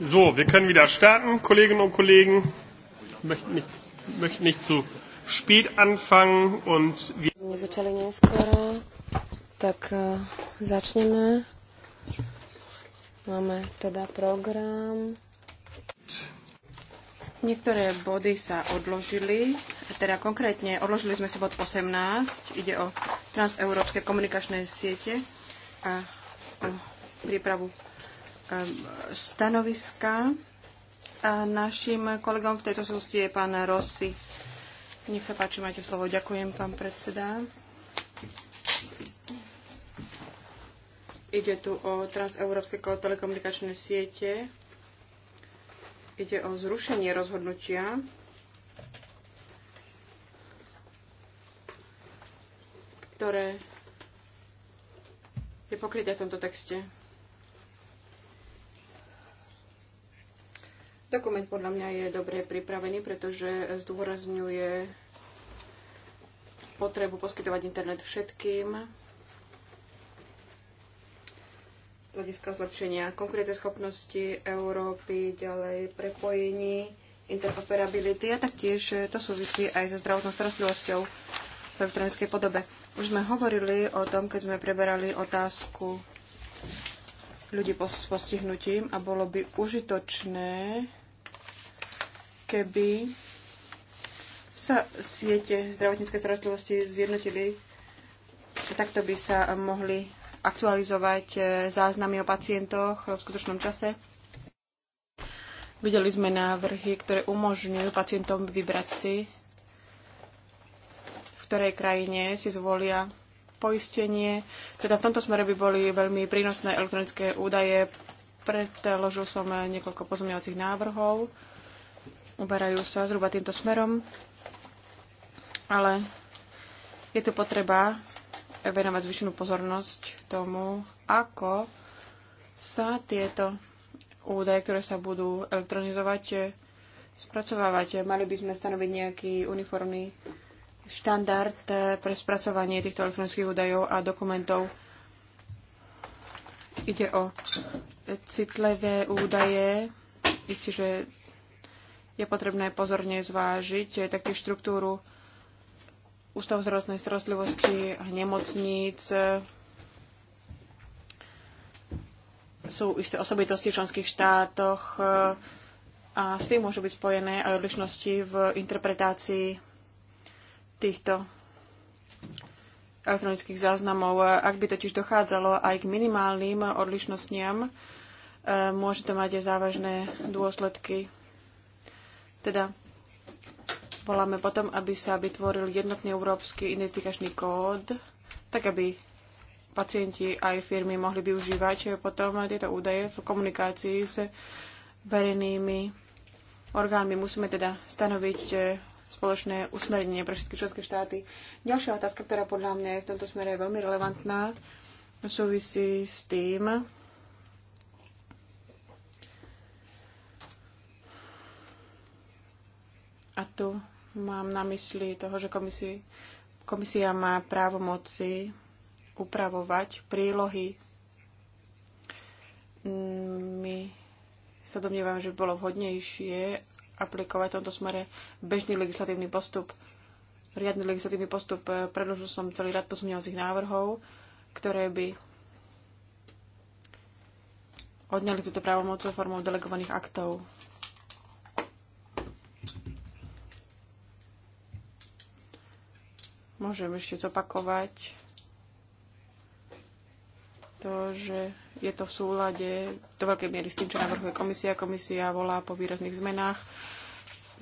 So, wir können wieder starten, Kolleginnen und Kollegen. Ich möchte nicht, möchte nicht zu spät anfangen und wir... Nezačali tak eh, začneme. Máme teda program. Niektoré body sa odložili, teda konkrétne odložili sme si bod 18, ide o transeurópske komunikačné siete a, a prípravu Ehm, stanoviska. A našim kolegom v tejto sústi je pán Rossi. Nech sa páči, máte slovo. Ďakujem, pán predseda. Ide tu o transeurópske telekomunikačné siete. Ide o zrušenie rozhodnutia ktoré je pokryté v tomto texte. Dokument podľa mňa je dobre pripravený, pretože zdôrazňuje potrebu poskytovať internet všetkým, hľadiska zlepšenia schopnosti Európy, ďalej prepojení, interoperability a taktiež eh, to súvisí aj so zdravotnou starostlivosťou v elektronickej podobe. Už sme hovorili o tom, keď sme preberali otázku ľudí s postihnutím a bolo by užitočné keby sa siete zdravotníckej starostlivosti zjednotili, takto by sa mohli aktualizovať eh, záznamy o pacientoch v skutočnom čase. Videli sme návrhy, ktoré umožňujú pacientom vybrať si, v ktorej krajine si zvolia poistenie. Teda v tomto smere by boli veľmi prínosné elektronické údaje. Predložil som eh, niekoľko pozmeňovacích návrhov uberajú sa zhruba týmto smerom, ale je tu potreba venovať zvyšenú pozornosť tomu, ako sa tieto údaje, ktoré sa budú elektronizovať, spracovávať. Mali by sme stanoviť nejaký uniformný štandard pre spracovanie týchto elektronických údajov a dokumentov. Ide o citlivé údaje. Isté, že je potrebné pozorne zvážiť eh, taktiež štruktúru ústav zdravotnej starostlivosti, nemocníc. Eh, sú isté osobitosti v členských štátoch eh, a s tým môžu byť spojené aj odlišnosti v interpretácii týchto elektronických záznamov. Ak by totiž dochádzalo aj k minimálnym odlišnostiam, môže to mať aj závažné dôsledky teda voláme potom, aby sa vytvoril jednotný európsky identifikačný kód, tak aby pacienti aj firmy mohli využívať potom tieto údaje v komunikácii s verejnými orgánmi. Musíme teda stanoviť e, spoločné usmernenie pre všetky členské štáty. Ďalšia otázka, ktorá podľa mňa je v tomto smere veľmi relevantná, súvisí s tým, A tu mám na mysli toho, že komisi- komisia má právo moci upravovať prílohy. Mm, my sa domnievam, že by bolo vhodnejšie aplikovať v tomto smere bežný legislatívny postup, riadny legislatívny postup. E, predložil som celý rad pozmeňovacích návrhov, ktoré by odňali túto právomoc formou delegovaných aktov. Môžem ešte zopakovať to, že je to v súlade do veľkej miery s tým, čo navrhuje komisia. Komisia volá po výrazných zmenách.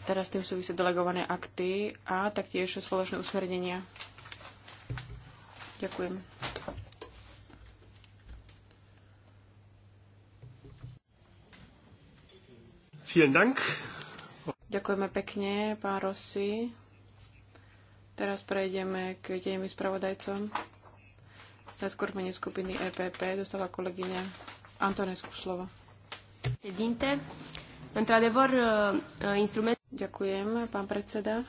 Teraz tým súvisia delegované akty a taktiež spoločné usmernenia. Ďakujem. Ďakujeme pekne, pán Rossi. Teraz prejdeme k tejmi spravodajcom. Na mene skupiny EPP dostáva kolegyňa Antonescu slovo. Uh, uh, Ďakujem, pán predseda.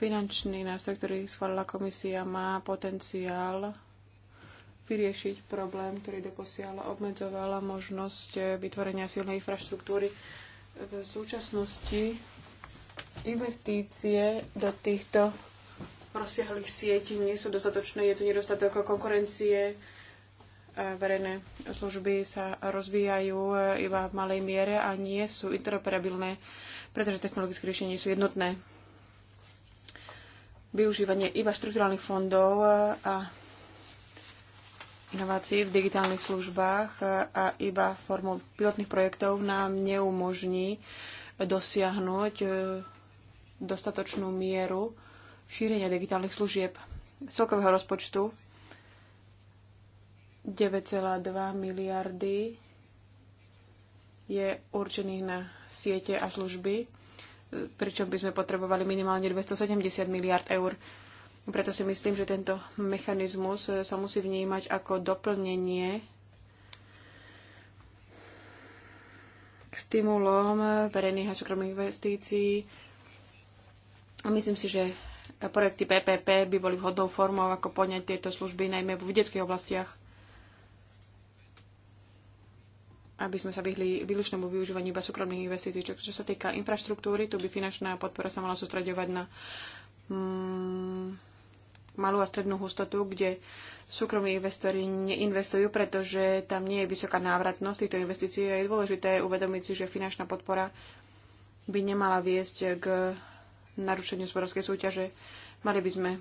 Finančný nástroj, ktorý schválila komisia, má potenciál vyriešiť problém, ktorý doposiaľ obmedzovala možnosť vytvorenia silnej infraštruktúry. V súčasnosti Investície do týchto rozsiahlých sietí nie sú dostatočné, je tu nedostatok konkurencie, verejné služby sa rozvíjajú e, iba v malej miere a nie sú interoperabilné, pretože technologické riešenia sú jednotné. Využívanie iba štruktúrálnych fondov e, a inovácií v digitálnych službách e, a iba formou pilotných projektov nám neumožní dosiahnuť dostatočnú mieru šírenia digitálnych služieb z celkového rozpočtu 9,2 miliardy je určených na siete a služby, pričom by sme potrebovali minimálne 270 miliard eur. Preto si myslím, že tento mechanizmus e, sa musí vnímať ako doplnenie k stimulom verejných a súkromných investícií, a myslím si, že projekty PPP by boli vhodnou formou, ako poňať tieto služby, najmä v detských oblastiach, aby sme sa vyhli výlučnému využívaniu iba súkromných investícií. Čo, čo sa týka infraštruktúry, tu by finančná podpora sa mala sústredovať na mm, malú a strednú hustotu, kde súkromní investori neinvestujú, pretože tam nie je vysoká návratnosť týchto investícií. Je dôležité uvedomiť si, že finančná podpora by nemala viesť k narušeniu hospodárskej súťaže. Mali by sme e,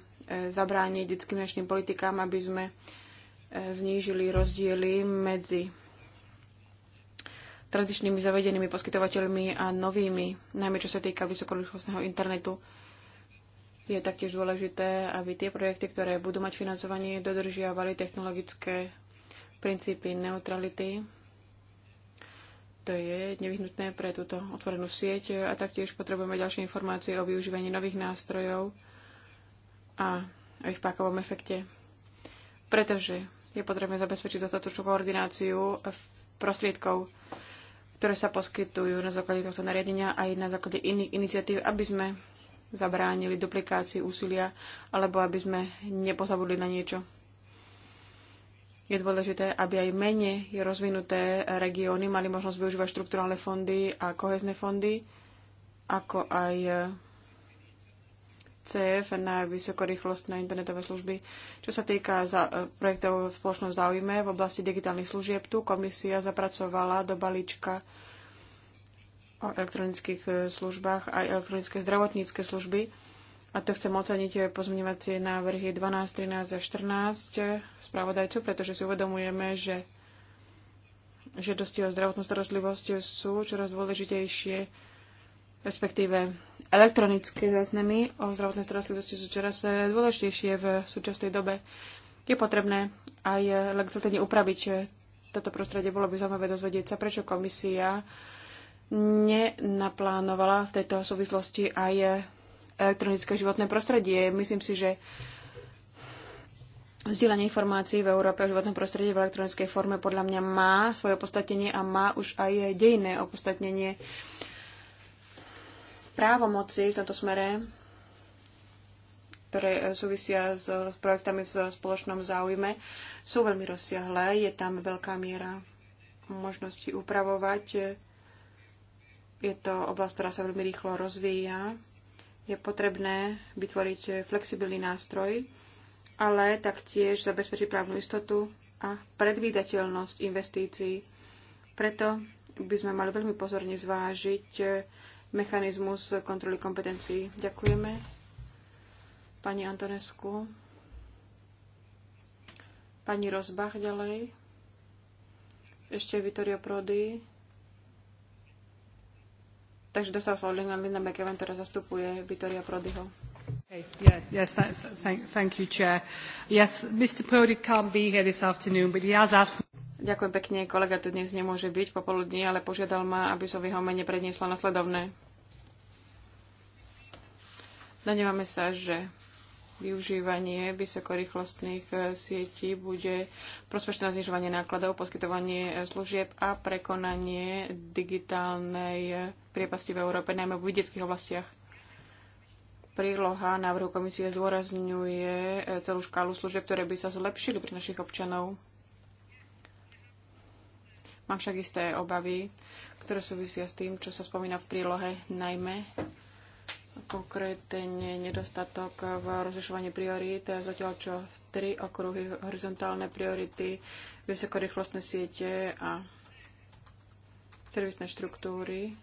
zabrániť diskriminačným politikám, aby sme e, znížili rozdiely medzi tradičnými zavedenými poskytovateľmi a novými, najmä čo sa týka vysokorýchlostného internetu. Je taktiež dôležité, aby tie projekty, ktoré budú mať financovanie, dodržiavali technologické princípy neutrality to je nevyhnutné pre túto otvorenú sieť a taktiež potrebujeme ďalšie informácie o využívaní nových nástrojov a o ich pákovom efekte. Pretože je potrebné zabezpečiť dostatočnú koordináciu prostriedkov, ktoré sa poskytujú na základe tohto nariadenia aj na základe iných iniciatív, aby sme zabránili duplikácii úsilia alebo aby sme nepozabudli na niečo je dôležité, aby aj menej rozvinuté regióny mali možnosť využívať štruktúrálne fondy a kohezné fondy, ako aj e, CF na vysokorýchlostné internetové služby. Čo sa týka za, e, projektov v spoločnom záujme v oblasti digitálnych služieb, tu komisia zapracovala do balíčka o elektronických e, službách aj elektronické zdravotnícke služby a to chcem oceniť pozmeňovacie návrhy 12, 13 a 14 spravodajcu, pretože si uvedomujeme, že žiadosti o zdravotnú starostlivosť sú čoraz dôležitejšie, respektíve elektronické záznamy o zdravotnej starostlivosti sú čoraz dôležitejšie v súčasnej dobe. Je potrebné aj legislatívne upraviť toto prostredie. Bolo by zaujímavé dozvedieť sa, prečo komisia nenaplánovala v tejto súvislosti aj elektronické životné prostredie. Myslím si, že vzdielanie informácií v Európe o životnom prostredí v elektronickej forme podľa mňa má svoje opodstatnenie a má už aj dejné opodstatnenie. Právomoci v tomto smere, ktoré súvisia s projektami v spoločnom záujme, sú veľmi rozsiahlé. Je tam veľká miera možností upravovať. Je to oblasť, ktorá sa veľmi rýchlo rozvíja je potrebné vytvoriť flexibilný nástroj, ale taktiež zabezpečiť právnu istotu a predvídateľnosť investícií. Preto by sme mali veľmi pozorne zvážiť mechanizmus kontroly kompetencií. Ďakujeme pani Antonesku. Pani Rozbach ďalej. Ešte Vittorio Prodi. Takže dostal slovo Lina, Linda McEwen, ktorá zastupuje Vittoria Prodyho. Okay. Yeah, yes, thank you, Chair. Yes, Mr. Prodi can't be here this afternoon, but he has asked... Ďakujem pekne, kolega tu dnes nemôže byť popoludní, ale požiadal ma, aby som jeho mene predniesla nasledovné. Danievame sa, že Využívanie vysokorýchlostných eh, sietí bude prospešné znižovanie nákladov, poskytovanie eh, služieb a prekonanie digitálnej eh, priepasti v Európe, najmä v detských oblastiach. Príloha návrhu komisie zdôrazňuje celú škálu služieb, ktoré by sa zlepšili pre našich občanov. Mám však isté obavy, ktoré súvisia s tým, čo sa spomína v prílohe, najmä konkrétne nedostatok v rozlišovaní priorít, zatiaľ čo tri okruhy horizontálne priority, vysokorýchlostné siete a servisné štruktúry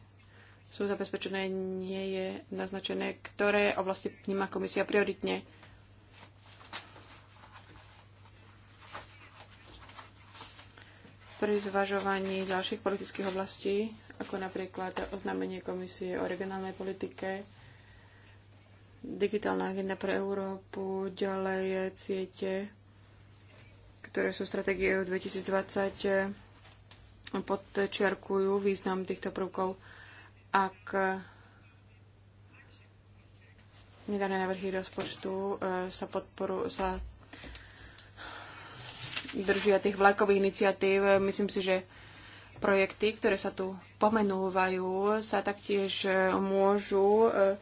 sú zabezpečené, nie je naznačené, ktoré oblasti vníma komisia prioritne. Pri zvažovaní ďalších politických oblastí, ako napríklad oznámenie komisie o regionálnej politike, digitálna agenda pre Európu, ďalej ciete, ktoré sú stratégie 2020, podčiarkujú význam týchto prvkov. Ak nedané návrhy rozpočtu e, sa, podporu, sa držia tých vlakových iniciatív, myslím si, že projekty, ktoré sa tu pomenúvajú, sa taktiež e, môžu e,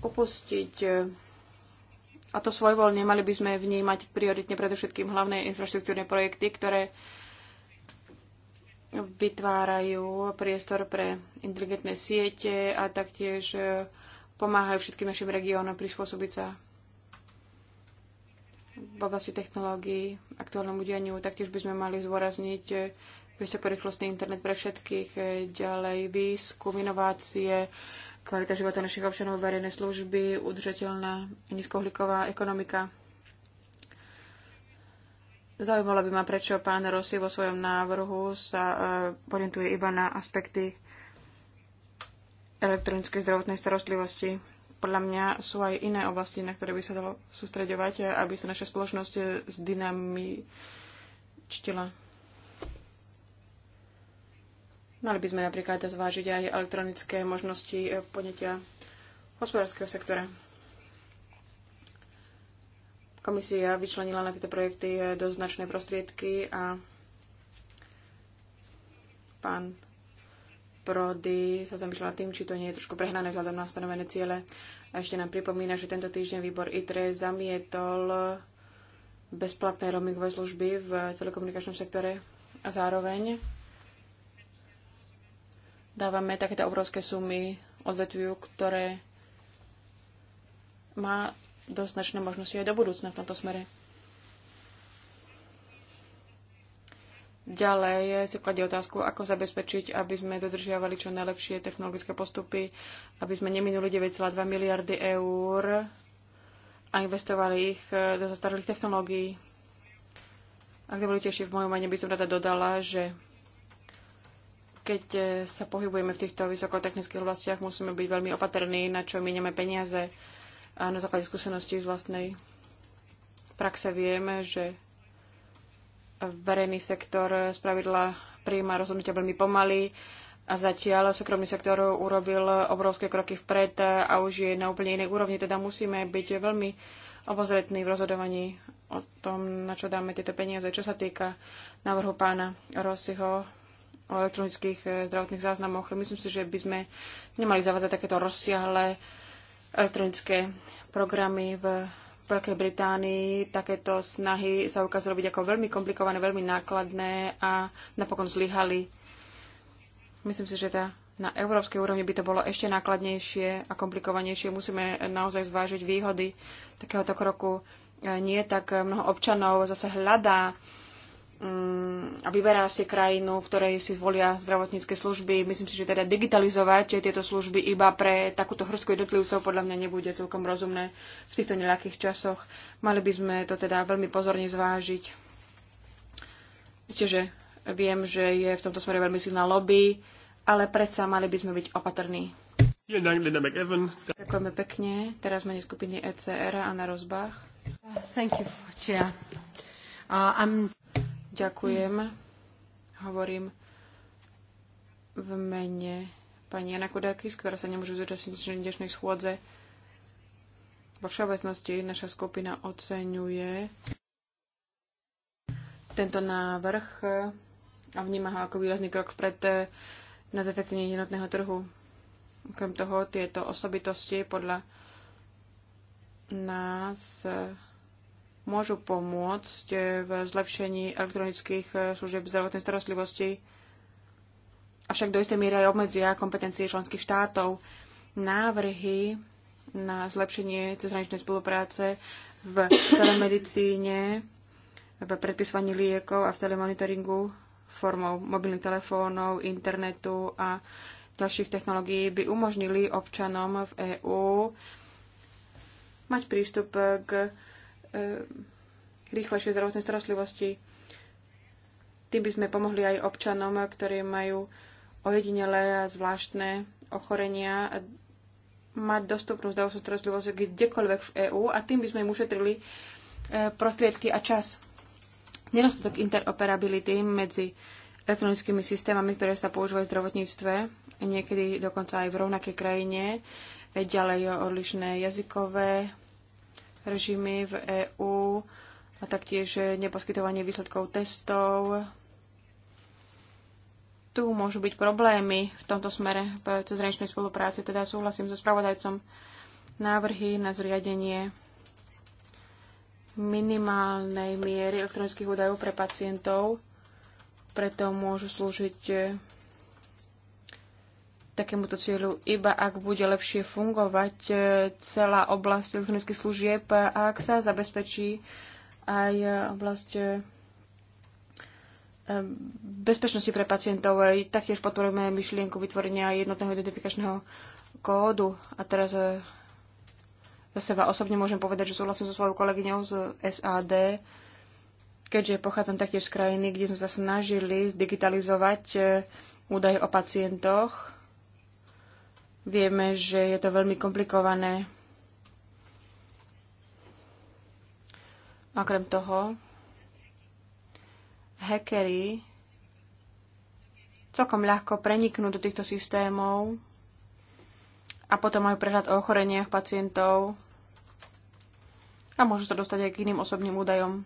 opustiť e, a to svojvoľne mali by sme vnímať prioritne predovšetkým hlavné infraštruktúrne projekty, ktoré vytvárajú priestor pre inteligentné siete a taktiež e, pomáhajú všetkým našim regiónom prispôsobiť sa v oblasti technológií aktuálnemu dianiu. Taktiež by sme mali zvorazniť e, vysokorýchlostný internet pre všetkých, ďalej výskum, inovácie, kvalita života našich občanov, verejné služby, udržateľná nízkohliková ekonomika. Zaujímalo by ma, prečo pán Rossi vo svojom návrhu sa e, orientuje iba na aspekty elektronickej zdravotnej starostlivosti. Podľa mňa sú aj iné oblasti, na ktoré by sa dalo sústredovať, aby sa naša spoločnosť zdynamičtila. Mali by sme napríklad zvážiť aj elektronické možnosti e, podnetia hospodárskeho sektora. Komisia vyčlenila na tieto projekty e, dosť značné prostriedky a pán Prody sa zamýšľala tým, či to nie je trošku prehnané vzhľadom na stanovené ciele. A ešte nám pripomína, že tento týždeň výbor ITRE zamietol bezplatné roamingové služby v telekomunikačnom sektore a zároveň dávame takéto obrovské sumy odvetviu, ktoré má dosť značné možnosti aj do budúcna v tomto smere. Ďalej si kladie otázku, ako zabezpečiť, aby sme dodržiavali čo najlepšie technologické postupy, aby sme neminuli 9,2 miliardy eur a investovali ich e, do zastaralých technológií. Ak dovolíte, ešte v mojom mene by som rada dodala, že keď e, sa pohybujeme v týchto vysokotechnických oblastiach, musíme byť veľmi opatrní, na čo minieme peniaze. A na základe skúseností z vlastnej praxe vieme, že verejný sektor spravidla príjma rozhodnutia veľmi pomaly a zatiaľ súkromný sektor urobil obrovské kroky vpred a už je na úplne inej úrovni, teda musíme byť veľmi obozretní v rozhodovaní o tom, na čo dáme tieto peniaze. Čo sa týka návrhu pána Rosiho o elektronických eh, zdravotných záznamoch. Myslím si, že by sme nemali zavádzať takéto rozsiahle elektronické programy v Veľkej Británii. Takéto snahy sa ukázalo byť ako veľmi komplikované, veľmi nákladné a napokon zlyhali. Myslím si, že tá na európskej úrovni by to bolo ešte nákladnejšie a komplikovanejšie. Musíme naozaj zvážiť výhody takéhoto kroku. Eh, nie tak eh, mnoho občanov zase hľadá Mm, a vyberá si krajinu, v ktorej si zvolia zdravotnícke služby. Myslím si, že teda digitalizovať tieto služby iba pre takúto hrstku jednotlivcov podľa mňa nebude celkom rozumné v týchto neľakých časoch. Mali by sme to teda veľmi pozorne zvážiť. Viete, že viem, že je v tomto smere veľmi silná lobby, ale predsa mali by sme byť opatrní. Ďakujeme pekne. Teraz sme skupiny ECR a na rozbách. Thank you, Chair. Uh, I'm Ďakujem. Hovorím v mene pani Jana Kodakis, ktorá sa nemôže zúčastniť dnešnej schôdze. Vo všeobecnosti naša skupina oceňuje tento návrh a vníma ho ako výrazný krok vpred na zefektívne jednotného trhu. Krem toho, tieto osobitosti podľa nás môžu pomôcť eh, v zlepšení elektronických eh, služieb zdravotnej starostlivosti, avšak do istej miery aj obmedzia kompetencie členských štátov. Návrhy na zlepšenie cezhraničnej spolupráce v telemedicíne, v predpisovaní liekov a v telemonitoringu formou mobilných telefónov, internetu a ďalších technológií by umožnili občanom v EÚ mať prístup k E, rýchlejšej zdravotnej starostlivosti. Tým by sme pomohli aj občanom, ktorí majú ojedinelé a zvláštne ochorenia a mať dostupnú zdravotnú starostlivosť kdekoľvek v EÚ a tým by sme im ušetrili e, prostriedky a čas. Nedostatok interoperability medzi elektronickými systémami, ktoré sa používajú v zdravotníctve, niekedy dokonca aj v rovnakej krajine, ďalej odlišné jazykové režimy v EÚ a taktiež neposkytovanie výsledkov testov. Tu môžu byť problémy v tomto smere v cezhraničnej spolupráci, teda súhlasím so spravodajcom návrhy na zriadenie minimálnej miery elektronických údajov pre pacientov, preto môžu slúžiť takémuto cieľu, iba ak bude lepšie fungovať e, celá oblasť elektronických služieb a ak sa zabezpečí aj e, oblasť e, bezpečnosti pre pacientov. Taktiež podporujeme myšlienku vytvorenia jednotného identifikačného kódu. A teraz za seba osobne môžem povedať, že súhlasím so svojou kolegyňou z SAD, keďže pochádzam taktiež z krajiny, kde sme sa snažili zdigitalizovať údaje o pacientoch Vieme, že je to veľmi komplikované. Okrem toho, hackery celkom ľahko preniknú do týchto systémov a potom majú prehľad o ochoreniach pacientov a môžu sa dostať aj k iným osobným údajom.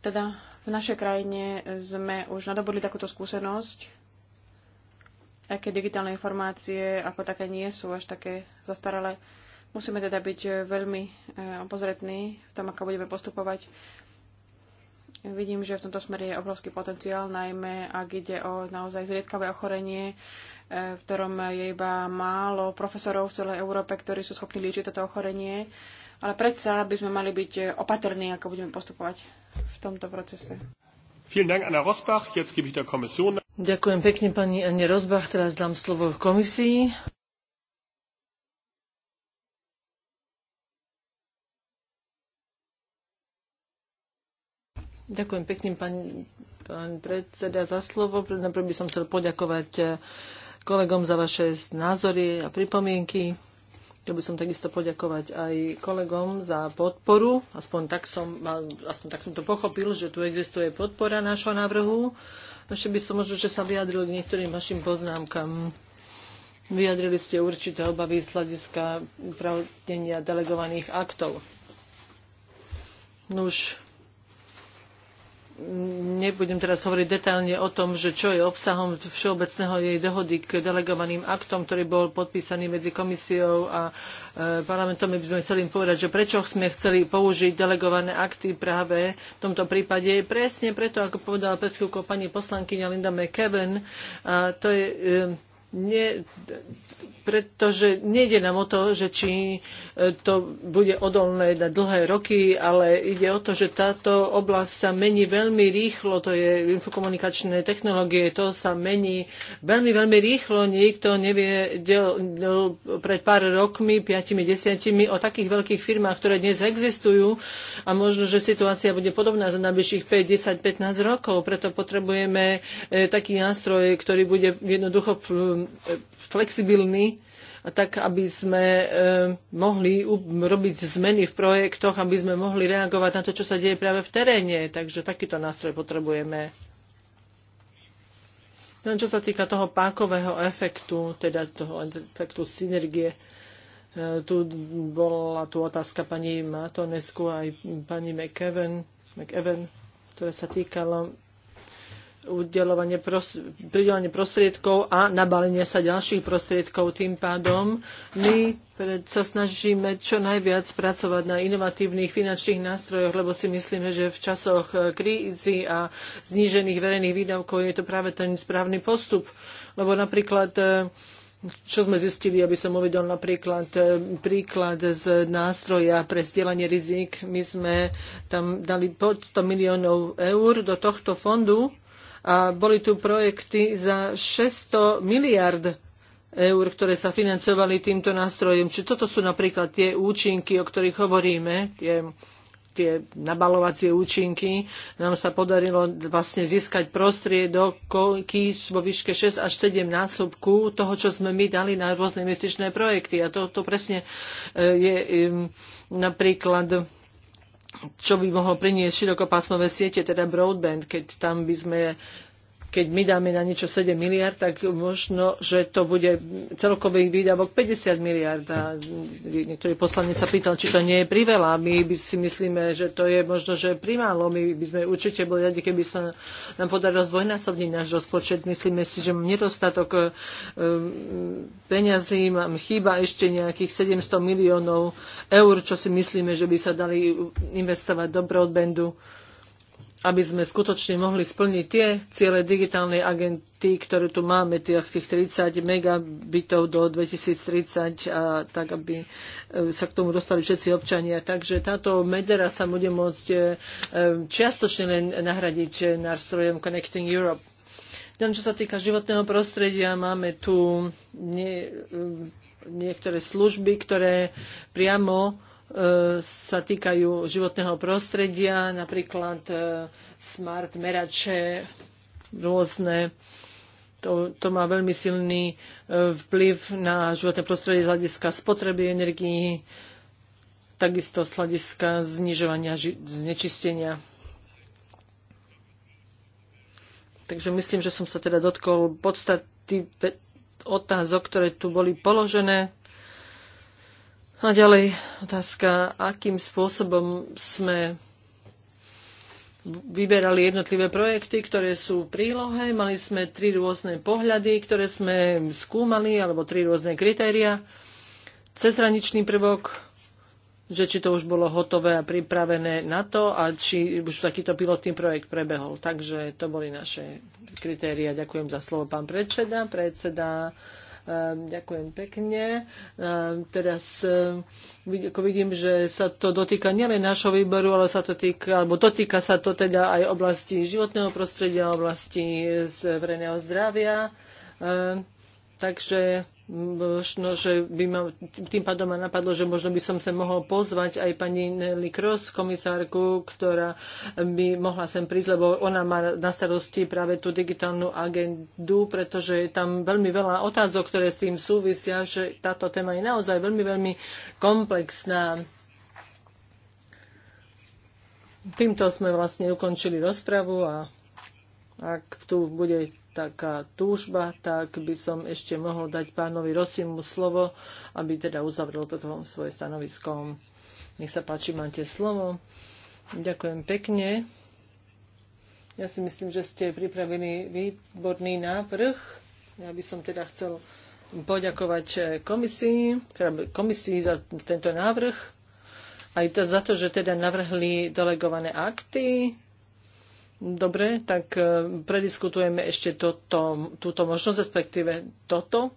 Teda v našej krajine sme už nadobudli takúto skúsenosť aj keď digitálne informácie ako také nie sú až také zastaralé. Musíme teda byť e, veľmi e, opozretní v tom, ako budeme postupovať. Vidím, že v tomto smere je obrovský potenciál, najmä ak ide o naozaj zriedkavé ochorenie, e, v ktorom je iba málo profesorov v celej Európe, ktorí sú schopní liečiť toto ochorenie. Ale predsa by sme mali byť opatrní, ako budeme postupovať v tomto procese. Ďakujem pekne pani Anne Rozbach. Teraz dám slovo komisii. Ďakujem pekne, pani pán predseda, za slovo. Najprv by som chcel poďakovať eh, kolegom za vaše názory a pripomienky. Chcel by som takisto poďakovať aj kolegom za podporu. Aspoň tak som, aspoň tak som to pochopil, že tu existuje podpora nášho návrhu. Ešte by som možno, že sa vyjadril k niektorým vašim poznámkam. Vyjadrili ste určité obavy z hľadiska upravnenia delegovaných aktov. už nebudem teraz hovoriť detailne o tom, že čo je obsahom všeobecného jej dohody k delegovaným aktom, ktorý bol podpísaný medzi komisiou a e, parlamentom. My by sme chceli povedať, že prečo sme chceli použiť delegované akty práve v tomto prípade. Presne preto, ako povedala pred chvíľkou pani poslankyňa Linda McKeven, a to je e, nie, pretože nejde nám o to, že či e, to bude odolné na dlhé roky, ale ide o to, že táto oblasť sa mení veľmi rýchlo, to je infokomunikačné technológie, to sa mení veľmi, veľmi rýchlo. Nikto nevie del, del, pred pár rokmi, piatimi, desiatimi, o takých veľkých firmách, ktoré dnes existujú a možno, že situácia bude podobná za najbližších 5, 10, 15 rokov, preto potrebujeme e, taký nástroj, ktorý bude jednoducho e, flexibilný tak aby sme eh, mohli robiť zmeny v projektoch, aby sme mohli reagovať na to, čo sa deje práve v teréne. Takže takýto nástroj potrebujeme. No, čo sa týka toho pákového efektu, teda toho efektu synergie, eh, tu bola tu otázka pani Matonesku aj pani McEwen, McEwen ktoré sa týkalo udelovanie pros- pridelenie prostriedkov a nabalenie sa ďalších prostriedkov. Tým pádom my sa snažíme čo najviac pracovať na inovatívnych finančných nástrojoch, lebo si myslíme, že v časoch krízy a znížených verejných výdavkov je to práve ten správny postup. Lebo napríklad e, čo sme zistili, aby som uvedol napríklad e, príklad z nástroja pre sdielanie rizik. My sme tam dali pod 100 miliónov eur do tohto fondu a boli tu projekty za 600 miliard eur, ktoré sa financovali týmto nástrojom. Či toto sú napríklad tie účinky, o ktorých hovoríme, tie tie nabalovacie účinky. Nám sa podarilo vlastne získať prostriedky vo výške 6 až 7 násobku toho, čo sme my dali na rôzne investičné projekty. A toto to presne eh, je napríklad čo by mohlo priniesť širokopásmové siete, teda broadband, keď tam by sme keď my dáme na niečo 7 miliard, tak možno, že to bude celkový výdavok 50 miliard. A niektorý poslanec sa pýtal, či to nie je priveľa. My by si myslíme, že to je možno, že primálo. My by sme určite boli radi, keby sa nám podarilo zdvojnásobniť náš rozpočet. Myslíme si, že nedostatok e, peňazí, mám chýba ešte nejakých 700 miliónov eur, čo si myslíme, že by sa dali investovať do broadbandu aby sme skutočne mohli splniť tie ciele digitálnej agenty, ktorú tu máme, tých 30 megabitov do 2030, a tak aby e, sa k tomu dostali všetci občania. Takže táto medzera sa bude môcť e, čiastočne len nahradiť nástrojom Connecting Europe. Len čo sa týka životného prostredia, máme tu nie, e, niektoré služby, ktoré priamo sa týkajú životného prostredia, napríklad e, smart merače, rôzne. To, to má veľmi silný e, vplyv na životné prostredie z hľadiska spotreby energií, takisto z hľadiska znižovania znečistenia. Takže myslím, že som sa teda dotkol podstaty otázok, ktoré tu boli položené. A ďalej otázka, akým spôsobom sme vyberali jednotlivé projekty, ktoré sú v prílohe. Mali sme tri rôzne pohľady, ktoré sme skúmali, alebo tri rôzne kritéria. Cezraničný prvok, že či to už bolo hotové a pripravené na to a či už takýto pilotný projekt prebehol. Takže to boli naše kritéria. Ďakujem za slovo, pán predseda. Predseda Ehm, ďakujem pekne. Ehm, teraz ehm, ako vidím, že sa to dotýka nielen našho výboru, ale sa to týka, alebo dotýka sa to teda aj oblasti životného prostredia, oblasti verejného zdravia. Takže možno, že by ma, tým pádom ma napadlo, že možno by som sa mohol pozvať aj pani Nelly Cross, komisárku, ktorá by mohla sem prísť, lebo ona má na starosti práve tú digitálnu agendu, pretože je tam veľmi veľa otázok, ktoré s tým súvisia, že táto téma je naozaj veľmi, veľmi komplexná. Týmto sme vlastne ukončili rozpravu a ak tu bude taká túžba, tak by som ešte mohol dať pánovi Rosimu slovo, aby teda uzavrel toto svoje stanovisko. Nech sa páči, máte slovo. Ďakujem pekne. Ja si myslím, že ste pripravili výborný návrh. Ja by som teda chcel poďakovať komisii, teda komisii za tento návrh, aj to, za to, že teda navrhli delegované akty Dobre, tak e, prediskutujeme ešte toto, túto možnosť, respektíve toto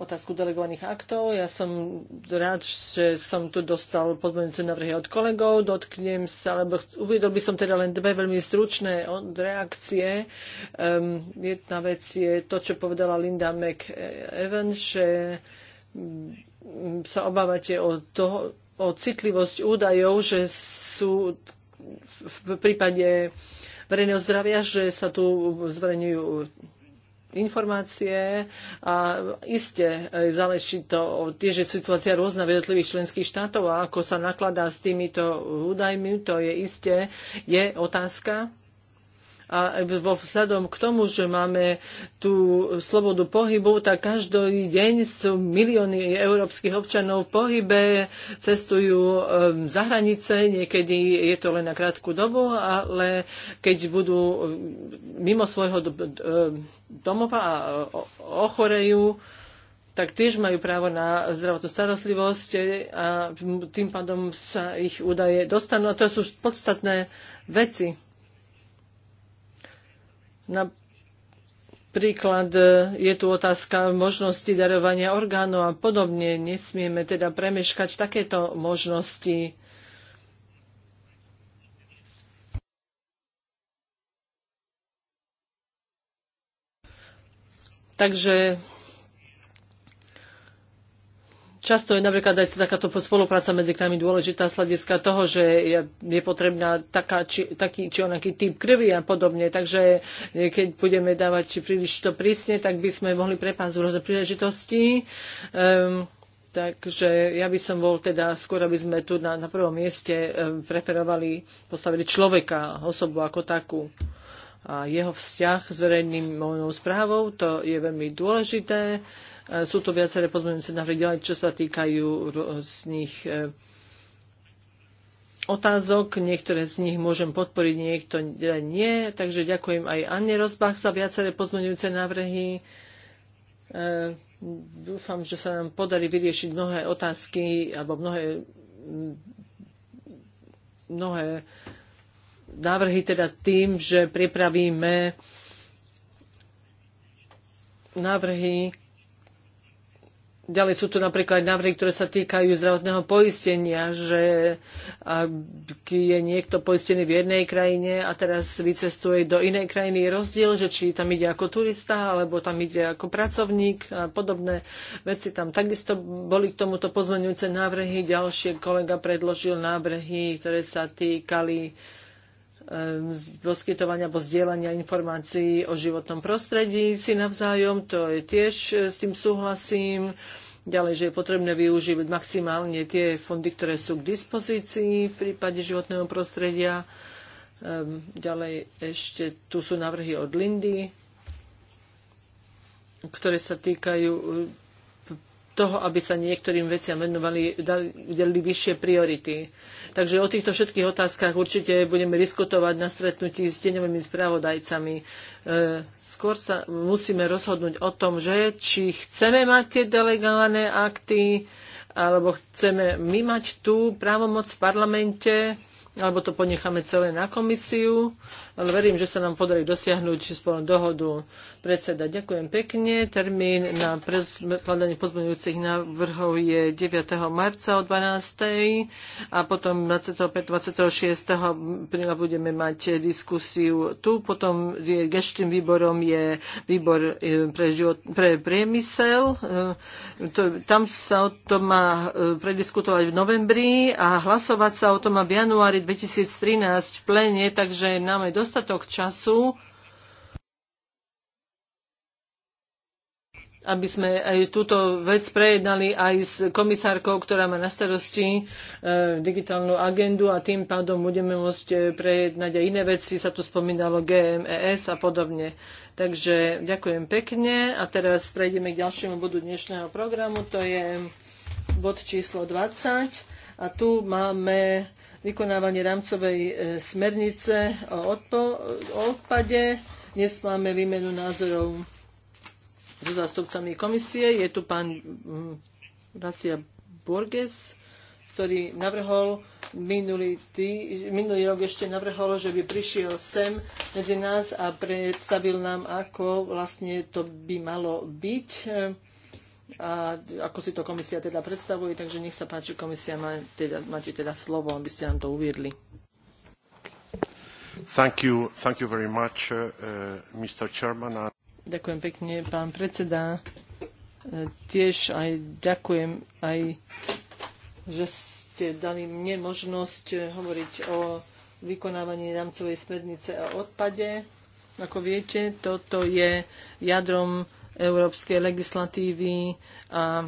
otázku delegovaných aktov. Ja som rád, že som tu dostal podmienujúce návrhy od kolegov. Dotknem sa, alebo uvedol by som teda len dve veľmi stručné reakcie. Um, jedna vec je to, čo povedala Linda McEwen, že mm, sa obávate o, toho, o citlivosť údajov, že sú v prípade verejného zdravia, že sa tu zverejňujú informácie a iste záleží to tiež že situácia rôzna v jednotlivých členských štátov a ako sa nakladá s týmito údajmi, to je iste, je otázka a vo vzhľadom k tomu, že máme tú slobodu pohybu, tak každý deň sú milióny európskych občanov v pohybe, cestujú ehm, za hranice, niekedy je to len na krátku dobu, ale keď budú ehm, mimo svojho ehm, domova a ochorejú, tak tiež majú právo na zdravotnú starostlivosť e, a tým pádom sa ich údaje dostanú. A to sú podstatné veci. Napríklad e, je tu otázka možnosti darovania orgánov a podobne. Nesmieme teda premeškať takéto možnosti. Takže Často je napríklad aj takáto spolupráca medzi krajmi dôležitá z hľadiska toho, že je, je potrebná taká, či, taký či onaký typ krvi a podobne. Takže e, keď budeme dávať či príliš to prísne, tak by sme mohli prepásť rôzne príležitosti. Um, Takže ja by som bol teda skôr, aby sme tu na, na prvom mieste e, preferovali, postavili človeka, osobu ako takú. A jeho vzťah s verejným mojou správou, to je veľmi dôležité. E, sú to viaceré pozmeňujúce návrhy ďalej, čo sa týkajú z nich e, otázok. Niektoré z nich môžem podporiť, niekto teda nie. Takže ďakujem aj Anne Rozbach za viaceré pozmeňujúce návrhy. E, dúfam, že sa nám podarí vyriešiť mnohé otázky alebo mnohé mnohé návrhy teda tým, že pripravíme návrhy, Ďalej sú tu napríklad návrhy, ktoré sa týkajú zdravotného poistenia, že je niekto poistený v jednej krajine a teraz vycestuje do inej krajiny. Je rozdiel, že či tam ide ako turista, alebo tam ide ako pracovník a podobné veci tam takisto boli k tomuto pozmenujúce návrhy. Ďalšie kolega predložil návrhy, ktoré sa týkali poskytovania alebo zdieľania informácií o životnom prostredí si navzájom, to je tiež e, s tým súhlasím. Ďalej, že je potrebné využívať maximálne tie fondy, ktoré sú k dispozícii v prípade životného prostredia. Ďalej ešte tu sú návrhy od Lindy, ktoré sa týkajú toho, aby sa niektorým veciam venovali, udelili vyššie priority. Takže o týchto všetkých otázkach určite budeme diskutovať na stretnutí s deňovými správodajcami. E, skôr sa musíme rozhodnúť o tom, že či chceme mať tie delegované akty, alebo chceme my mať tú právomoc v parlamente, alebo to ponecháme celé na komisiu ale verím, že sa nám podarí dosiahnuť spolu dohodu predseda. Ďakujem pekne. Termín na predkladanie pozmeňujúcich návrhov je 9. marca o 12. a potom 25. 26. budeme mať diskusiu tu. Potom je geštým výborom je výbor e, pre, život, pre priemysel. E, to, tam sa o tom má e, prediskutovať v novembri a hlasovať sa o tom má v januári 2013 v plene, takže nám je dosť dostatok času, aby sme aj túto vec prejednali aj s komisárkou, ktorá má na starosti e, digitálnu agendu a tým pádom budeme môcť e, prejednať aj iné veci, sa tu spomínalo GMES a podobne. Takže ďakujem pekne a teraz prejdeme k ďalšiemu bodu dnešného programu, to je bod číslo 20 a tu máme vykonávanie rámcovej e, smernice o, odpo- o odpade. Dnes máme výmenu názorov so zástupcami komisie. Je tu pán Rasia Borges, ktorý navrhol minulý, tý, minulý rok ešte navrhol, že by prišiel sem medzi nás a predstavil nám, ako vlastne to by malo byť a ako si to komisia teda predstavuje, takže nech sa páči, komisia má, teda, máte teda slovo, aby ste nám to uviedli. Thank you, thank you very much, uh, uh Mr. Chairman. Ďakujem pekne, pán predseda. E, tiež aj ďakujem aj, že ste dali mne možnosť e, hovoriť o vykonávaní rámcovej smernice a odpade. Ako viete, toto je jadrom európskej legislatívy a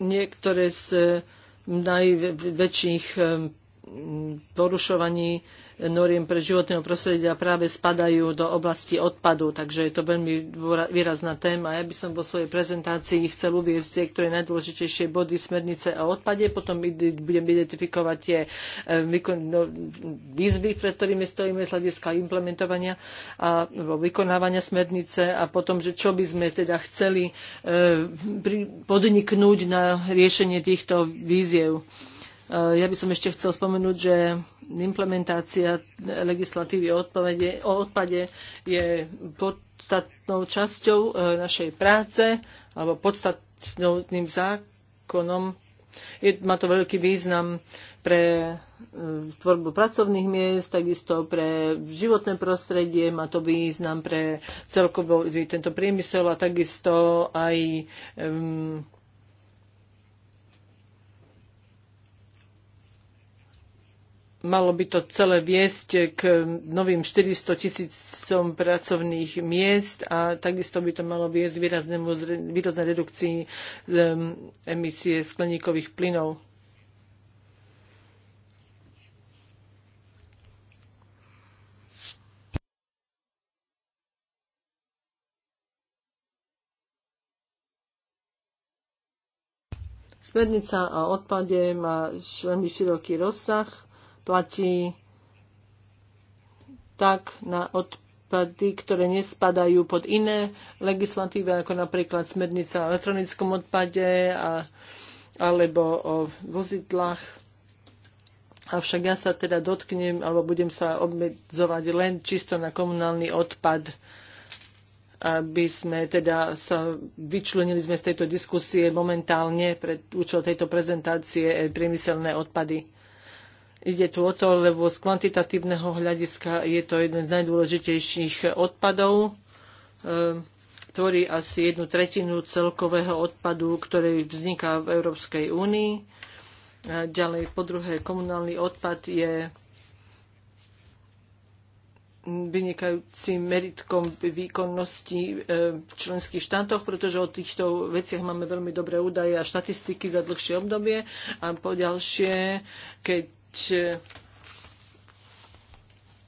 niektoré z najväčších mm, porušovaní noriem pre životného prostredia práve spadajú do oblasti odpadu, takže je to veľmi výrazná téma. Ja by som vo svojej prezentácii chcel uviezť tie, ktoré najdôležitejšie body smernice o odpade, potom budem identifikovať tie e, no, výzvy, pred ktorými stojíme z hľadiska implementovania a vykonávania smernice a potom, že čo by sme teda chceli e, podniknúť na riešenie týchto výziev. Eh, ja by som ešte chcel spomenúť, že implementácia legislatívy o, odpade, o odpade je podstatnou časťou eh, našej práce alebo podstatným zákonom. Je, má to veľký význam pre eh, tvorbu pracovných miest, takisto pre životné prostredie, má to význam pre celkový tento priemysel a takisto aj um, malo by to celé viesť k novým 400 tisícom pracovných miest a takisto by to malo viesť výraznému, výraznej redukcii emisie skleníkových plynov. Smernica o odpade má veľmi široký rozsah platí tak na odpady, ktoré nespadajú pod iné legislatívy, ako napríklad smernica o elektronickom odpade a, alebo o vozidlách. Avšak ja sa teda dotknem, alebo budem sa obmedzovať len čisto na komunálny odpad, aby sme teda sa vyčlenili sme z tejto diskusie momentálne pre účel tejto prezentácie e, priemyselné odpady. Ide tu o to, lebo z kvantitatívneho hľadiska je to jeden z najdôležitejších odpadov, e, tvorí asi jednu tretinu celkového odpadu, ktorý vzniká v Európskej únii. Ďalej, po druhé, komunálny odpad je vynikajúcim meritkom výkonnosti e, v členských štátoch, pretože o týchto veciach máme veľmi dobré údaje a štatistiky za dlhšie obdobie. A po ďalšie, keď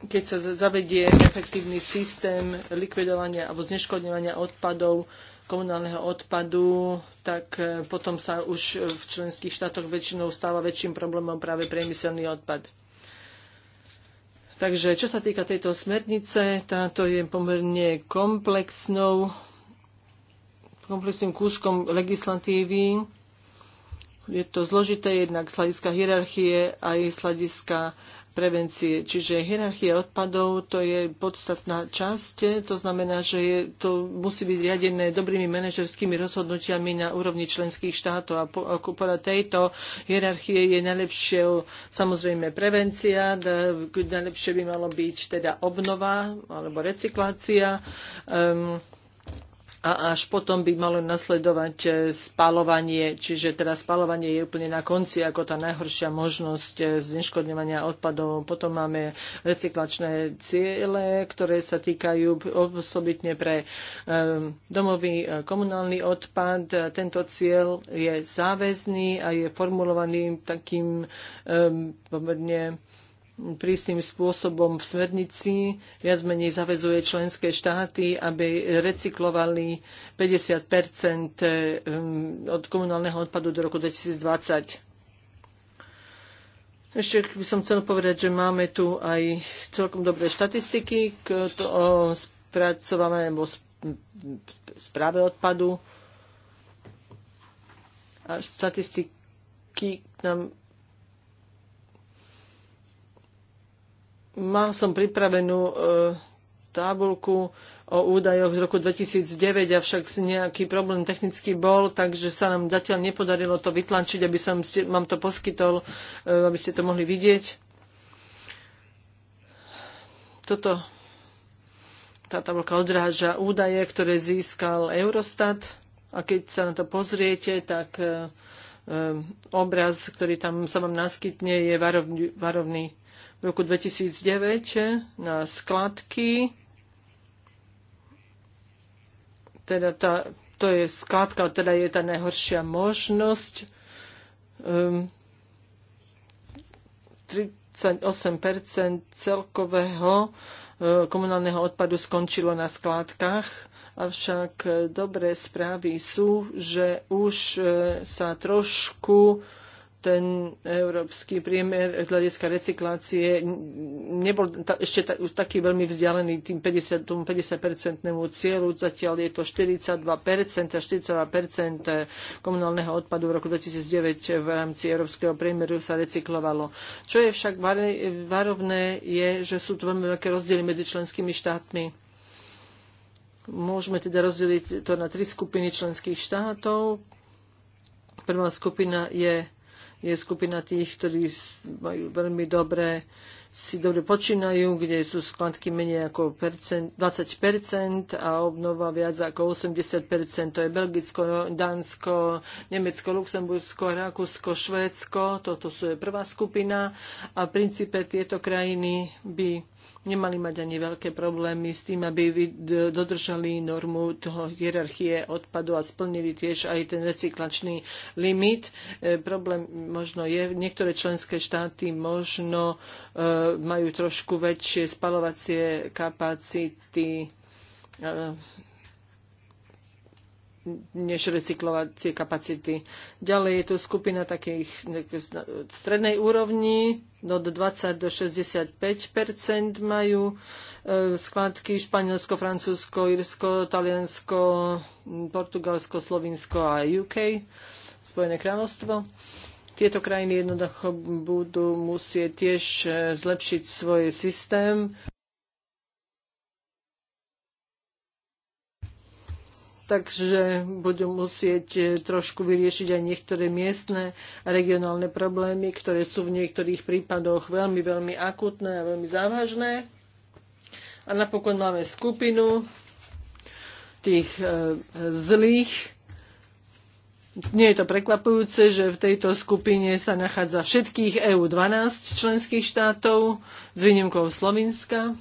keď sa zavedie efektívny systém likvidovania alebo zneškodňovania odpadov, komunálneho odpadu, tak e, potom sa už v členských štátoch väčšinou stáva väčším problémom práve priemyselný odpad. Takže čo sa týka tejto smernice, táto je pomerne komplexnou, komplexným kúskom legislatívy, je to zložité jednak z hľadiska hierarchie aj z hľadiska prevencie. Čiže hierarchia odpadov to je podstatná časť, to znamená, že je, to musí byť riadené dobrými manažerskými rozhodnutiami na úrovni členských štátov a po, podľa tejto hierarchie je najlepšie samozrejme prevencia, najlepšie by malo byť teda obnova alebo recyklácia. Um, a až potom by malo nasledovať e, spalovanie, čiže teda spalovanie je úplne na konci ako tá najhoršia možnosť e, zneškodňovania odpadov. Potom máme recyklačné ciele, ktoré sa týkajú osobitne pre e, domový komunálny odpad. Tento cieľ je záväzný a je formulovaný takým pomerne prísnym spôsobom v smernici. Viac menej zavezuje členské štáty, aby recyklovali 50 ehm, od komunálneho odpadu do roku 2020. Ešte by som chcel povedať, že máme tu aj celkom dobré štatistiky k to, o spracované alebo správe odpadu. A štatistiky nám mal som pripravenú e, tabulku o údajoch z roku 2009, avšak nejaký problém technický bol, takže sa nám zatiaľ nepodarilo to vytlačiť, aby som vám to poskytol, e, aby ste to mohli vidieť. Toto, tá tabulka odráža údaje, ktoré získal Eurostat a keď sa na to pozriete, tak e, obraz, ktorý tam sa vám naskytne, je varovný. varovný v roku 2009 na skladky. Teda tá, to je skladka, teda je tá najhoršia možnosť. Um, ehm, 38 celkového e, komunálneho odpadu skončilo na skládkach. Avšak e, dobré správy sú, že už e, sa trošku ten európsky priemer z hľadiska recyklácie nebol ta, ešte ta, taký veľmi vzdialený tým 50, tomu 50 cieľu. Zatiaľ je to 42%, 42% komunálneho odpadu v roku 2009 v rámci európskeho priemeru sa recyklovalo. Čo je však varovné, je, že sú tu veľmi veľké rozdiely medzi členskými štátmi. Môžeme teda rozdeliť to na tri skupiny členských štátov. Prvá skupina je je skupina tých, ktorí majú veľmi dobre, si dobre počínajú, kde sú skladky menej ako percent, 20% a obnova viac ako 80%. To je Belgicko, Dánsko, Nemecko, Luxembursko, Rakúsko, Švédsko. Toto sú je prvá skupina. A v princípe tieto krajiny by nemali mať ani veľké problémy s tým, aby dodržali normu toho hierarchie odpadu a splnili tiež aj ten recyklačný limit. E, problém možno je, niektoré členské štáty možno e, majú trošku väčšie spalovacie kapacity e, než recyklovacie kapacity. Ďalej je tu skupina takých strednej úrovni, od no 20 do 65 majú e, skladky Španielsko, Francúzsko, Irsko, Taliansko, Portugalsko, Slovinsko a UK, Spojené kráľovstvo. Tieto krajiny jednoducho budú musieť tiež e, zlepšiť svoj systém takže budú musieť e, trošku vyriešiť aj niektoré miestne a regionálne problémy, ktoré sú v niektorých prípadoch veľmi, veľmi akutné a veľmi závažné. A napokon máme skupinu tých e, zlých. Nie je to prekvapujúce, že v tejto skupine sa nachádza všetkých EU 12 členských štátov s výnimkou Slovenska.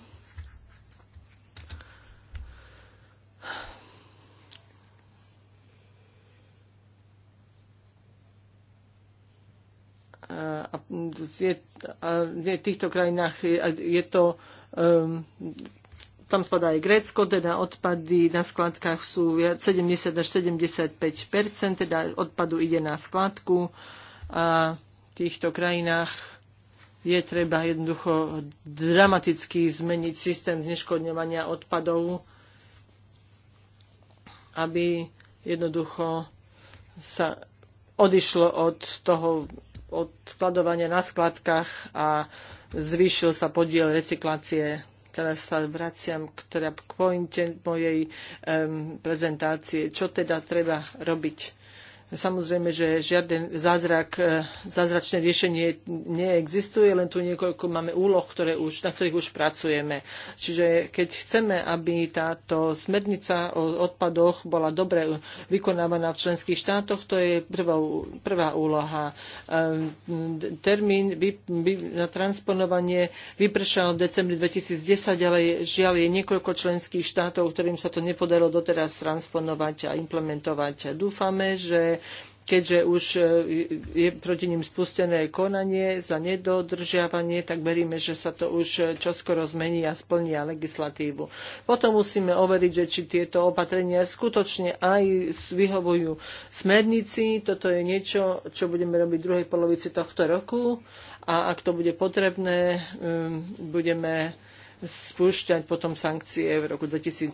a v týchto krajinách je to um, tam spadá aj Grécko, teda odpady na skladkách sú 70 až 75 teda odpadu ide na skladku a v týchto krajinách je treba jednoducho dramaticky zmeniť systém zneškodňovania odpadov, aby jednoducho sa odišlo od toho od skladovania na skladkách a zvýšil sa podiel recyklácie. Teraz sa vraciam k, teda k pointe mojej um, prezentácie. Čo teda treba robiť? Samozrejme, že žiaden zázrak, e, zázračné riešenie neexistuje, len tu niekoľko máme úloh, ktoré už, na ktorých už pracujeme. Čiže keď chceme, aby táto smernica o odpadoch bola dobre vykonávaná v členských štátoch, to je prvá, prvá úloha. E, termín vy, vy, na transponovanie vypršal v decembri 2010, ale žiaľ je niekoľko členských štátov, ktorým sa to nepodarilo doteraz transponovať a implementovať. Dúfame, že keďže už e, je proti ním spustené konanie za nedodržiavanie, tak veríme, že sa to už e, čoskoro zmení a splnia legislatívu. Potom musíme overiť, že či tieto opatrenia skutočne aj vyhovujú smernici. Toto je niečo, čo budeme robiť v druhej polovici tohto roku a ak to bude potrebné, e, budeme spúšťať potom sankcie v roku 2013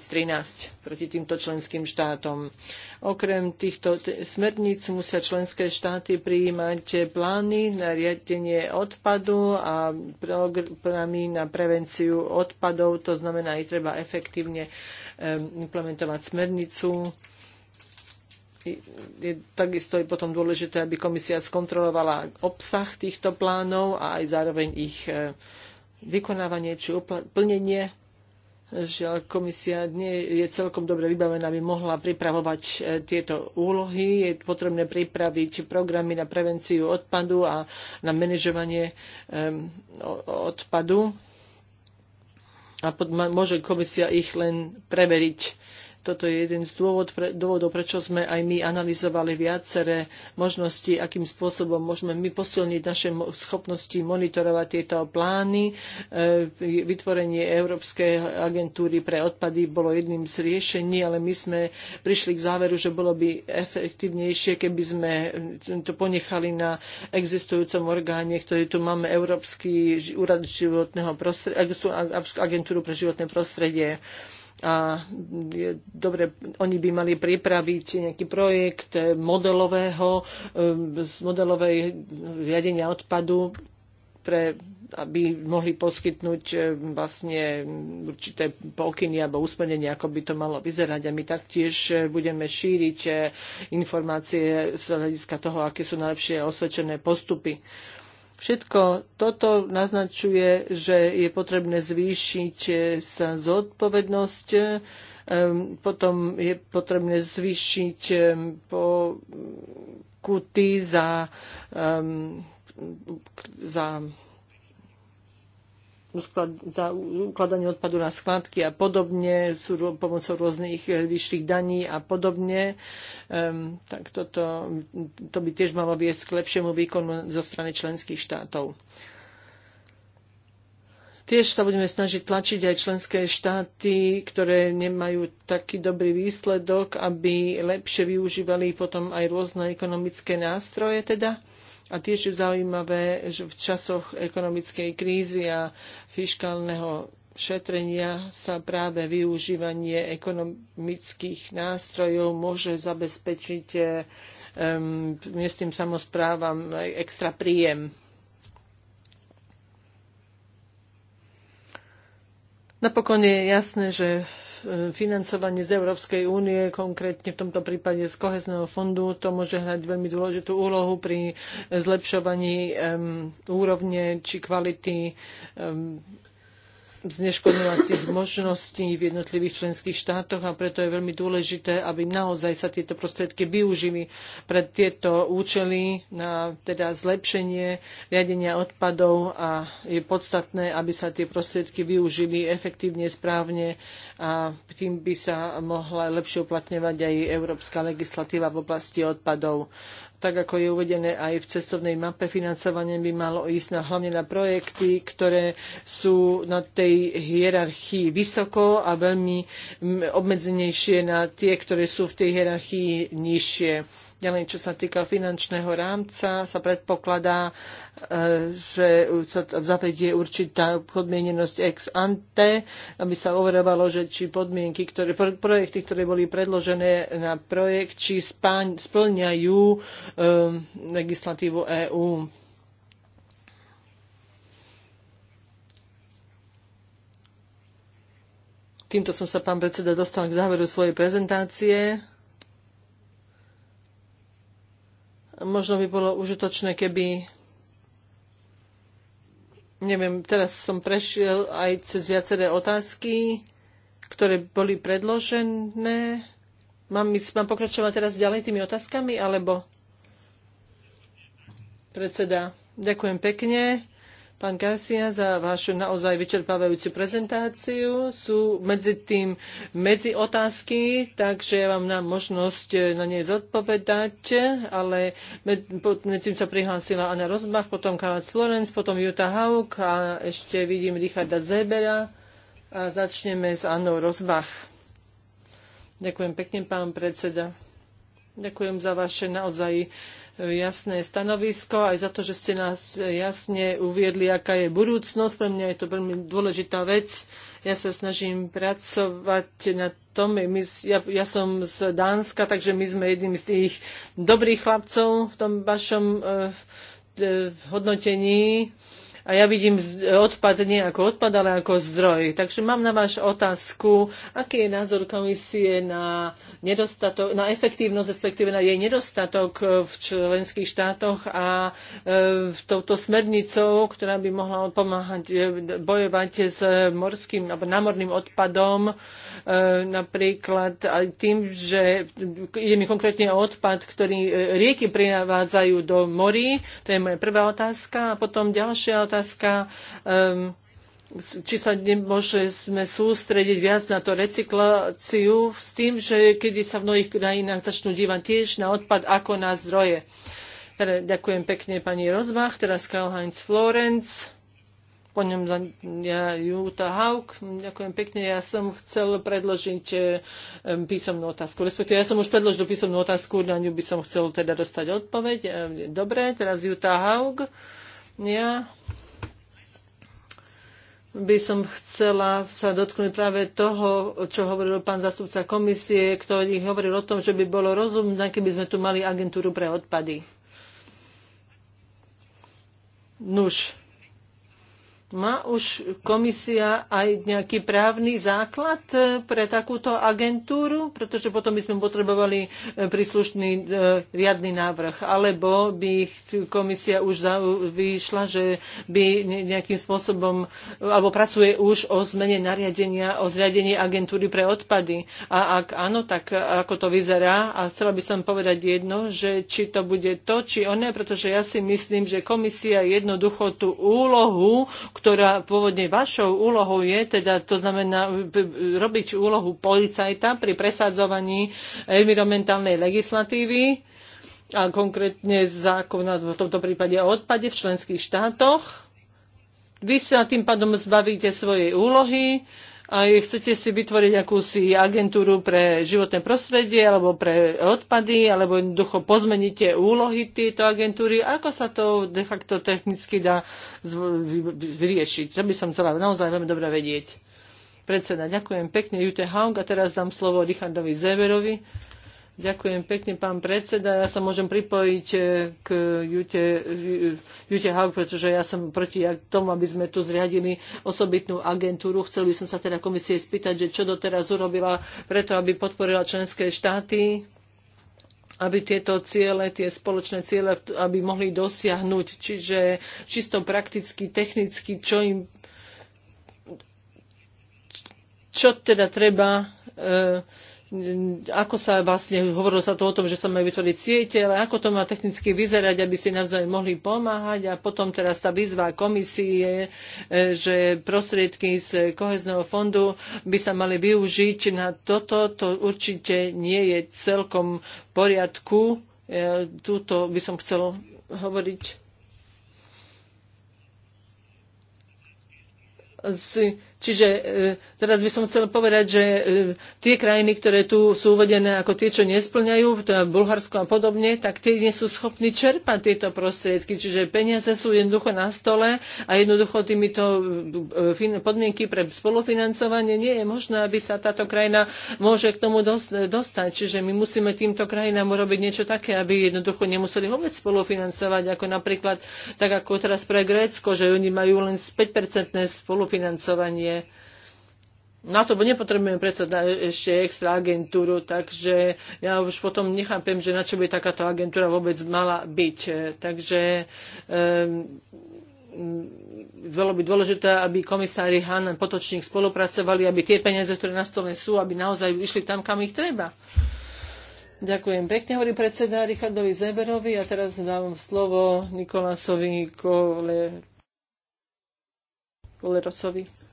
proti týmto členským štátom. Okrem týchto smerníc musia členské štáty prijímať plány na riadenie odpadu a programy na prevenciu odpadov. To znamená, aj treba efektívne implementovať smernicu je takisto je potom dôležité, aby komisia skontrolovala obsah týchto plánov a aj zároveň ich eh, vykonávanie či plnenie. Žiaľ, komisia nie je celkom dobre vybavená, aby mohla pripravovať e, tieto úlohy. Je potrebné pripraviť programy na prevenciu odpadu a na manažovanie odpadu. A môže komisia ich len preveriť toto je jeden z dôvod, pre, dôvodov, prečo sme aj my analyzovali viaceré možnosti, akým spôsobom môžeme my posilniť naše schopnosti monitorovať tieto plány. E, vytvorenie Európskej agentúry pre odpady bolo jedným z riešení, ale my sme prišli k záveru, že bolo by efektívnejšie, keby sme to ponechali na existujúcom orgáne, ktorý tu máme Európsky úrad životného prostredia, agentúru pre životné prostredie a je, dobre, oni by mali pripraviť nejaký projekt modelového, um, modelovej riadenia odpadu pre aby mohli poskytnúť um, vlastne určité pokyny alebo usmernenia, ako by to malo vyzerať. A my taktiež um, budeme šíriť uh, informácie z hľadiska toho, aké sú najlepšie osvedčené postupy. Všetko toto naznačuje, že je potrebné zvýšiť eh, sa zodpovednosť, ehm, potom je potrebné zvýšiť ehm, kuty za, ehm, za za ukladanie odpadu na skladky a podobne, sú pomocou rôznych eh, vyšších daní a podobne. Um, tak toto, to by tiež malo viesť k lepšiemu výkonu zo strany členských štátov. Tiež sa budeme snažiť tlačiť aj členské štáty, ktoré nemajú taký dobrý výsledok, aby lepšie využívali potom aj rôzne ekonomické nástroje teda a tiež je zaujímavé, že v časoch ekonomickej krízy a fiskálneho šetrenia sa práve využívanie ekonomických nástrojov môže zabezpečiť um, miestnym samozprávam extra príjem. Napokon je jasné, že financovanie z Európskej únie, konkrétne v tomto prípade z kohezného fondu, to môže hrať veľmi dôležitú úlohu pri zlepšovaní um, úrovne či kvality um, zneškodňovacích možností v jednotlivých členských štátoch a preto je veľmi dôležité, aby naozaj sa tieto prostriedky využili pre tieto účely na teda zlepšenie riadenia odpadov a je podstatné, aby sa tie prostriedky využili efektívne, správne a tým by sa mohla lepšie uplatňovať aj európska legislatíva v oblasti odpadov tak ako je uvedené aj v cestovnej mape, financovanie by malo ísť na, hlavne na projekty, ktoré sú na tej hierarchii vysoko a veľmi obmedzenejšie na tie, ktoré sú v tej hierarchii nižšie Ďalej, čo sa týka finančného rámca, sa predpokladá, e, že sa zavedie určitá podmienenosť ex ante, aby sa overovalo, že či podmienky, ktoré, projekty, ktoré boli predložené na projekt, či spáň, splňajú um, legislatívu EÚ. Týmto som sa, pán predseda, dostal k záveru svojej prezentácie. možno by bolo užitočné, keby neviem, teraz som prešiel aj cez viaceré otázky, ktoré boli predložené. Mám, mám pokračovať teraz ďalej tými otázkami, alebo predseda? Ďakujem pekne pán Garcia, za vašu naozaj vyčerpávajúcu prezentáciu. Sú medzi tým medzi otázky, takže ja vám dám možnosť eh, na nej zodpovedať, ale medzi tým sa prihlásila Anna Rozbach, potom Karla Florenc, potom Jutta Hauk a ešte vidím Richarda Zebera. A začneme s Annou Rozbach. Ďakujem pekne, pán predseda. Ďakujem za vaše naozaj jasné stanovisko, aj za to, že ste nás jasne uviedli, aká je budúcnosť. Pre mňa je to veľmi dôležitá vec. Ja sa snažím pracovať na tom. My, ja, ja som z Dánska, takže my sme jedným z tých dobrých chlapcov v tom vašom eh, eh hodnotení a ja vidím odpad nie ako odpad, ale ako zdroj. Takže mám na váš otázku, aký je názor komisie na, nedostatok, na efektívnosť, respektíve na jej nedostatok e, v členských štátoch a e, v touto smernicou, ktorá by mohla pomáhať e, bojovať s morským alebo námorným odpadom, napríklad aj tým, že ide mi konkrétne o odpad, ktorý rieky prinavádzajú do morí. To je moja prvá otázka. A potom ďalšia otázka otázka, um, či sa nemôžeme sústrediť viac na to recykláciu s tým, že kedy sa v mnohých krajinách začnú dívať tiež na odpad ako na zdroje. Teda, ďakujem pekne pani Rozbach, teraz Karl-Heinz Florenc, po ňom za ja, Júta Hauk. Ďakujem pekne. Ja som chcel predložiť um, písomnú otázku. Respektíve, ja som už predložil písomnú otázku, na ňu by som chcel teda dostať odpoveď. Ehm, dobre, teraz Júta Haug. Ja by som chcela sa dotknúť práve toho, čo hovoril pán zastupca komisie, ktorý hovoril o tom, že by bolo rozumné, keby sme tu mali agentúru pre odpady. Nuž, má už komisia aj nejaký právny základ eh, pre takúto agentúru? Pretože potom by sme potrebovali eh, príslušný eh, riadny návrh. Alebo by komisia už vyšla, že by nejakým spôsobom, alebo pracuje už o zmene nariadenia, o zriadení agentúry pre odpady. A ak áno, tak ako to vyzerá? A chcela by som povedať jedno, že či to bude to, či oné, pretože ja si myslím, že komisia jednoducho tú úlohu, ktorá pôvodne vašou úlohou je, teda to znamená e, e, robiť úlohu policajta pri presadzovaní environmentálnej legislatívy a konkrétne zákona v tomto prípade o odpade v členských štátoch. Vy sa tým pádom zbavíte svojej úlohy, a chcete si vytvoriť akúsi agentúru pre životné prostredie alebo pre odpady, alebo jednoducho pozmeníte úlohy tejto agentúry, ako sa to de facto technicky dá vyriešiť. To by som chcela naozaj veľmi dobre vedieť. Predseda, ďakujem pekne, Jute Haung, a teraz dám slovo Richardovi Zeverovi Ďakujem pekne, pán predseda. Ja sa môžem pripojiť e, k Jute, Jute Haug, pretože ja som proti tomu, aby sme tu zriadili osobitnú agentúru. Chcel by som sa teda komisie spýtať, že čo doteraz urobila preto, aby podporila členské štáty aby tieto ciele, tie spoločné ciele, aby mohli dosiahnuť. Čiže čisto prakticky, technicky, čo im čo teda treba e, ako sa vlastne, hovorilo sa to o tom, že sa majú vytvoriť siete, ale ako to má technicky vyzerať, aby si navzájom mohli pomáhať a potom teraz tá výzva komisie, e, že prostriedky z kohezného fondu by sa mali využiť na toto, to určite nie je celkom v poriadku. E, túto by som chcel hovoriť. Z Čiže e, teraz by som chcel povedať, že e, tie krajiny, ktoré tu sú uvedené ako tie, čo nesplňajú, teda Bulharsko a podobne, tak tie nie sú schopní čerpať tieto prostriedky. Čiže peniaze sú jednoducho na stole a jednoducho týmito e, podmienky pre spolufinancovanie nie je možné, aby sa táto krajina môže k tomu dostať. Čiže my musíme týmto krajinám urobiť niečo také, aby jednoducho nemuseli vôbec spolufinancovať, ako napríklad tak ako teraz pre Grécko, že oni majú len 5-percentné spolufinancovanie nie. na to nepotrebujeme predsa ešte extra agentúru, takže ja už potom nechápem, že na čo by takáto agentúra vôbec mala byť. E, takže um, bolo by dôležité, aby komisári Han a Potočník spolupracovali, aby tie peniaze, ktoré na stole sú, aby naozaj išli tam, kam ich treba. Ďakujem pekne, hovorí predseda Richardovi Zeberovi a teraz dávam slovo Nikolasovi Kole... Kolerosovi.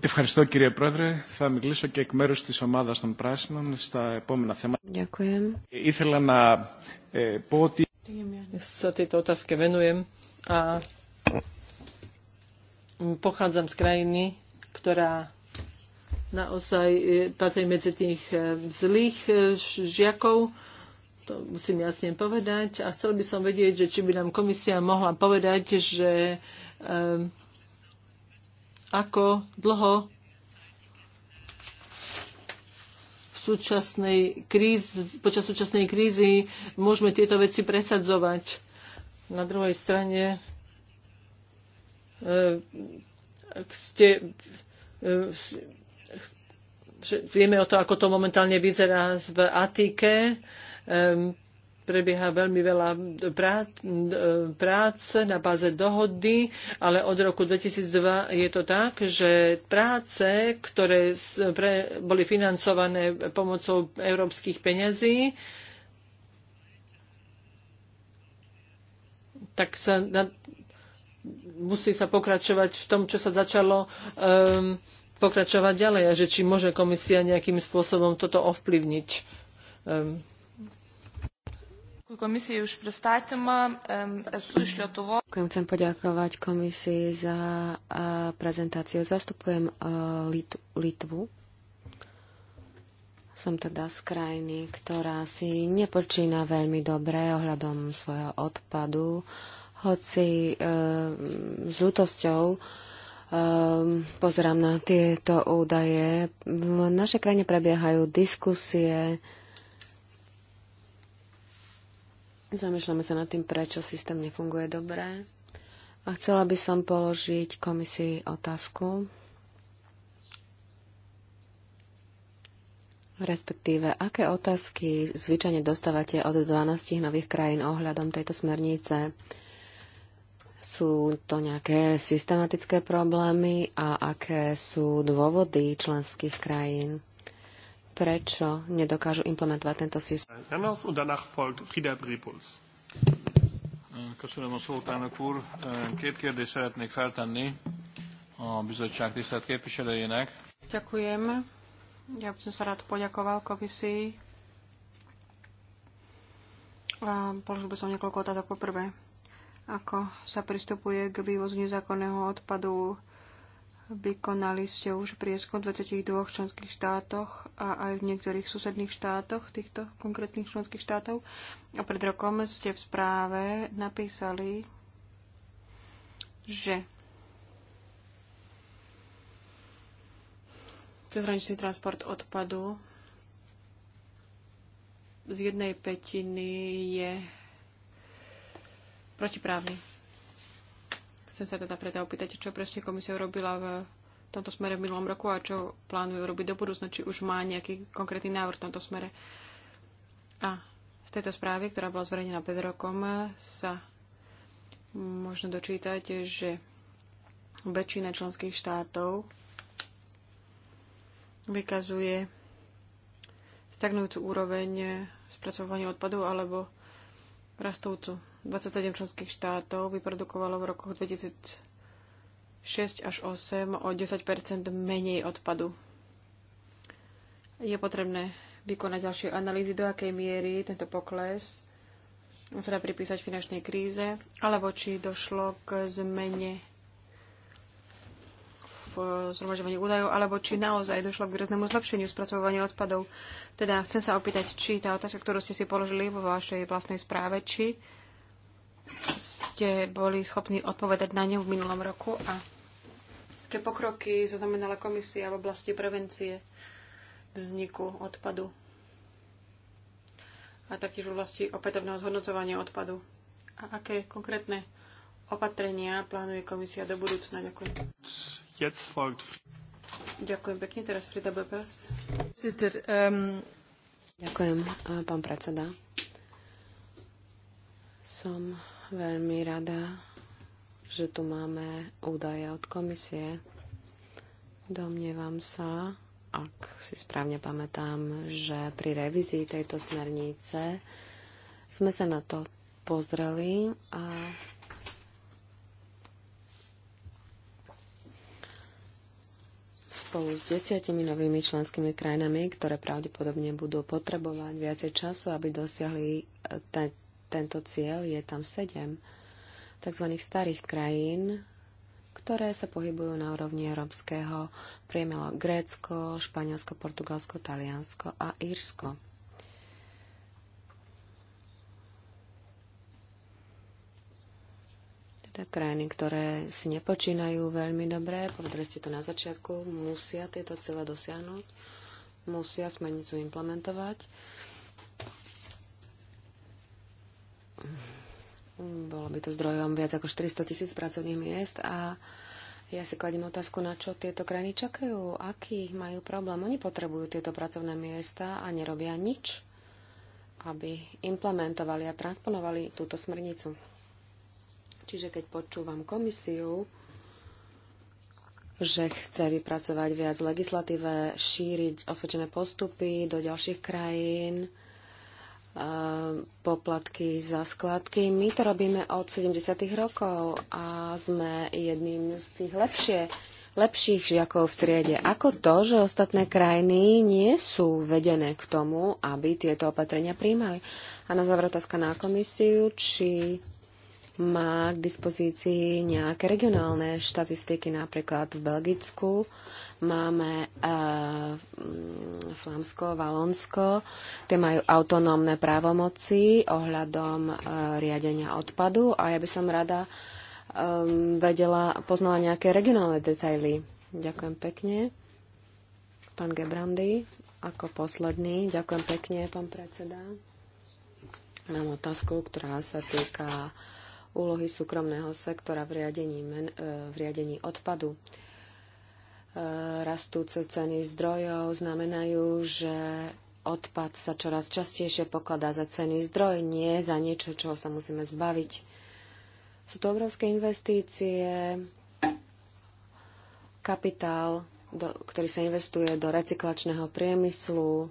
Ευχαριστώ κύριε Πρόεδρε. Θα μιλήσω και εκ μέρους της ομάδας των Πράσινων στα επόμενα θέματα. Ďakujem. Ήθελα να ε, πω ότι... Sa tejto otázke venujem a pochádzam z krajiny, ktorá naozaj e, patrí medzi tých e, zlých e, žiakov, to musím jasne povedať. A chcel by som vedieť, že či by nám komisia mohla povedať, že um, ako dlho v súčasnej kríz, počas súčasnej krízy môžeme tieto veci presadzovať. Na druhej strane ak e, ste e, vieme o to, ako to momentálne vyzerá v Atike prebieha veľmi veľa práce na báze dohody, ale od roku 2002 je to tak, že práce, ktoré boli financované pomocou európskych peňazí, tak sa na, musí sa pokračovať v tom, čo sa začalo um, pokračovať ďalej a že či môže komisia nejakým spôsobom toto ovplyvniť. Um, už iš Lietuvo. Chcem poďakovať komisii za prezentáciu. Zastupujem Litvu. Som teda z krajiny, ktorá si nepočína veľmi dobre ohľadom svojho odpadu, hoci e, s ľutosťou e, pozerám na tieto údaje. V našej krajine prebiehajú diskusie, Zamýšľame sa nad tým, prečo systém nefunguje dobre. A chcela by som položiť komisii otázku, respektíve aké otázky zvyčajne dostávate od 12 nových krajín ohľadom tejto smernice. Sú to nejaké systematické problémy a aké sú dôvody členských krajín? prečo nedokážu implementovať tento systém. Köszönöm a szót, elnök úr. Két kérdést szeretnék feltenni a bizottság tisztelt képviselőjének. Ďakujem. Ja by som sa rád poďakoval komisii. A položil by som niekoľko otázok. Poprvé, ako sa pristupuje k vývozu nezákonného odpadu Vykonali ste už prieskum v 22 členských štátoch a aj v niektorých susedných štátoch týchto konkrétnych členských štátov. A pred rokom ste v správe napísali, že cezhraničný transport odpadu z jednej petiny je protiprávny. Chcem sa teda preto opýtať, čo presne komisia robila v tomto smere v minulom roku a čo plánujú robiť do budúcna, či už má nejaký konkrétny návrh v tomto smere. A v tejto správe, ktorá bola zverejnená pred rokom, sa možno dočítať, že väčšina členských štátov vykazuje stagnujúcu úroveň spracovania odpadov alebo rastúcu. 27 členských štátov vyprodukovalo v rokoch 2006 až 2008 o 10 menej odpadu. Je potrebné vykonať ďalšie analýzy, do akej miery tento pokles sa dá pripísať finančnej kríze, alebo či došlo k zmene v zhromažďovaní údajov, alebo či naozaj došlo k výraznému zlepšeniu spracovania odpadov. Teda chcem sa opýtať, či tá otázka, ktorú ste si položili vo vašej vlastnej správe, či ste boli schopní odpovedať na ňu v minulom roku a aké pokroky zaznamenala komisia v oblasti prevencie vzniku odpadu a taktiež v oblasti opätovného zhodnocovania odpadu. A aké konkrétne opatrenia plánuje komisia do budúcna? Ďakujem. Ďakujem pekne. Teraz Frida Bepes. Ehm, Ďakujem, pán predseda. Som Veľmi rada, že tu máme údaje od komisie. Domnievam sa, ak si správne pamätám, že pri revízii tejto smernice sme sa na to pozreli a spolu s desiatimi novými členskými krajinami, ktoré pravdepodobne budú potrebovať viacej času, aby dosiahli tento cieľ, je tam sedem tzv. starých krajín, ktoré sa pohybujú na úrovni európskeho priemelo Grécko, Španielsko, Portugalsko, Taliansko a Írsko. Teda krajiny, ktoré si nepočínajú veľmi dobre, povedali ste to na začiatku, musia tieto cieľe dosiahnuť, musia smernicu implementovať. Bolo by to zdrojom viac ako 400 tisíc pracovných miest a ja si kladím otázku, na čo tieto krajiny čakajú, aký majú problém. Oni potrebujú tieto pracovné miesta a nerobia nič, aby implementovali a transponovali túto smernicu. Čiže keď počúvam komisiu, že chce vypracovať viac legislatíve, šíriť osvedčené postupy do ďalších krajín, poplatky za skladky. My to robíme od 70. rokov a sme jedným z tých lepšie, lepších žiakov v triede. Ako to, že ostatné krajiny nie sú vedené k tomu, aby tieto opatrenia príjmali? A na záver otázka na komisiu, či má k dispozícii nejaké regionálne štatistiky, napríklad v Belgicku máme uh, Flámsko, Valonsko, tie majú autonómne právomoci ohľadom uh, riadenia odpadu a ja by som rada um, vedela, poznala nejaké regionálne detaily. Ďakujem pekne. Pán Gebrandy, ako posledný. Ďakujem pekne, pán predseda. Mám otázku, ktorá sa týka uh, úlohy súkromného sektora v riadení, men, e, v riadení odpadu. E, rastúce ceny zdrojov znamenajú, že odpad sa čoraz častejšie pokladá za cený zdroj, nie za niečo, čo sa musíme zbaviť. Sú to obrovské investície, kapitál, do, ktorý sa investuje do recyklačného priemyslu,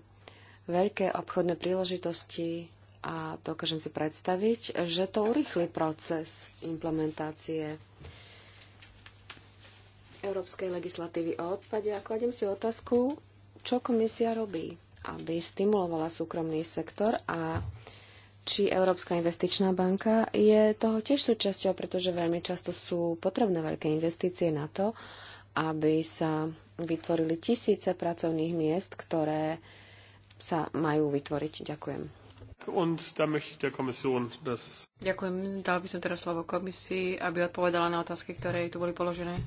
veľké obchodné príležitosti, a dokážem si predstaviť, že to urýchli proces implementácie európskej legislatívy o odpade a kladem si otázku, čo komisia robí, aby stimulovala súkromný sektor a či Európska investičná banka je toho tiež súčasťou, pretože veľmi často sú potrebné veľké investície na to, aby sa vytvorili tisíce pracovných miest, ktoré sa majú vytvoriť. Ďakujem. Und da möchte ich der Kommission das... Ďakujem. Dal by som teraz slovo komisii, aby odpovedala na otázky, ktoré tu boli položené.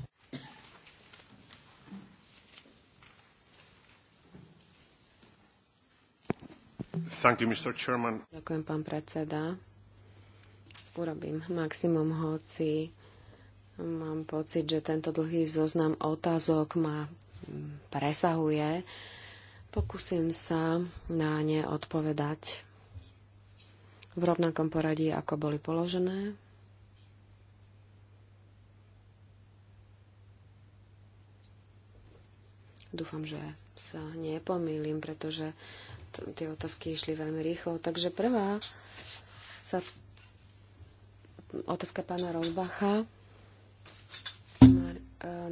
Thank you, Mr. Chairman. Ďakujem, pán predseda. Urobím maximum, hoci mám pocit, že tento dlhý zoznam otázok ma presahuje. Pokúsim sa na ne odpovedať v rovnakom poradí, ako boli položené. Dúfam, že sa nepomýlim, pretože tie otázky išli veľmi rýchlo. Takže prvá sa otázka pána Rozbacha. E,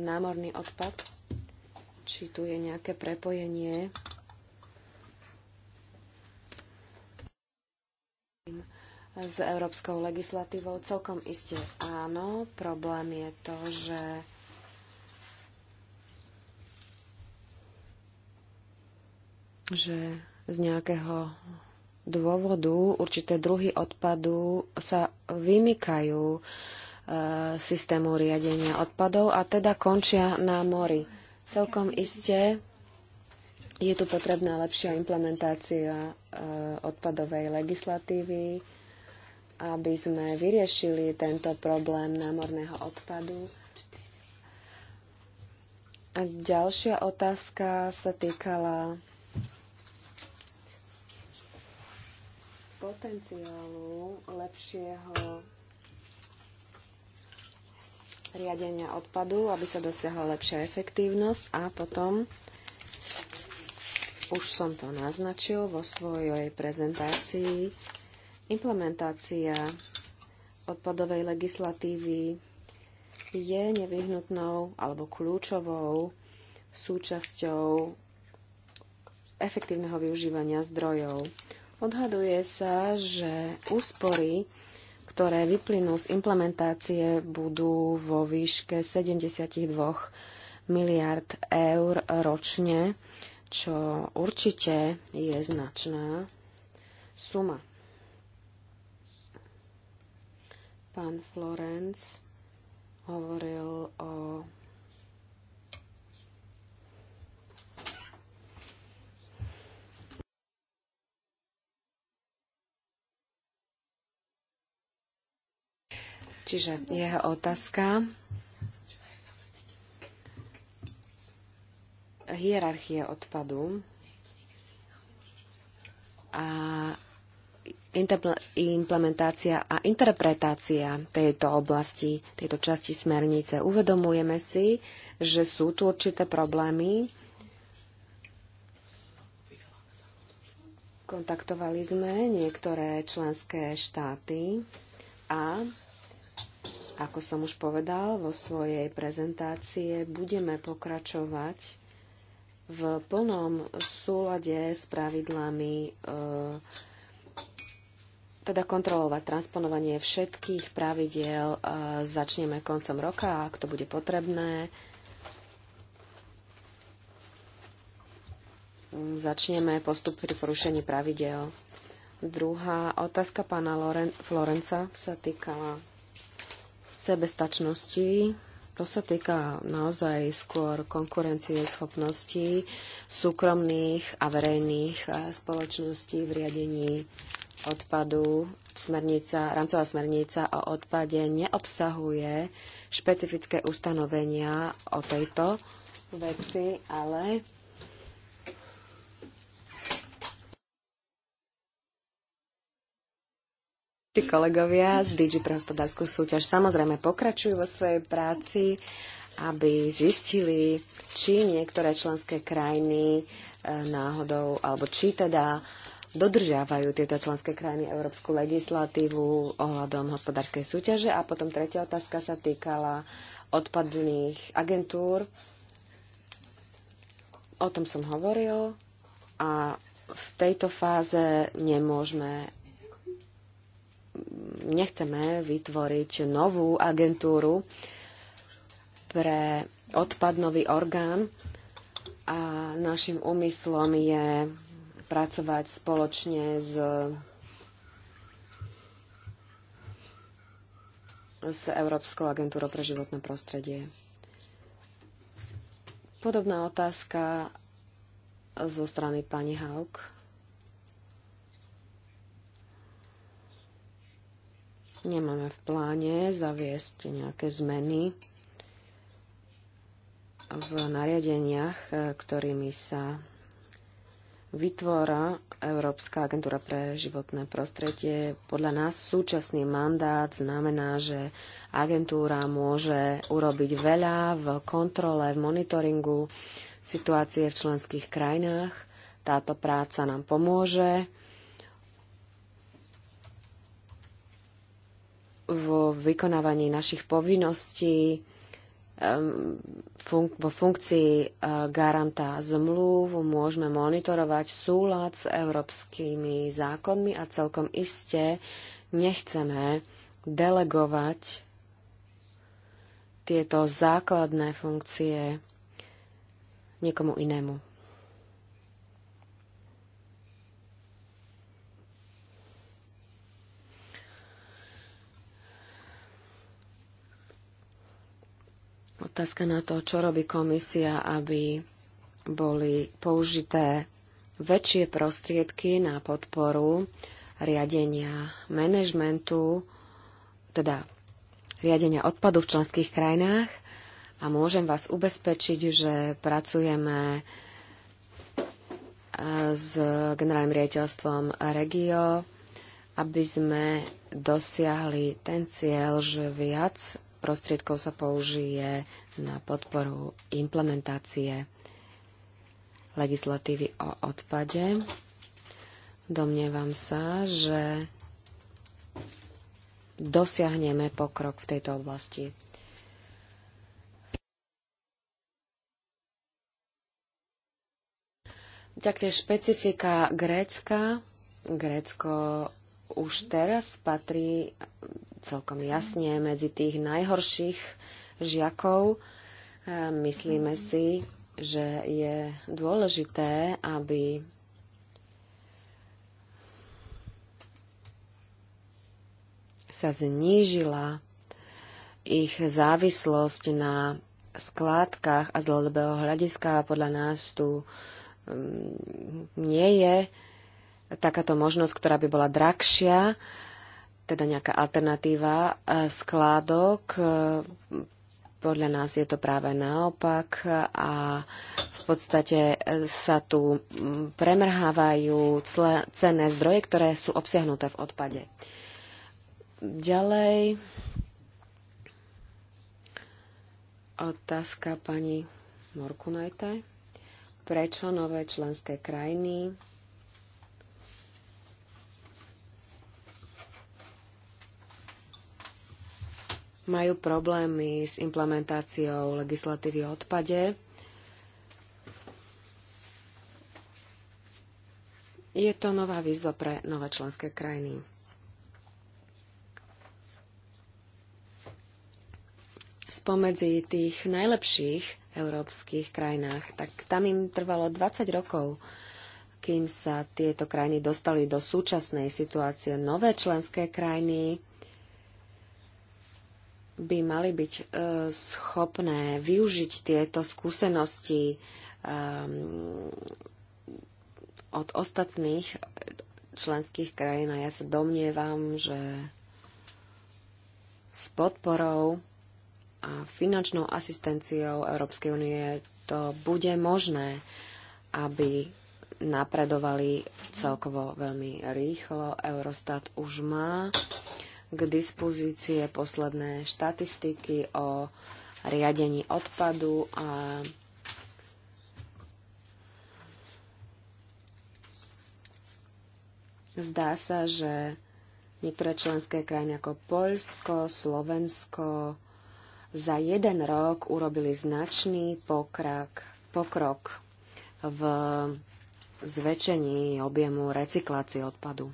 námorný odpad. Či tu je nejaké prepojenie s európskou legislatívou? Celkom iste áno. Problém je to, že že z nejakého dôvodu určité druhy odpadu sa vymykajú e, systému riadenia odpadov a teda končia na mori. Celkom iste je tu potrebná lepšia implementácia e, odpadovej legislatívy, aby sme vyriešili tento problém námorného odpadu. A ďalšia otázka sa týkala potenciálu lepšieho riadenia odpadu, aby sa dosiahla lepšia efektívnosť a potom už som to naznačil vo svojej prezentácii. Implementácia odpadovej legislatívy je nevyhnutnou alebo kľúčovou súčasťou efektívneho využívania zdrojov. Odhaduje sa, že úspory, ktoré vyplynú z implementácie, budú vo výške 72 miliard eur ročne čo určite je značná suma. Pán Florence hovoril o Čiže jeho otázka hierarchie odpadu a implementácia a interpretácia tejto oblasti, tejto časti smernice. Uvedomujeme si, že sú tu určité problémy. Kontaktovali sme niektoré členské štáty a, ako som už povedal vo svojej prezentácie, budeme pokračovať v plnom súlade s pravidlami e, teda kontrolovať transponovanie všetkých pravidiel e, začneme koncom roka, ak to bude potrebné. Začneme postup pri porušení pravidel. Druhá otázka pána Florenca sa týkala sebestačnosti to sa týka naozaj skôr konkurencie schopností súkromných a verejných eh, spoločností v riadení odpadu. Smernica, rámcová smernica o odpade neobsahuje špecifické ustanovenia o tejto veci, ale Tí kolegovia z DG pre hospodárskú súťaž samozrejme pokračujú vo svojej práci, aby zistili, či niektoré členské krajiny eh, náhodou, alebo či teda dodržiavajú tieto členské krajiny európsku legislatívu ohľadom hospodárskej súťaže. A potom tretia otázka sa týkala odpadných agentúr. O tom som hovoril a v tejto fáze nemôžeme nechceme vytvoriť novú agentúru pre odpadnový orgán a našim úmyslom je pracovať spoločne s s Európskou agentúrou pre životné prostredie. Podobná otázka zo strany pani Haug. Nemáme v pláne zaviesť nejaké zmeny v nariadeniach, e, ktorými sa vytvára Európska agentúra pre životné prostredie. Podľa nás súčasný mandát znamená, že agentúra môže urobiť veľa v kontrole, v monitoringu situácie v členských krajinách. Táto práca nám pomôže vo vykonávaní našich povinností funk- vo funkcii eh, garanta zmluv môžeme monitorovať súlad s európskymi zákonmi a celkom iste nechceme delegovať tieto základné funkcie niekomu inému. otázka na to, čo robí komisia, aby boli použité väčšie prostriedky na podporu riadenia manažmentu, teda riadenia odpadu v členských krajinách a môžem vás ubezpečiť, že pracujeme e, s generálnym riaditeľstvom Regio, aby sme dosiahli ten cieľ, že viac prostriedkov sa použije na podporu implementácie legislatívy o odpade. Domnievam sa, že dosiahneme pokrok v tejto oblasti. Taktiež špecifika Grécka. Grécko už teraz patrí celkom jasne medzi tých najhorších žiakov. Myslíme si, že je dôležité, aby sa znížila ich závislosť na skládkach a z dlhodobého hľadiska podľa nás tu mm, nie je takáto možnosť, ktorá by bola drahšia, teda nejaká alternatíva e, skládok. E, podľa nás je to práve naopak a v podstate e, sa tu premrhávajú cenné zdroje, ktoré sú obsiahnuté v odpade. Ďalej otázka pani Morkunajte. Prečo nové členské krajiny majú problémy s implementáciou legislatívy o odpade. Je to nová výzva pre nové členské krajiny. Spomedzi tých najlepších európskych krajinách, tak tam im trvalo 20 rokov, kým sa tieto krajiny dostali do súčasnej situácie. Nové členské krajiny by mali byť e, schopné využiť tieto skúsenosti ehm, od ostatných členských krajín a ja sa domnievam, že s podporou a finančnou asistenciou Európskej únie to bude možné, aby napredovali celkovo veľmi rýchlo. Eurostat už má k dispozície posledné štatistiky o riadení odpadu a zdá sa, že niektoré členské krajiny ako Poľsko, Slovensko za jeden rok urobili značný pokrok, pokrok v zväčšení objemu recyklácie odpadu.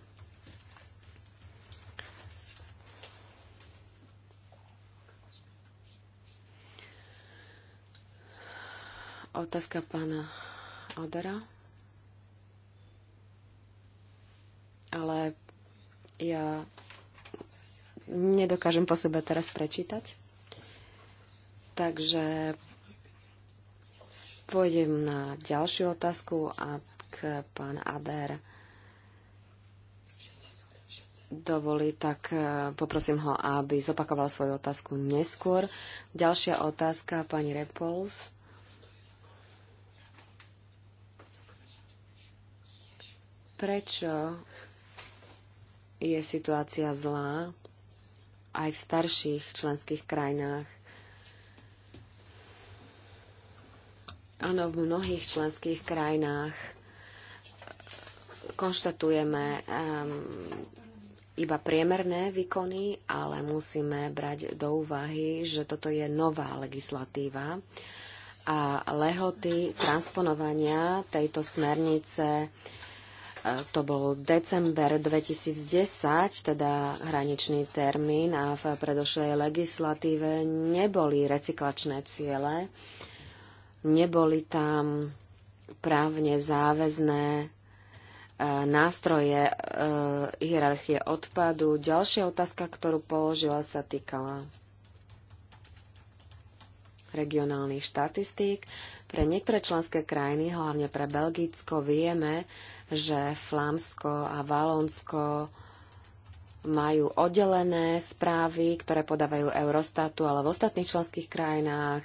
Otázka pána Adara. Ale ja nedokážem po sebe teraz prečítať. Takže pôjdem na ďalšiu otázku a k pán Ader dovolí, tak e, poprosím ho, aby zopakoval svoju otázku neskôr. Ďalšia otázka, pani Repols. Prečo je situácia zlá aj v starších členských krajinách? Áno, v mnohých členských krajinách konštatujeme um, iba priemerné výkony, ale musíme brať do úvahy, že toto je nová legislatíva a lehoty transponovania tejto smernice E, to bol december 2010, teda hraničný termín a v predošlej legislatíve neboli recyklačné ciele, neboli tam právne záväzné e, nástroje e, hierarchie odpadu. Ďalšia otázka, ktorú položila, sa týkala regionálnych štatistík. Pre niektoré členské krajiny, hlavne pre Belgicko, vieme, že Flámsko a Valonsko majú oddelené správy, ktoré podávajú Eurostatu, ale v ostatných členských krajinách,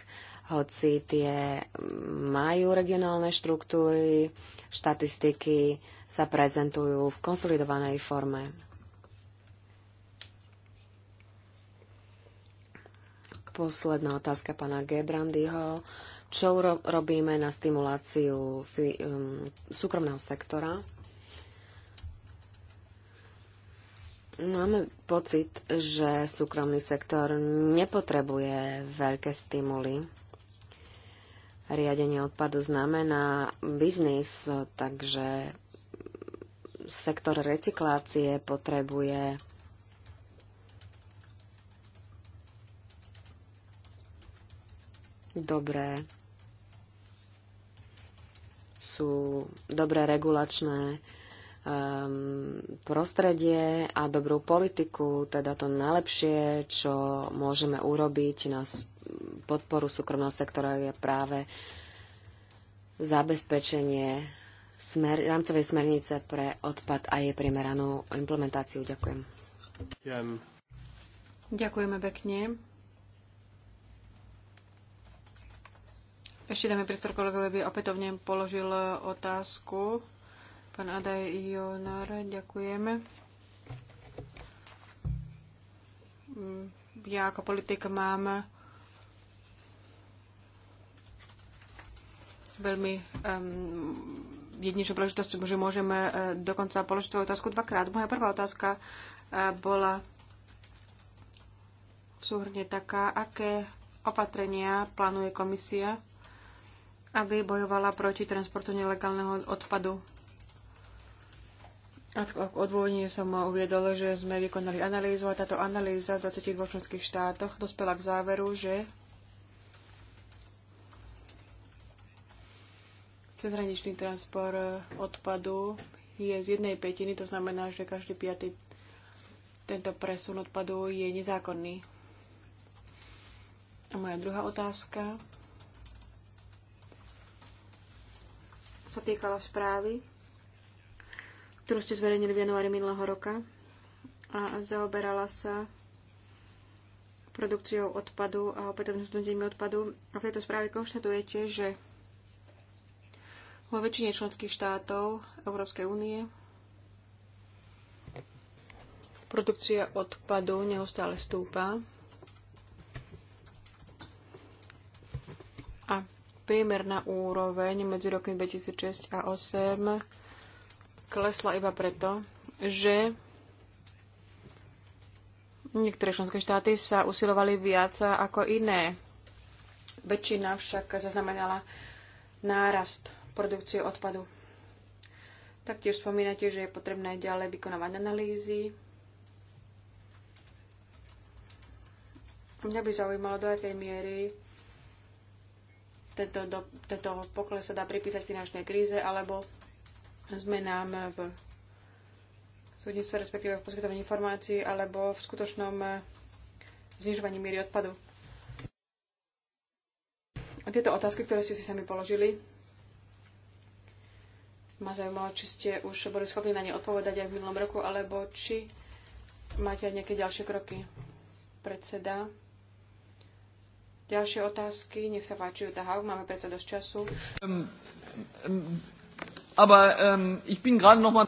hoci tie majú regionálne štruktúry, štatistiky sa prezentujú v konsolidovanej forme. Posledná otázka pána Gebrandyho čo ro- robíme na stimuláciu fi- um, súkromného sektora. Máme pocit, že súkromný sektor nepotrebuje veľké stimuly. Riadenie odpadu znamená biznis, takže sektor recyklácie potrebuje dobré sú dobré regulačné um, prostredie a dobrú politiku, teda to najlepšie, čo môžeme urobiť na podporu súkromného sektora je práve zabezpečenie smer, rámcovej smernice pre odpad a jej primeranú implementáciu. Ďakujem. Ďakujem. Ďakujeme pekne. Ešte dáme priestor kolegovi, aby opätovne položil otázku. Pán Adaj Jonár, ďakujeme. Mm, ja ako politik mám veľmi um, jedničnú príležitosť, že môžeme uh, dokonca položiť tvoju otázku dvakrát. Moja prvá otázka uh, bola súhrne taká, aké opatrenia plánuje komisia aby bojovala proti transportu nelegálneho odpadu. A k odôvodneniu som uviedol, že sme vykonali analýzu a táto analýza v 22 členských štátoch dospela k záveru, že cezhraničný transport e, odpadu je z jednej petiny, to znamená, že každý piatý tento presun odpadu je nezákonný. A moja druhá otázka sa týkala správy, ktorú ste zverejnili v januári minulého roka a zaoberala sa produkciou odpadu a opätovným zhodnotením odpadu. A v tejto správe konštatujete, že vo väčšine členských štátov Európskej únie produkcia odpadu neustále stúpa a priemerná úroveň medzi rokmi 2006 a 2008 klesla iba preto, že niektoré členské štáty sa usilovali viac ako iné. Väčšina však zaznamenala nárast produkcie odpadu. Taktiež spomínate, že je potrebné ďalej vykonávať analýzy. Mňa by zaujímalo, do akej miery tento, do, tento pokles sa dá pripísať finančnej kríze alebo zmenám v súdnictve, respektíve v poskytovaní informácií alebo v skutočnom eh, znižovaní miery odpadu. A tieto otázky, ktoré ste si sami položili, ma zaujímalo, či ste už boli schopní na ne odpovedať aj v minulom roku, alebo či máte aj nejaké ďalšie kroky. Predseda. Ďalšie otázky, nech sa páči, Jutta Haug, máme predsa dosť času. Um, um, aber um, ich bin gerade noch mal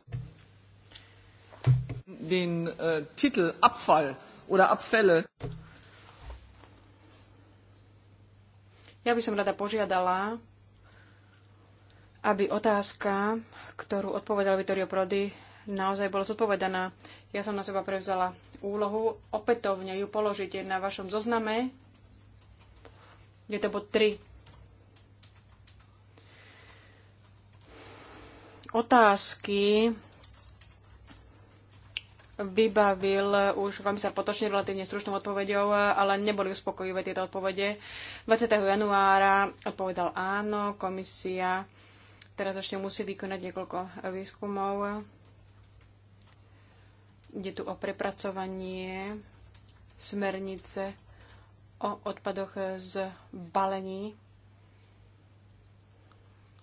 den uh, Titel Abfall oder Abfälle. Ja by som rada požiadala, aby otázka, ktorú odpovedal Vittorio Prodi, naozaj bola zodpovedaná. Ja som na seba prevzala úlohu opätovne ju položiť na vašom zozname je to bod 3. Otázky vybavil už komisár Potočný relatívne stručnou odpovedou, ale neboli uspokojivé tieto odpovede. 20. januára odpovedal áno, komisia teraz ešte musí vykonať niekoľko výskumov. Ide tu o prepracovanie smernice o odpadoch z balení.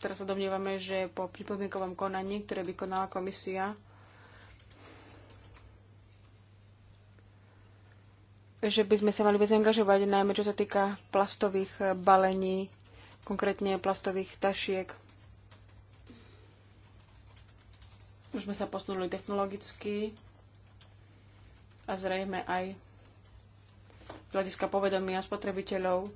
Teraz sa domnievame, že po pripomienkovom konaní, ktoré vykonala komisia, že by sme sa mali viac angažovať, najmä čo sa týka plastových balení, konkrétne plastových tašiek. Už sme sa posunuli technologicky a zrejme aj z hľadiska povedomia spotrebiteľov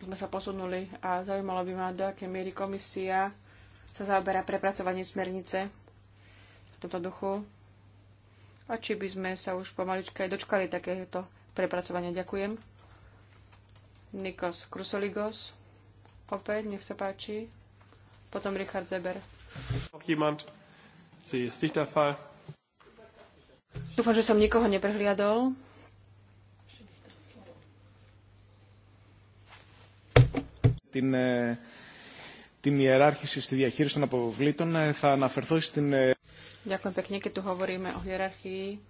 sme sa posunuli a zaujímalo by ma, do akej miery komisia sa zaoberá prepracovanie smernice v tomto duchu a či by sme sa už pomaličke aj dočkali takéhoto prepracovania. Ďakujem. Nikos Krusoligos. Opäť, nech sa páči. Potom Richard Zeber. Dúfam, že som nikoho neprehliadol. την, την ιεράρχηση στη διαχείριση των αποβλήτων. Θα αναφερθώ στην... Ďakujem pekne, keď tu hovoríme o hierarchii.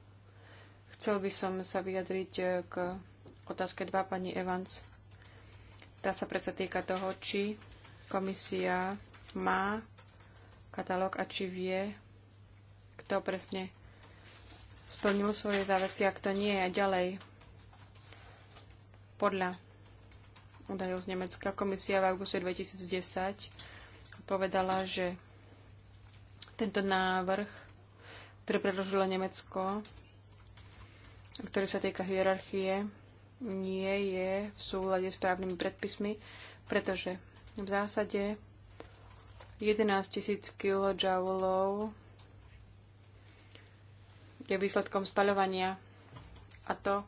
Chcel by som sa vyjadriť e, k otázke 2 pani Evans. Tá sa predsa týka toho, či komisia má katalóg a či vie, kto presne splnil svoje záväzky a kto nie a ďalej. Podľa údajov z Nemecka. Komisia v auguste 2010 povedala, že tento návrh, ktorý predložilo Nemecko, ktorý sa týka hierarchie, nie je v súlade s právnymi predpismi, pretože v zásade 11 tisíc kJ je výsledkom spaľovania a to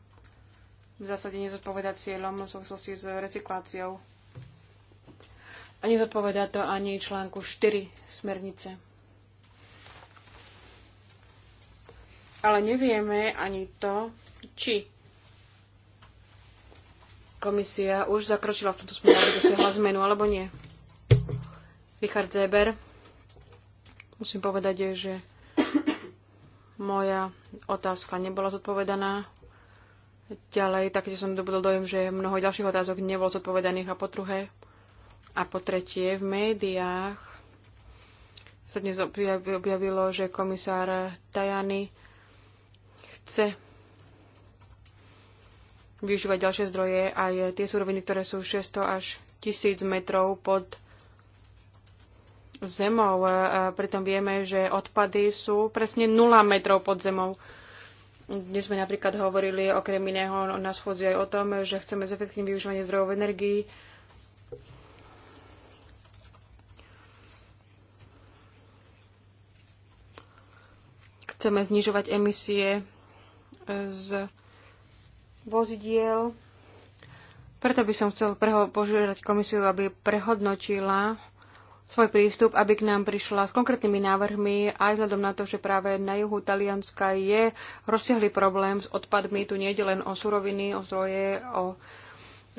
v zásade nezodpoveda cieľom v súvislosti s recykláciou. A nezodpoveda to ani článku 4 smernice. Ale nevieme ani to, či komisia už zakročila v tomto smere, aby dosiahla zmenu, alebo nie. Richard Zeber, musím povedať, že moja otázka nebola zodpovedaná Ďalej, taktiež som dobudol dojem, že mnoho ďalších otázok nebolo zodpovedaných a po druhé a po tretie v médiách sa dnes objavilo, že komisár Tajany chce využívať ďalšie zdroje je tie súroviny, ktoré sú 600 až 1000 metrov pod zemou. Pritom vieme, že odpady sú presne 0 metrov pod zemou. Dnes sme napríklad hovorili okrem iného na schôdzi aj o tom, že chceme zefektívne využívanie zdrojov energii. Chceme znižovať emisie z vozidiel. Preto by som chcel požiadať komisiu, aby prehodnotila svoj prístup, aby k nám prišla s konkrétnymi návrhmi, aj vzhľadom na to, že práve na juhu Talianska je rozsiahly problém s odpadmi. Tu nie je len o suroviny, o zdroje, o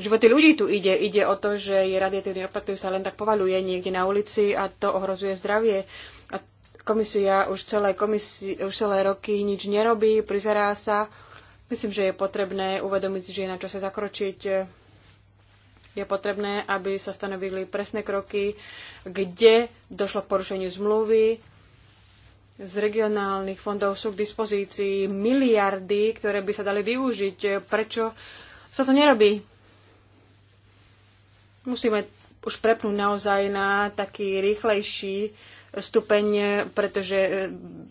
životy ľudí tu ide. Ide o to, že je radiatívny odpad, ktorý sa len tak povaluje niekde na ulici a to ohrozuje zdravie. A komisia už celé, komisi, už celé roky nič nerobí, prizerá sa. Myslím, že je potrebné uvedomiť si, že je na čase zakročiť je potrebné, aby sa stanovili presné kroky, kde došlo k porušeniu zmluvy. Z regionálnych fondov sú k dispozícii miliardy, ktoré by sa dali využiť. Prečo sa to nerobí? Musíme už prepnúť naozaj na taký rýchlejší stupeň, pretože e,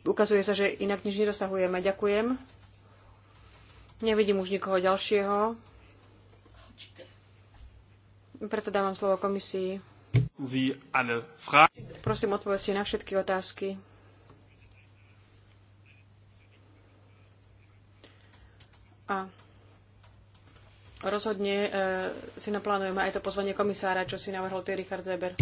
ukazuje sa, že inak nič nedosahujeme. Ďakujem. Nevidím už nikoho ďalšieho. Preto dávam slovo komisii. Prosím, odpovedzte na všetky otázky. A rozhodne e, si naplánujeme aj to pozvanie komisára, čo si navrhol ty, Richard Zeber.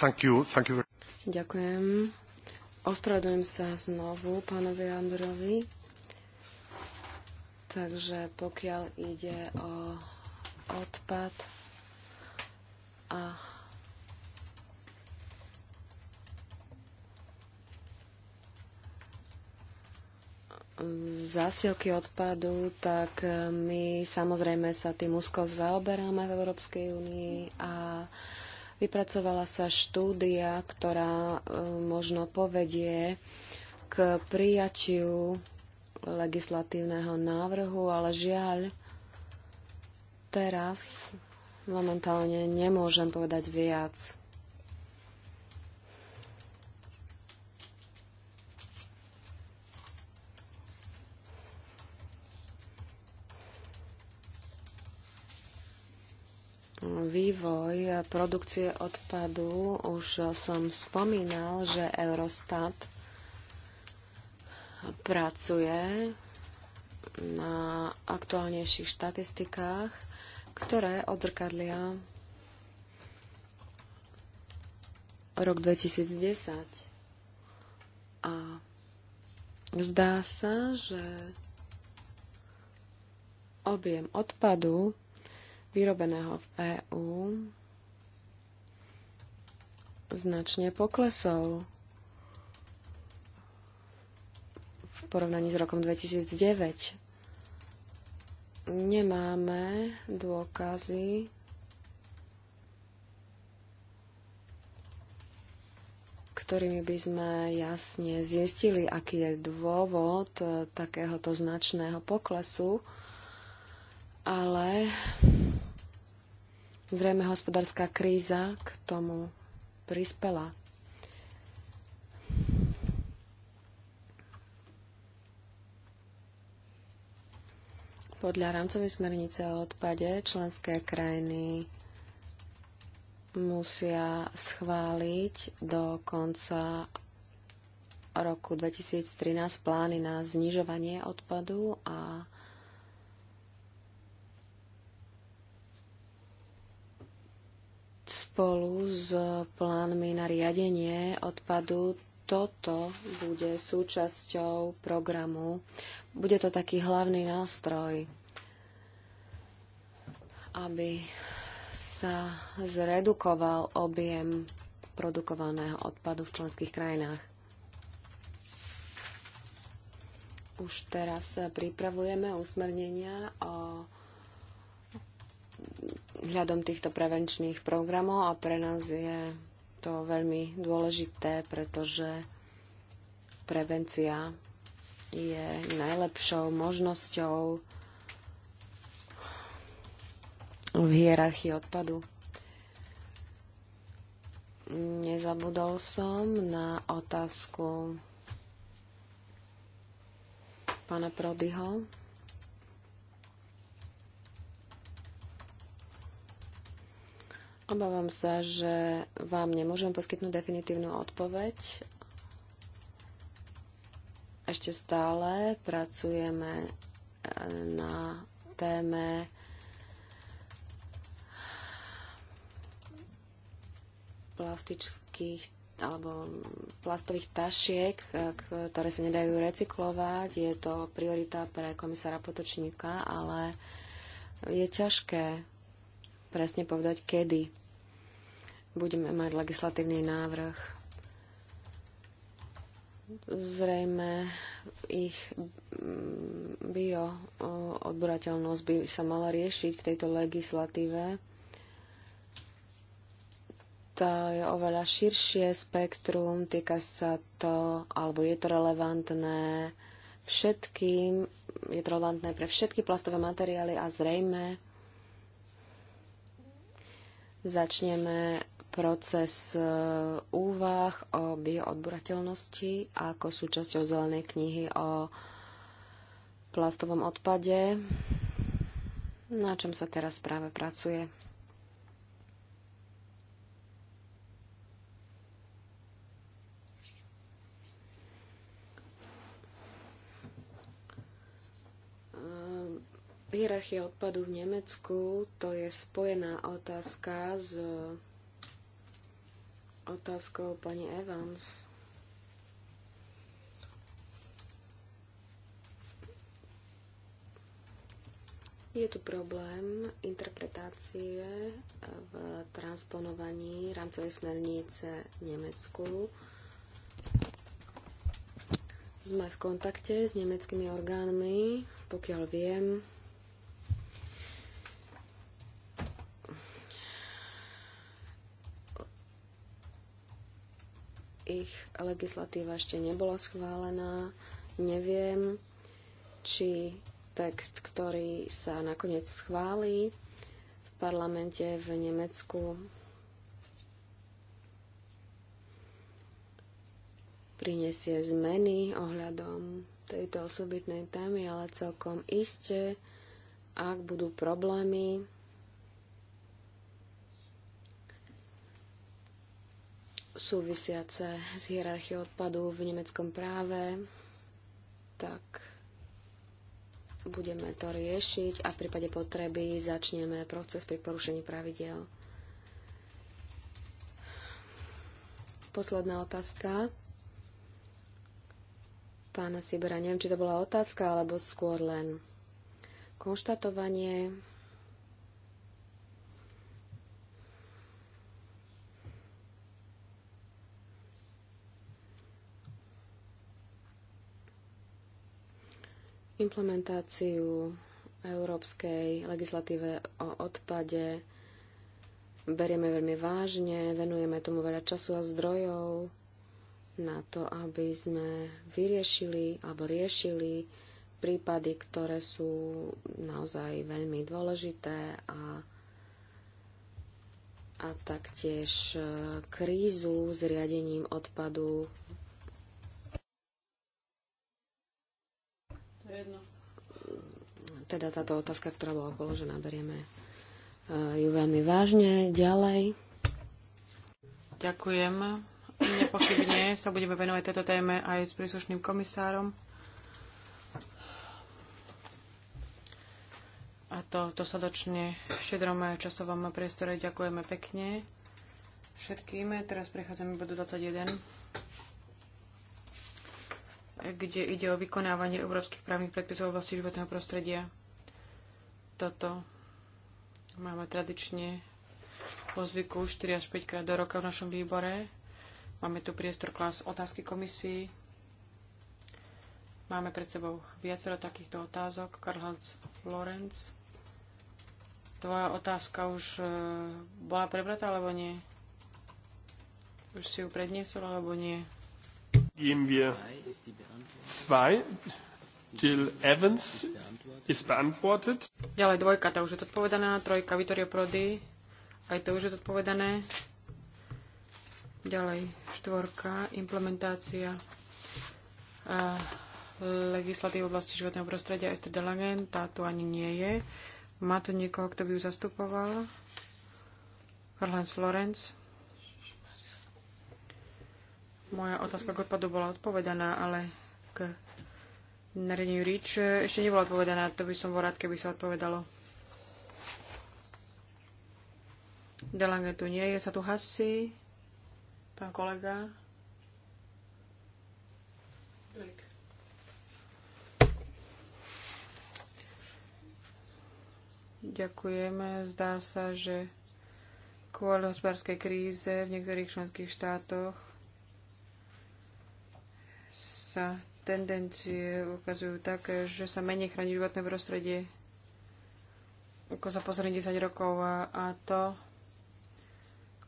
Thank you, thank you. Ďakujem. Ospravedlňujem sa znovu pánovi Androvi. Takže pokiaľ ide o odpad a zásielky odpadu, tak e, my samozrejme sa tým úzko zaoberáme v Európskej únii a vypracovala sa štúdia, ktorá e, možno povedie k prijatiu legislatívneho návrhu, ale žiaľ, teraz momentálne nemôžem povedať viac. vývoj produkcie odpadu už som spomínal, že Eurostat pracuje na aktuálnejších štatistikách, ktoré odzrkadlia rok 2010. A zdá sa, že objem odpadu vyrobeného v EÚ značne poklesol porovnaní s rokom 2009. Nemáme dôkazy, ktorými by sme jasne zistili, aký je dôvod eh, takéhoto značného poklesu, ale zrejme hospodárska kríza k tomu prispela. Podľa rámcovej smernice o odpade členské krajiny musia schváliť do konca roku 2013 plány na znižovanie odpadu a spolu s plánmi na riadenie odpadu toto bude súčasťou programu. Bude to taký hlavný nástroj, aby sa zredukoval objem produkovaného odpadu v členských krajinách. Už teraz pripravujeme usmernenia o hľadom týchto prevenčných programov a pre nás je to veľmi dôležité, pretože prevencia je najlepšou možnosťou v hierarchii odpadu. Nezabudol som na otázku pána Prodyho. Obávam sa, že vám nemôžem poskytnúť definitívnu odpoveď. Ešte stále pracujeme e, na téme plastických alebo plastových tašiek, e, ktoré sa nedajú recyklovať. Je to priorita pre komisára Potočníka, ale je ťažké presne povedať, kedy budeme mať legislatívny návrh. Zrejme ich mm, bio odborateľnosť by sa mala riešiť v tejto legislatíve. To je oveľa širšie spektrum, týka sa to, alebo je to relevantné všetkým, je to relevantné pre všetky plastové materiály a zrejme začneme proces e, úvah o bioodburateľnosti ako súčasťou zelenej knihy o plastovom odpade, na čom sa teraz práve pracuje. Hierarchia odpadu v Nemecku to je spojená otázka s otázkou pani Evans. Je tu problém interpretácie v transponovaní rámcovej smernice v Nemecku. Sme v kontakte s nemeckými orgánmi, pokiaľ viem, ich legislatíva ešte nebola schválená. Neviem, či text, ktorý sa nakoniec schválí v parlamente v Nemecku, prinesie zmeny ohľadom tejto osobitnej témy, ale celkom iste, ak budú problémy, súvisiace s hierarchiou odpadu v nemeckom práve, tak budeme to riešiť a v prípade potreby začneme proces pri porušení pravidel. Posledná otázka. Pána Sibera, neviem, či to bola otázka, alebo skôr len konštatovanie. implementáciu európskej legislatíve o odpade berieme veľmi vážne, venujeme tomu veľa času a zdrojov na to, aby sme vyriešili alebo riešili prípady, ktoré sú naozaj veľmi dôležité a, a taktiež e, krízu s riadením odpadu teda táto otázka, ktorá bola položená, berieme eh, ju veľmi vážne. Ďalej. Ďakujem. Nepochybne sa budeme venovať tejto téme aj s príslušným komisárom. A to dosadočne v šedrom časovom priestore ďakujeme pekne všetkým. Teraz prechádzame k bodu 21, kde ide o vykonávanie európskych právnych predpisov v oblasti životného prostredia. Toto máme tradične po zvyku 4 až 5 krát do roka v našom výbore. Máme tu priestor klas otázky komisii. Máme pred sebou viacero takýchto otázok. Karl-Hans Lorenz. Tvoja otázka už e, bola prebratá, alebo nie? Už si ju predniesol, alebo nie? Geben wir zwei. Jill Evans ist beantwortet. Ďalej dvojka, to už je odpovedaná. Trojka, Vittorio Prodi, aj to už je odpovedané. Ďalej štvorka, implementácia uh, eh, legislatívy v oblasti životného prostredia Esther Delagen, tá tu ani nie je. Má tu niekoho, kto by ju zastupoval? Karl-Heinz Florence. Moja otázka k odpadu bola odpovedaná, ale k nariadeniu REACH e, ešte nebola odpovedaná. To by som bol rád, keby sa odpovedalo. Delange tu nie je, sa tu hasí. Pán kolega. Ďakujeme. Zdá sa, že kvôli hospodárskej kríze v niektorých členských štátoch sa tendencie ukazujú tak, že sa menej chráni životné prostredie ako za posledných 10 rokov a, a to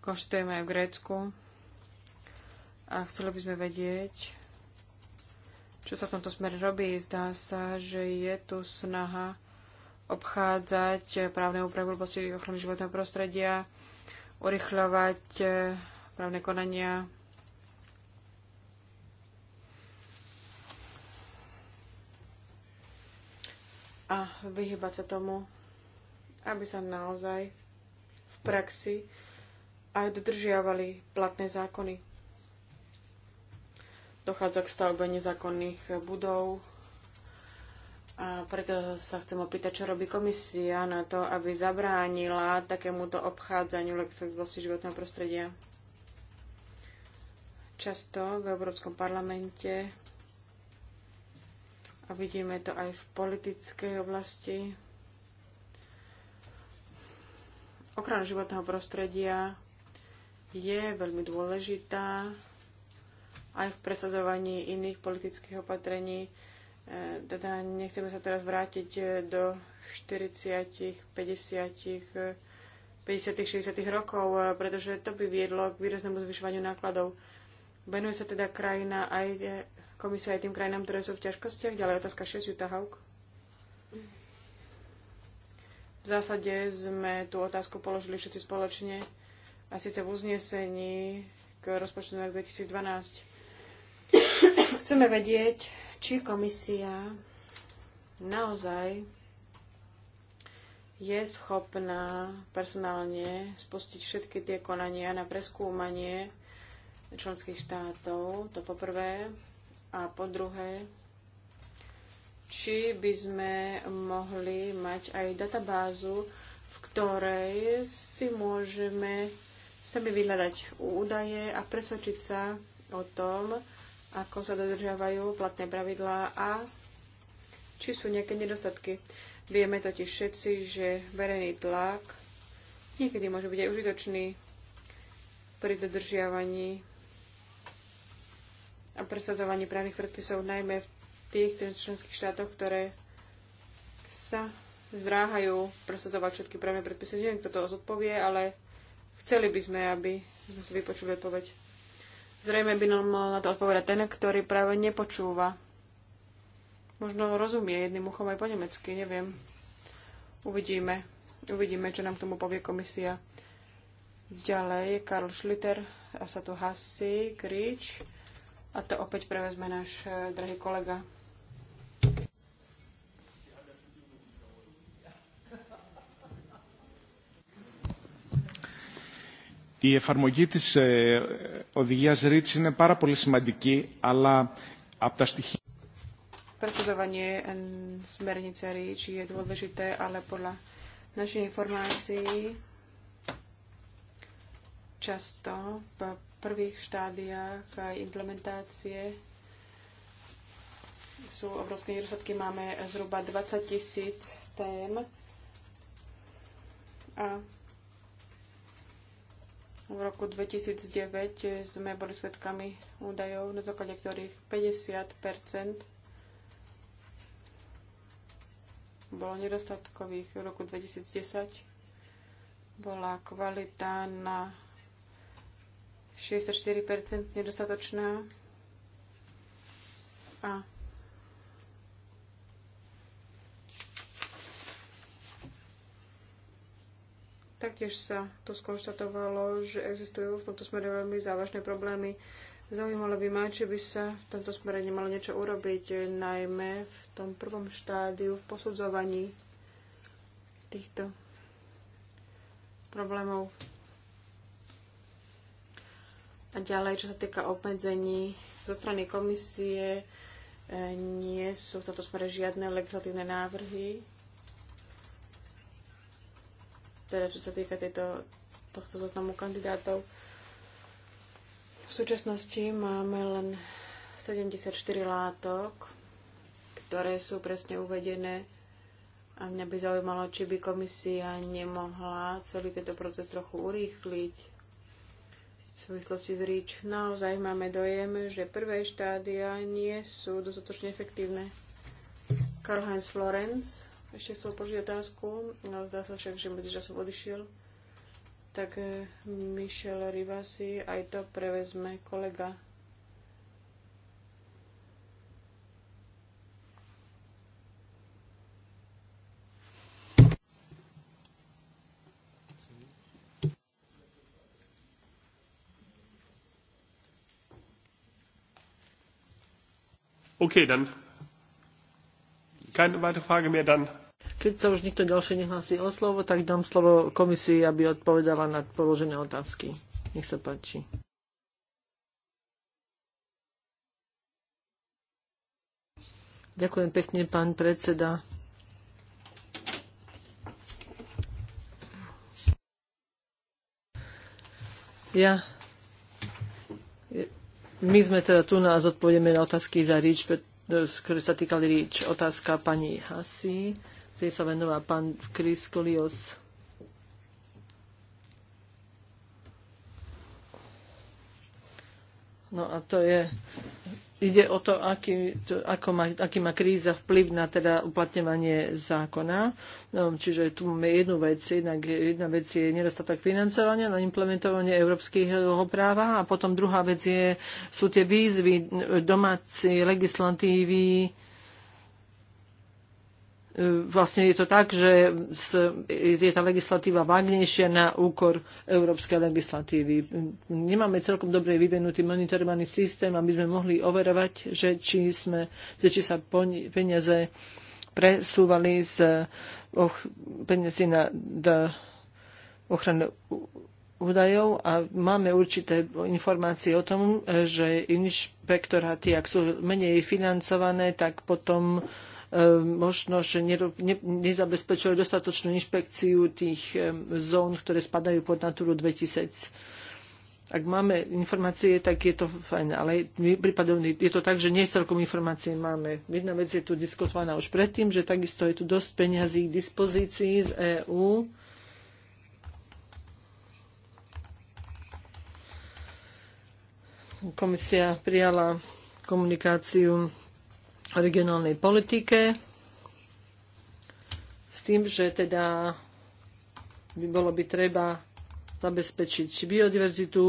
konštitujeme aj v Grécku. A chceli by sme vedieť, čo sa v tomto smere robí. Zdá sa, že je tu snaha obchádzať právne úpravy v oblasti ochrany životného prostredia, urychľovať eh, právne konania a vyhybať sa tomu, aby sa naozaj v praxi aj dodržiavali platné zákony. Dochádza k stavbe nezákonných budov a preto sa chcem opýtať, čo robí komisia na to, aby zabránila takémuto obchádzaniu legislatívnosti životného prostredia. Často v Európskom parlamente a vidíme to aj v politickej oblasti. Ochrana životného prostredia je veľmi dôležitá aj v presadzovaní iných politických opatrení. E, teda nechceme sa teraz vrátiť e, do 40, 50, 50, 60 rokov, e, pretože to by viedlo k výraznému zvyšovaniu nákladov. Venuje sa teda krajina aj komisia aj tým krajinám, ktoré sú v ťažkostiach. Ďalej otázka 6, Juta Hauk. V zásade sme tú otázku položili všetci spoločne a síce v uznesení k rozpočtu na 2012. Chceme vedieť, či komisia naozaj je schopná personálne spustiť všetky tie konania na preskúmanie členských štátov, to poprvé. A po druhé, či by sme mohli mať aj databázu, v ktorej si môžeme sami vyhľadať údaje a presvedčiť sa o tom, ako sa dodržiavajú platné pravidlá a či sú nejaké nedostatky. Vieme totiž všetci, že verejný tlak niekedy môže byť aj užitočný pri dodržiavaní a presadzovanie právnych predpisov, najmä v tých členských štátoch, ktoré sa zdráhajú presadzovať všetky právne predpisy. Neviem, kto to zodpovie, ale chceli by sme, aby sme si vypočuli odpoveď. Zrejme by nám mal na to odpovedať ten, ktorý práve nepočúva. Možno rozumie jedným uchom aj po nemecky, neviem. Uvidíme. Uvidíme, čo nám k tomu povie komisia. Ďalej Karl Schlitter, Asatu Hassi, krič. A to opäť prevezme náš drahý kolega. Η εφαρμογή της ε, οδηγίας REACH είναι πάρα πολύ σημαντική, αλλά από τα στοιχεία... Presadzovanie REACH prvých štádiách implementácie sú obrovské nedostatky. Máme zhruba 20 tisíc tém a v roku 2009 sme boli svedkami údajov, na základe ktorých 50 bolo nedostatkových. V roku 2010 bola kvalita na 64% nedostatočná. A Taktiež sa tu skonštatovalo, že existujú v tomto smere veľmi závažné problémy. Zaujímalo by ma, či by sa v tomto smere nemalo niečo urobiť, najmä v tom prvom štádiu v posudzovaní týchto problémov. A ďalej, čo sa týka obmedzení zo strany komisie, e, nie sú v tomto smere žiadne legislatívne návrhy. Teda, čo sa týka tejto, tohto zoznamu kandidátov. V súčasnosti máme len 74 látok, ktoré sú presne uvedené a mňa by zaujímalo, či by komisia nemohla celý tento proces trochu urýchliť v súvislosti s REACH. Naozaj máme dojem, že prvé štádia nie sú dostatočne efektívne. Karl Heinz Florence ešte chcel požiť otázku, no zdá sa však, že časom odišiel. Tak eh, Michel Rivasi aj to prevezme kolega. Okay, dann. Keine weitere Frage mehr, dann. Keď sa už nikto ďalšie nehlási o slovo, tak dám slovo komisii, aby odpovedala na položené otázky. Nech sa páči. Ďakujem pekne, pán predseda. Ja my sme teda tu na zodpovieme na otázky za REACH, ktoré sa týkali REACH. Otázka pani Hasi, ktorý sa venová pán Chris Kolios. No a to je ide o to, aký, to, ako má, aký má kríza vplyv na teda uplatňovanie zákona. No, čiže tu máme jednu vec. Jednak, jedna vec je nedostatok financovania na implementovanie európskeho práva a potom druhá vec je, sú tie výzvy domácej legislatívy vlastne je to tak, že je tá legislatíva vágnejšia na úkor európskej legislatívy. Nemáme celkom dobre vyvinutý monitorovaný systém, aby sme mohli overovať, že či, sme, že či sa peniaze presúvali z och, peniazy na, na ochranu údajov a máme určité informácie o tom, že inšpektoráty, ak sú menej financované, tak potom uh, Ehm, možno, že nezabezpečuje dostatočnú inšpekciu tých ehm, zón, ktoré spadajú pod Naturu 2000 ak máme informácie, tak je to fajn, ale prípadovne je to tak, že nie celkom informácie máme. Jedna vec je tu diskutovaná už predtým, že takisto je tu dosť peňazí k dispozícii z EÚ. Komisia prijala komunikáciu regionálnej politike s tým, že teda by bolo by treba zabezpečiť biodiverzitu,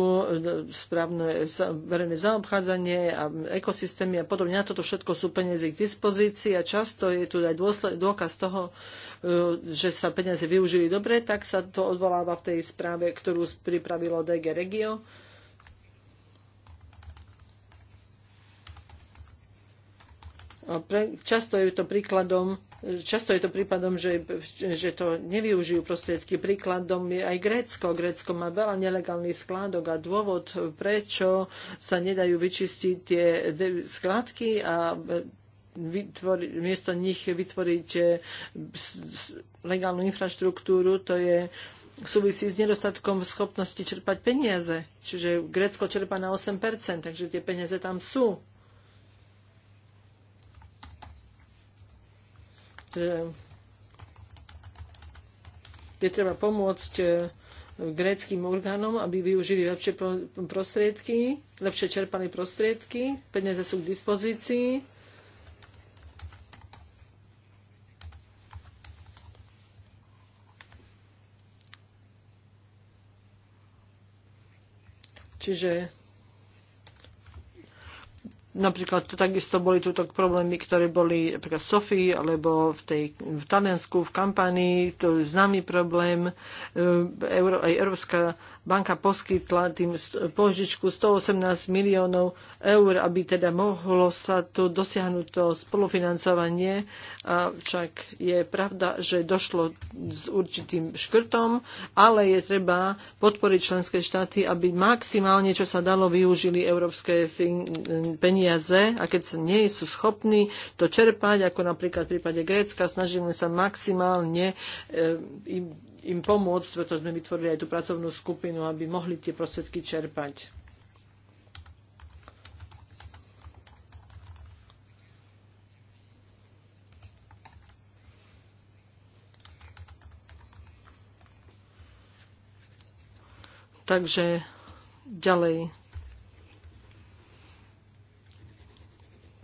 správne verejné zaobchádzanie a ekosystémy a podobne. Na toto všetko sú peniaze k dispozícii a často je tu aj dôsled, dôkaz toho, e, že sa peniaze využili dobre, tak sa to odvoláva v tej správe, ktorú pripravilo DG Regio Pre, často je to príkladom Často je to prípadom, že, že to nevyužijú prostriedky. Príkladom je aj Grécko. Grécko má veľa nelegálnych skládok a dôvod, prečo sa nedajú vyčistiť tie skládky a vytvori, miesto nich vytvoriť e, legálnu infraštruktúru, to je súvisí s nedostatkom schopnosti čerpať peniaze. Čiže Grécko čerpa na 8%, takže tie peniaze tam sú. je treba pomôcť e, gréckým orgánom, aby využili lepšie prostriedky, lepšie čerpané prostriedky, peniaze sú k dispozícii. Čiže Napríklad to takisto boli tuto problémy, ktoré boli napríklad v Sofii alebo v, tej, v Taliansku, v kampanii, to je známy problém. E, Euró, aj Európska banka poskytla tým požičku 118 miliónov eur, aby teda mohlo sa tu dosiahnuť to spolufinancovanie. A však je pravda, že došlo s určitým škrtom, ale je treba podporiť členské štáty, aby maximálne, čo sa dalo, využili európske peniaze a keď sa nie sú schopní to čerpať, ako napríklad v prípade Grécka, snažíme sa maximálne e, im pomôcť, preto sme vytvorili aj tú pracovnú skupinu, aby mohli tie prostriedky čerpať. Takže ďalej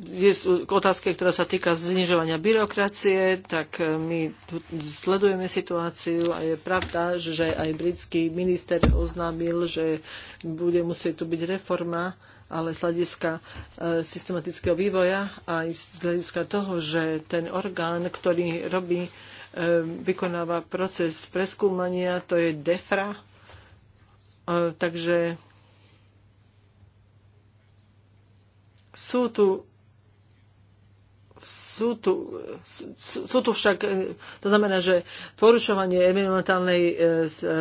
je k otázke, ktorá sa týka znižovania byrokracie, tak e, my sledujeme situáciu a je pravda, že aj britský minister oznámil, že bude musieť tu byť reforma, ale z hľadiska e, systematického vývoja a aj z hľadiska toho, že ten orgán, ktorý robí, e, vykonáva proces preskúmania, to je DEFRA, takže sú tu sú tu, sú tu však, eh, to znamená, že porušovanie elementálnej eh,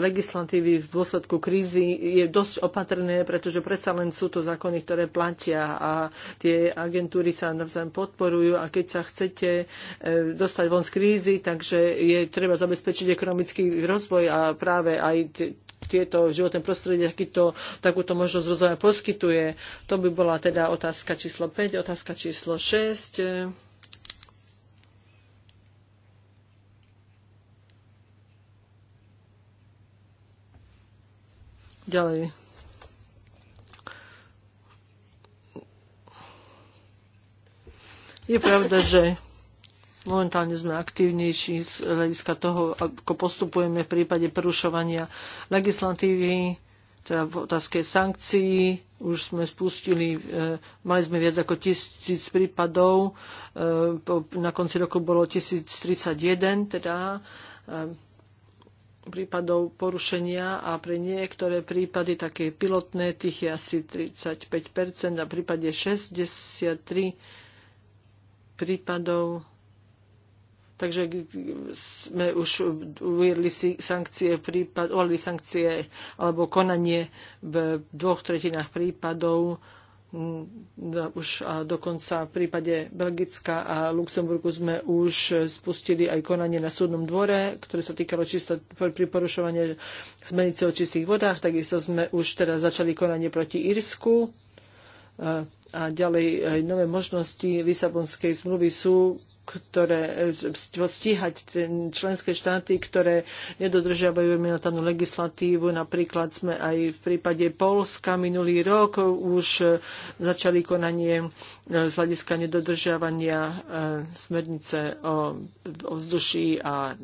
legislatívy v dôsledku krízy je dosť opatrné, pretože predsa len sú to zákony, ktoré platia a tie agentúry sa navzájom podporujú a keď sa chcete eh, dostať von z krízy, takže je treba zabezpečiť ekonomický rozvoj a práve aj tieto životné prostredie takýto, takúto možnosť rozvoja poskytuje. To by bola teda otázka číslo 5, otázka číslo 6 Ďalej. Je pravda, že momentálne sme aktívnejší z hľadiska toho, ako postupujeme v prípade porušovania legislatívy, teda v otázke sankcií. Už sme spustili, e, mali sme viac ako tisíc prípadov, e, po, na konci roku bolo 1031, teda e, prípadov porušenia a pre niektoré prípady také pilotné tých je asi 35 a v prípade 63 prípadov Takže sme už uviedli si sankcie, prípad, uvierli sankcie alebo konanie v dvoch tretinách prípadov Mm, no, už a dokonca v prípade Belgicka a Luxemburgu sme už spustili aj konanie na súdnom dvore, ktoré sa týkalo čisto pri porušovanie zmenice o čistých vodách. Takisto sme už teda začali konanie proti Írsku a ďalej aj nové možnosti Lisabonskej zmluvy sú ktoré e, stíhať členské štáty, ktoré nedodržiavajú militárnu legislatívu. Napríklad sme aj v prípade Polska minulý rok už e, začali konanie e, z hľadiska nedodržiavania smernice o vzduší a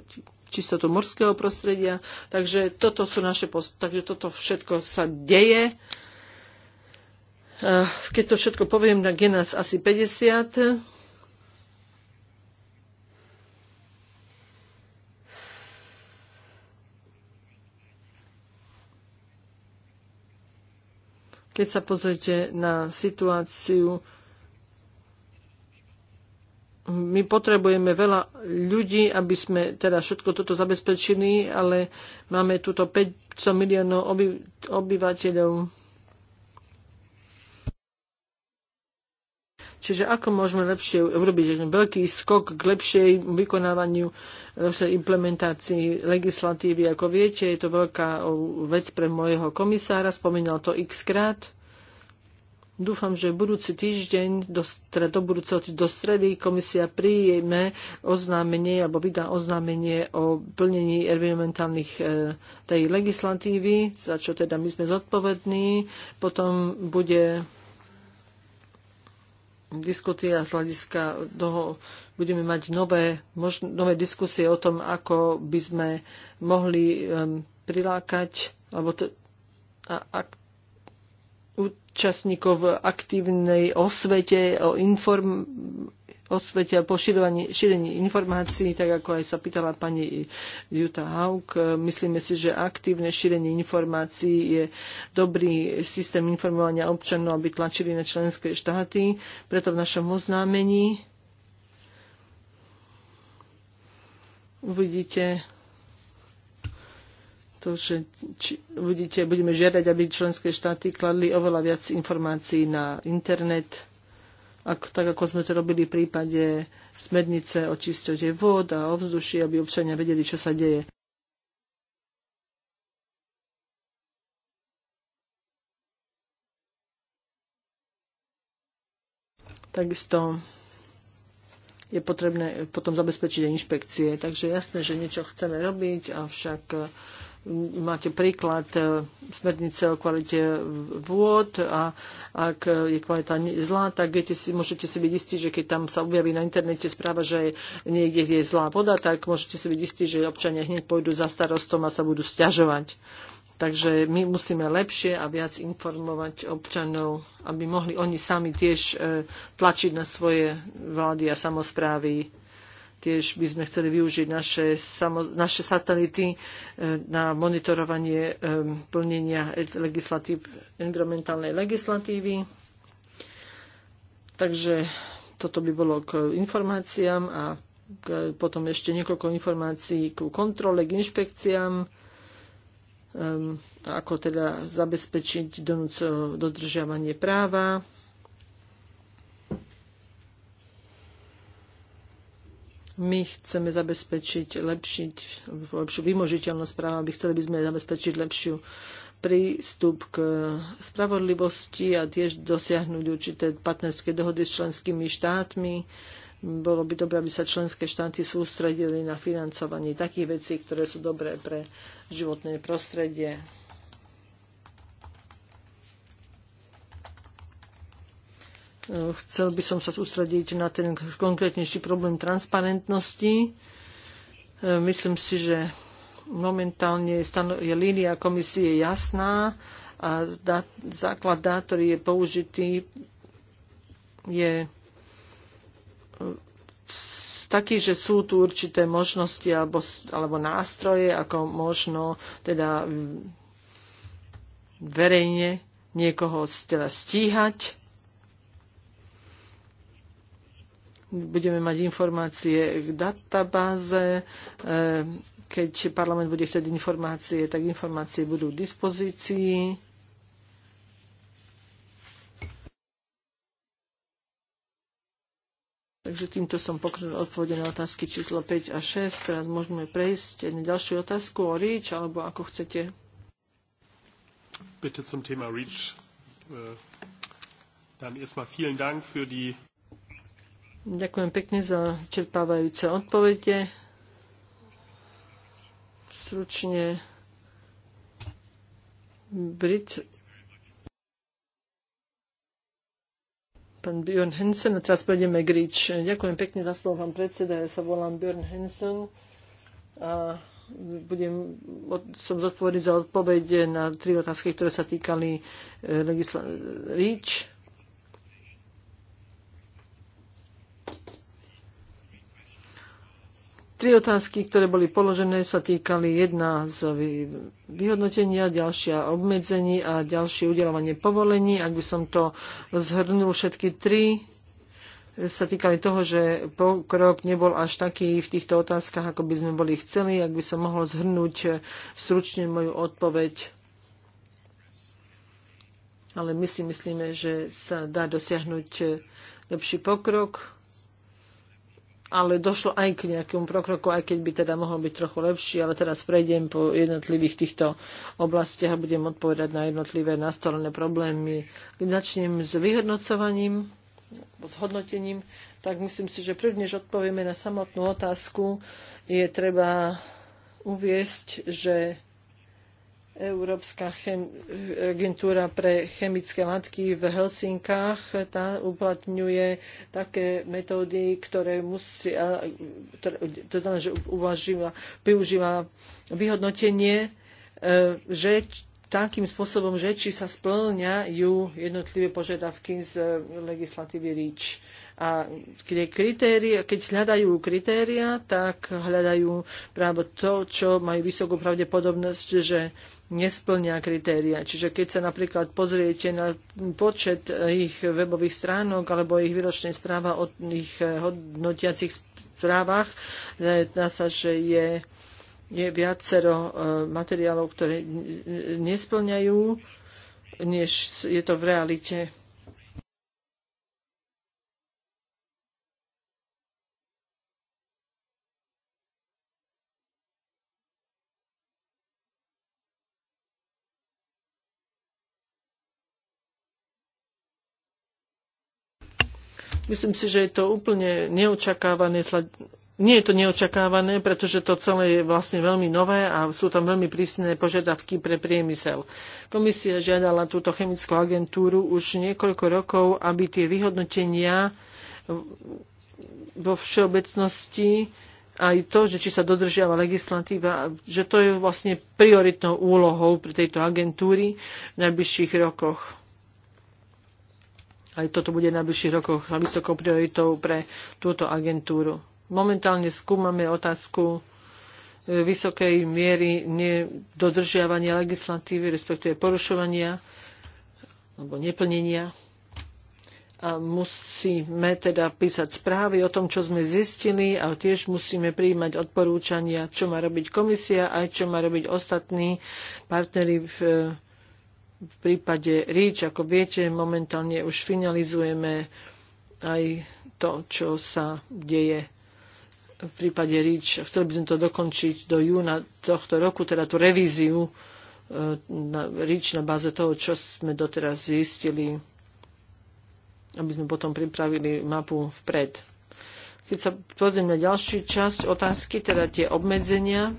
Thank mm, you. Mm čistotu morského prostredia. Takže toto sú naše takže toto všetko sa deje. Keď to všetko poviem, na je nás asi 50. Keď sa pozrite na situáciu my potrebujeme veľa ľudí, aby sme teda všetko toto zabezpečili, ale máme tuto 500 miliónov oby, obyvateľov. Čiže ako môžeme lepšie urobiť veľký skok k lepšej vykonávaniu, e, lepšej implementácii legislatívy. Ako viete, je to veľká vec pre môjho komisára, spomínal to x krát. Dúfam, že budúci týždeň, do, teda do budúceho do stredy, komisia príjme oznámenie alebo vydá oznámenie o plnení environmentálnych e, tej legislatívy, za čo teda my sme zodpovední. Potom bude diskutia z hľadiska toho, budeme mať nové, možno, nové diskusie o tom, ako by sme mohli e, prilákať alebo to. a, ak účastníkov v aktívnej osvete, o inform, osvete a poširovaní šírení informácií, tak ako aj sa pýtala pani Juta Haug. Myslíme si, že aktívne šírenie informácií je dobrý systém informovania občanov, aby tlačili na členské štáty. Preto v našom oznámení uvidíte to, že či, budete, budeme žiadať, aby členské štáty kladli oveľa viac informácií na internet, ako, tak ako sme to robili v prípade smernice o čistote vod a ovzduší, aby občania vedeli, čo sa deje. Takisto je potrebné potom zabezpečiť inšpekcie. Takže jasné, že niečo chceme robiť, avšak máte príklad e, smernice o kvalite vôd a ak je kvalita zlá, tak viete si, môžete si byť istí, že keď tam sa objaví na internete správa, že niekde je zlá voda, tak môžete si byť istí, že občania hneď pôjdu za starostom a sa budú stiažovať. Takže my musíme lepšie a viac informovať občanov, aby mohli oni sami tiež e, tlačiť na svoje vlády a samozprávy Tiež by sme chceli využiť naše, samo, naše satelity e, na monitorovanie e, plnenia legislatív, environmentálnej legislatívy. Takže toto by bolo k informáciám a potom ešte niekoľko informácií k kontrole, k inšpekciám, e, ako teda zabezpečiť donúco dodržiavanie práva. my chceme zabezpečiť lepší lepšiu vymožiteľnosť práva, aby chceli by sme zabezpečiť lepšiu prístup k spravodlivosti a tiež dosiahnuť určité partnerské dohody s členskými štátmi. Bolo by dobré, aby sa členské štáty sústredili na financovanie takých vecí, ktoré sú dobré pre životné prostredie. Chcel by som sa sústrediť na ten konkrétnejší problém transparentnosti. E, myslím si, že momentálne je línia komisie jasná a dá, základ dát, ktorý je použitý, je e, taký, že sú tu určité možnosti alebo, alebo nástroje, ako možno teda mm, verejne niekoho teda stíhať budeme mať informácie k databáze, e, keď parlament bude chcieť informácie, tak informácie budú k dispozícii. Takže týmto som pokryl odpovede na otázky číslo 5 a 6. Teraz môžeme prejsť na ďalšiu otázku o REACH, alebo ako chcete. Bitte zum Thema REACH. Äh, dann erstmal vielen Dank für die Ďakujem pekne za čerpávajúce odpovede. Stručne Brit pán Björn Hansen a teraz pôjdeme k Rič. Ďakujem pekne za slovo, pán predseda. Ja sa volám Björn Hansen a budem, som zodpovedný za odpovede na tri otázky, ktoré sa týkali eh, legisla- Rič Tri otázky, ktoré boli položené, sa týkali jedna z vyhodnotenia, ďalšia obmedzení a ďalšie udelovanie povolení. Ak by som to zhrnul všetky tri, sa týkali toho, že pokrok nebol až taký v týchto otázkach, ako by sme boli chceli. Ak by som mohol zhrnúť stručne moju odpoveď, ale my si myslíme, že sa dá dosiahnuť lepší pokrok ale došlo aj k nejakému prokroku, aj keď by teda mohol byť trochu lepší, ale teraz prejdem po jednotlivých týchto oblastiach a budem odpovedať na jednotlivé nastolené problémy. Začnem s vyhodnocovaním, s hodnotením, tak myslím si, že prvne, že odpovieme na samotnú otázku, je treba uviesť, že Európska agentúra pre chemické látky v Helsinkách. Tá uplatňuje také metódy, ktoré musí, ktoré, to znamená, že uvažíva, využíva vyhodnotenie, e, že takým spôsobom, že či sa splňajú jednotlivé požiadavky z legislatívy REACH a keď, kritéria, keď hľadajú kritéria, tak hľadajú práve to, čo majú vysokú pravdepodobnosť, že nesplňa kritéria. Čiže keď sa napríklad pozriete na počet ich webových stránok alebo ich výročnej správa o ich eh, hodnotiacich správach, eh, dá sa, že je, je viacero eh, materiálov, ktoré nesplňajú, než je to v realite. Myslím si, že je to úplne neočakávané nie je to neočakávané, pretože to celé je vlastne veľmi nové a sú tam veľmi prísne požiadavky pre priemysel. Komisia žiadala túto chemickú agentúru už niekoľko rokov, aby tie vyhodnotenia vo všeobecnosti aj to, že či sa dodržiava legislatíva, že to je vlastne prioritnou úlohou pre tejto agentúry v najbližších rokoch aj toto bude na najbližších rokoch vysokou prioritou pre túto agentúru. Momentálne skúmame otázku e, vysokej miery nedodržiavania legislatívy, respektíve porušovania alebo neplnenia. A musíme teda písať správy o tom, čo sme zistili a tiež musíme prijímať odporúčania, čo má robiť komisia, aj čo má robiť ostatní partnery v v prípade REACH, ako viete, momentálne už finalizujeme aj to, čo sa deje v prípade REACH. Chceli by sme to dokončiť do júna tohto roku, teda tú revíziu e, na REACH na báze toho, čo sme doteraz zistili, aby sme potom pripravili mapu vpred. Keď sa pozrieme na ďalšiu časť otázky, teda tie obmedzenia,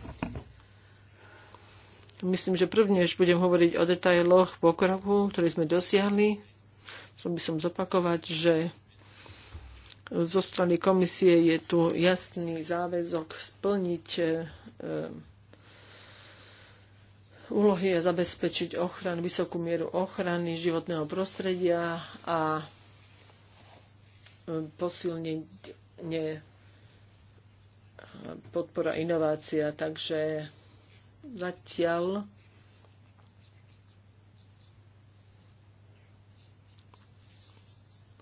Myslím, že prvne, než budem hovoriť o detailoch pokroku, ktorý sme dosiahli, chcel by som zopakovať, že zo strany komisie je tu jasný záväzok splniť e, e úlohy a zabezpečiť ochran, vysokú mieru ochrany životného prostredia a e, posilnenie podpora inovácia. Takže Zatiaľ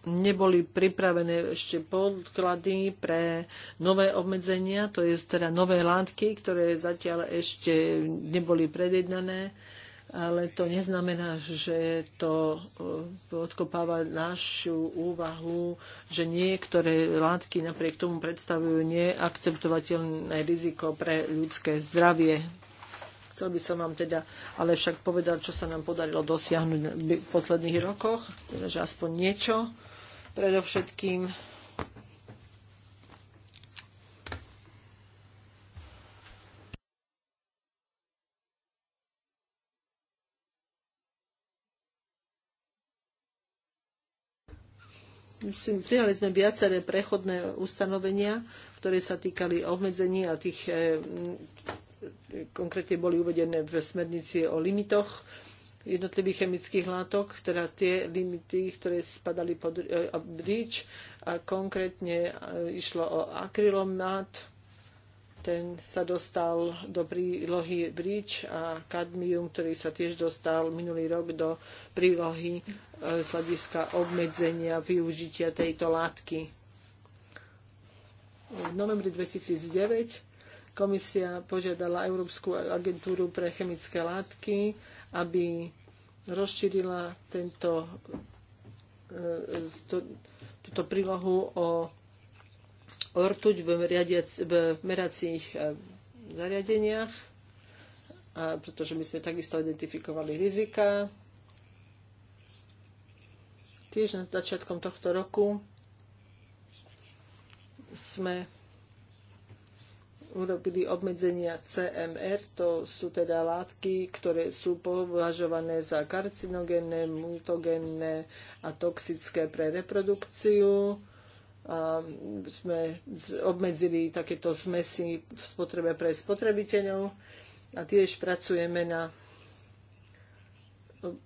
neboli pripravené ešte podklady pre nové obmedzenia, to je teda nové látky, ktoré zatiaľ ešte neboli predjednané, ale to neznamená, že to e, odkopáva našu úvahu, že niektoré látky napriek tomu predstavujú neakceptovateľné riziko pre ľudské zdravie. Chcel by som vám teda ale však povedať, čo sa nám podarilo dosiahnuť v posledných rokoch, teda, že aspoň niečo predovšetkým. Prijali sme viaceré prechodné ustanovenia, ktoré sa týkali obmedzení a tých eh, konkrétne boli uvedené v smernici o limitoch jednotlivých chemických látok, teda tie limity, ktoré spadali pod e, bridge a konkrétne e, išlo o akrylomát, ten sa dostal do prílohy bridge a kadmium, ktorý sa tiež dostal minulý rok do prílohy e, z hľadiska obmedzenia využitia tejto látky. V novembri 2009 Komisia požiadala Európsku agentúru pre chemické látky, aby rozšírila tento, e, e, to, túto prílohu o ortuť v, riadiac, v meracích e, zariadeniach, a pretože my sme takisto identifikovali rizika. Tiež na začiatkom tohto roku sme urobili obmedzenia CMR, to sú teda látky, ktoré sú považované za karcinogénne, mutogénne a toxické pre reprodukciu. A sme obmedzili takéto smesi v spotrebe pre spotrebiteľov a tiež pracujeme na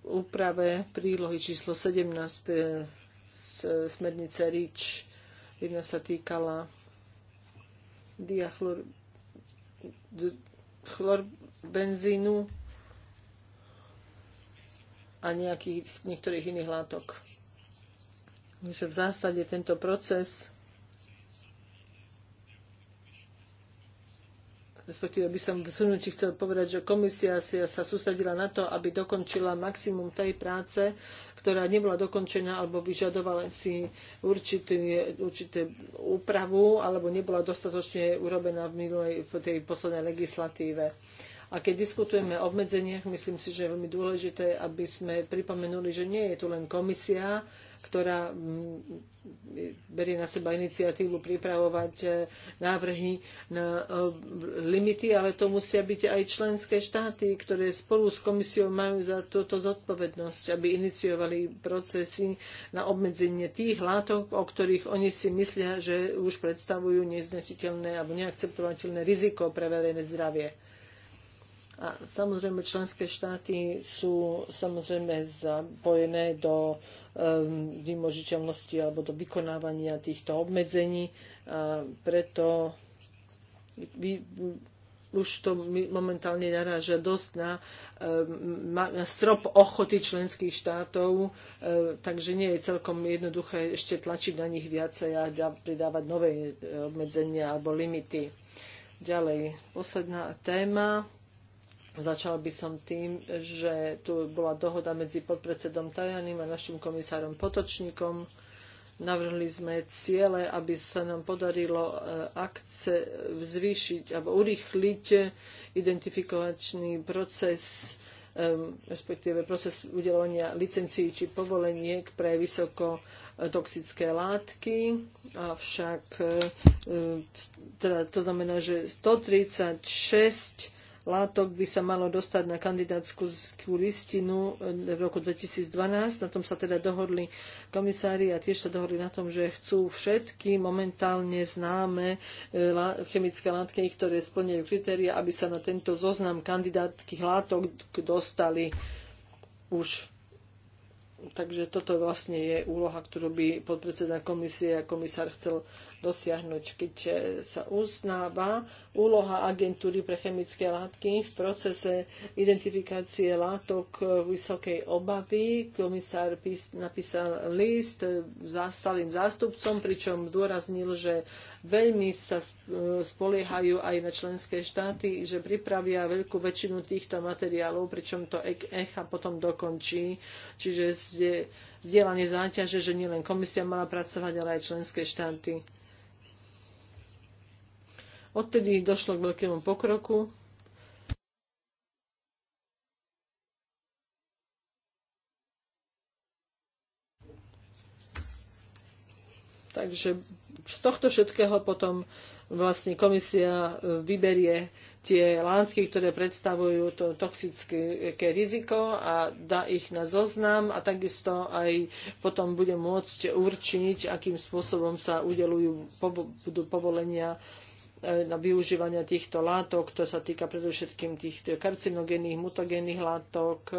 úprave prílohy číslo 17 e, smernice REACH. Jedna sa týkala diachlor chlor benzínu a nejakých, niektorých iných látok. Takže v zásade tento proces respektíve by som v zhrnutí chcel povedať, že komisia si sa sústredila na to, aby dokončila maximum tej práce, ktorá nebola dokončená alebo vyžadovala si určitý, úpravu alebo nebola dostatočne urobená v, minulej, v tej poslednej legislatíve. A keď diskutujeme o obmedzeniach, myslím si, že je veľmi dôležité, aby sme pripomenuli, že nie je tu len komisia, ktorá mm, berie na seba iniciatívu pripravovať e, návrhy na e, limity, ale to musia byť aj členské štáty, ktoré spolu s komisiou majú za toto zodpovednosť, aby iniciovali procesy na obmedzenie tých látok, o ktorých oni si myslia, že už predstavujú neznesiteľné alebo neakceptovateľné riziko pre verejné zdravie. A samozrejme, členské štáty sú samozrejme zapojené do um, vymožiteľnosti alebo do vykonávania týchto obmedzení. A preto vy, už to momentálne naráža dosť na, ehm, na strop ochoty členských štátov, ehm, takže nie je celkom jednoduché ešte tlačiť na nich viacej a pridávať nové e, obmedzenia alebo limity. Ďalej, posledná téma Začal by som tým, že tu bola dohoda medzi podpredsedom Tajaným a našim komisárom Potočníkom. Navrhli sme ciele, aby sa nám podarilo e, akce zvýšiť alebo urýchliť identifikačný proces e, respektíve proces udelovania licencií či povoleniek pre vysoko toxické látky. Avšak e, teda to znamená, že 136 látok by sa malo dostať na kandidátskú listinu eh, v roku 2012. Na tom sa teda dohodli komisári a tiež sa dohodli na tom, že chcú všetky momentálne známe eh, chemické látky, ktoré splňajú kritéria, aby sa na tento zoznam kandidátskych látok dostali už Takže toto vlastne je úloha, ktorú by podpredseda komisie a komisár chcel dosiahnuť, keď sa uznáva úloha agentúry pre chemické látky v procese identifikácie látok vysokej obavy. Komisár napísal list zastalým zástupcom, pričom zdôraznil, že veľmi sa spoliehajú aj na členské štáty, že pripravia veľkú väčšinu týchto materiálov, pričom to e- ECHA potom dokončí. Čiže zdieľanie záťaže, že nielen komisia mala pracovať, ale aj členské štáty. Odtedy došlo k veľkému pokroku. Takže z tohto všetkého potom vlastne komisia vyberie tie látky, ktoré predstavujú to toxické riziko a dá ich na zoznam a takisto aj potom bude môcť určiť, akým spôsobom sa udelujú, budú povolenia na využívania týchto látok, to sa týka predovšetkým tých karcinogénnych, mutagénnych látok um,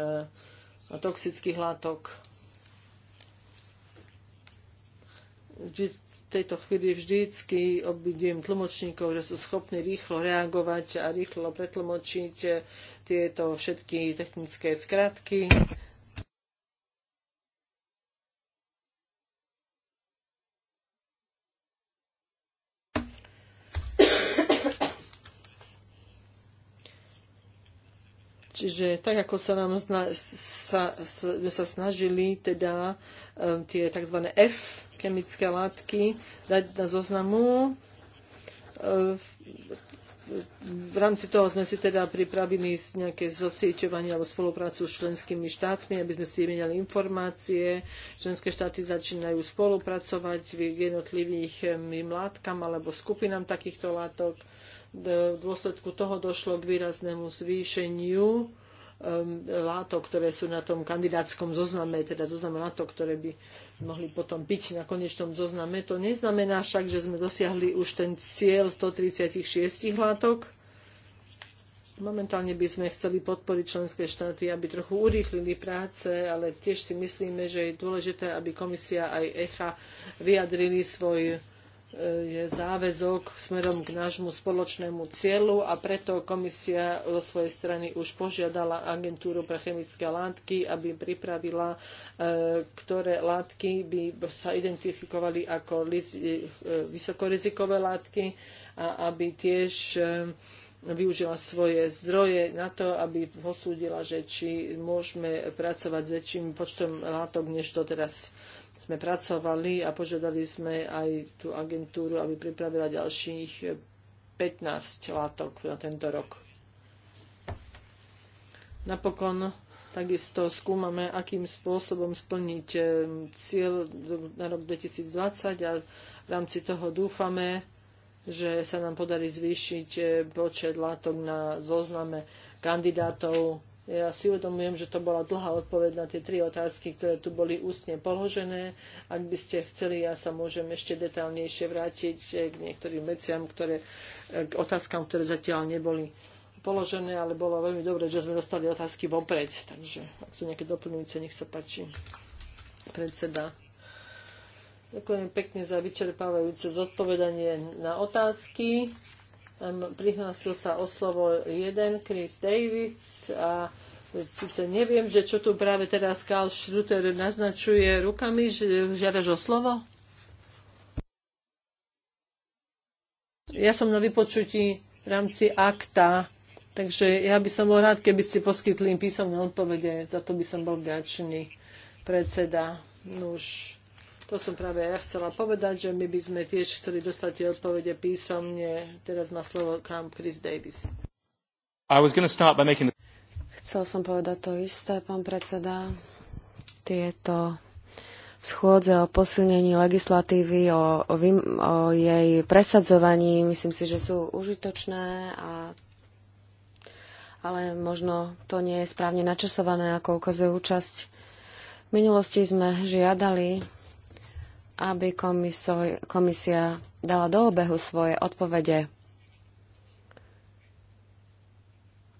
uh, a toxických látok. V tejto chvíli vždycky obidujem tlmočníkov, že sú schopní rýchlo reagovať a rýchlo pretlmočiť eh, tieto všetky technické skratky. že tak, ako sa nám zna, sa, sa snažili teda um, tie tzv. F chemické látky dať na zoznamu, uh, v rámci toho sme si teda pripravili nejaké zosieťovanie alebo spoluprácu s členskými štátmi, aby sme si vymenali informácie. Členské štáty začínajú spolupracovať v jednotlivých um, látkam alebo skupinám takýchto látok v dôsledku toho došlo k výraznému zvýšeniu um, látok, ktoré sú na tom kandidátskom zozname, teda zozname látok, ktoré by mohli potom byť na konečnom zozname. To neznamená však, že sme dosiahli už ten cieľ 136 látok. Momentálne by sme chceli podporiť členské štáty, aby trochu urýchlili práce, ale tiež si myslíme, že je dôležité, aby komisia aj ECHA vyjadrili svoj je záväzok smerom k nášmu spoločnému cieľu a preto komisia zo svojej strany už požiadala agentúru pre chemické látky, aby pripravila, e, ktoré látky by sa identifikovali ako e, vysokorizikové látky a aby tiež e, využila svoje zdroje na to, aby posúdila, že či môžeme pracovať s väčším počtom látok, než to teraz sme pracovali a požiadali sme aj tú agentúru, aby pripravila ďalších 15 látok na tento rok. Napokon takisto skúmame, akým spôsobom splniť eh, cieľ na rok 2020 a v rámci toho dúfame, že sa nám podarí zvýšiť eh, počet látok na zozname kandidátov ja si uvedomujem, že to bola dlhá odpoveď na tie tri otázky, ktoré tu boli ústne položené. Ak by ste chceli, ja sa môžem ešte detálnejšie vrátiť k niektorým veciam, ktoré, k otázkam, ktoré zatiaľ neboli položené, ale bolo veľmi dobré, že sme dostali otázky vopred. Takže ak sú nejaké doplňujúce, nech sa páči. Predseda. Ďakujem pekne za vyčerpávajúce zodpovedanie na otázky prihlásil sa o slovo jeden, Chris Davids a Sice neviem, že čo tu práve teraz Karl Schluter naznačuje rukami, že žiadaš o slovo? Ja som na vypočutí v rámci akta, takže ja by som bol rád, keby ste poskytli im písomné odpovede, za to by som bol vďačný predseda. už. To som práve ja chcela povedať, že my by sme tiež chceli dostať tie odpovede písomne. Teraz má slovo kam Chris Davis. I was start by making... Chcel som povedať to isté, pán predseda. Tieto schôdze o posilnení legislatívy, o, o, o jej presadzovaní, myslím si, že sú užitočné, a, ale možno to nie je správne načasované, ako ukazuje účasť. V minulosti sme žiadali aby komisoj, komisia dala do obehu svoje odpovede.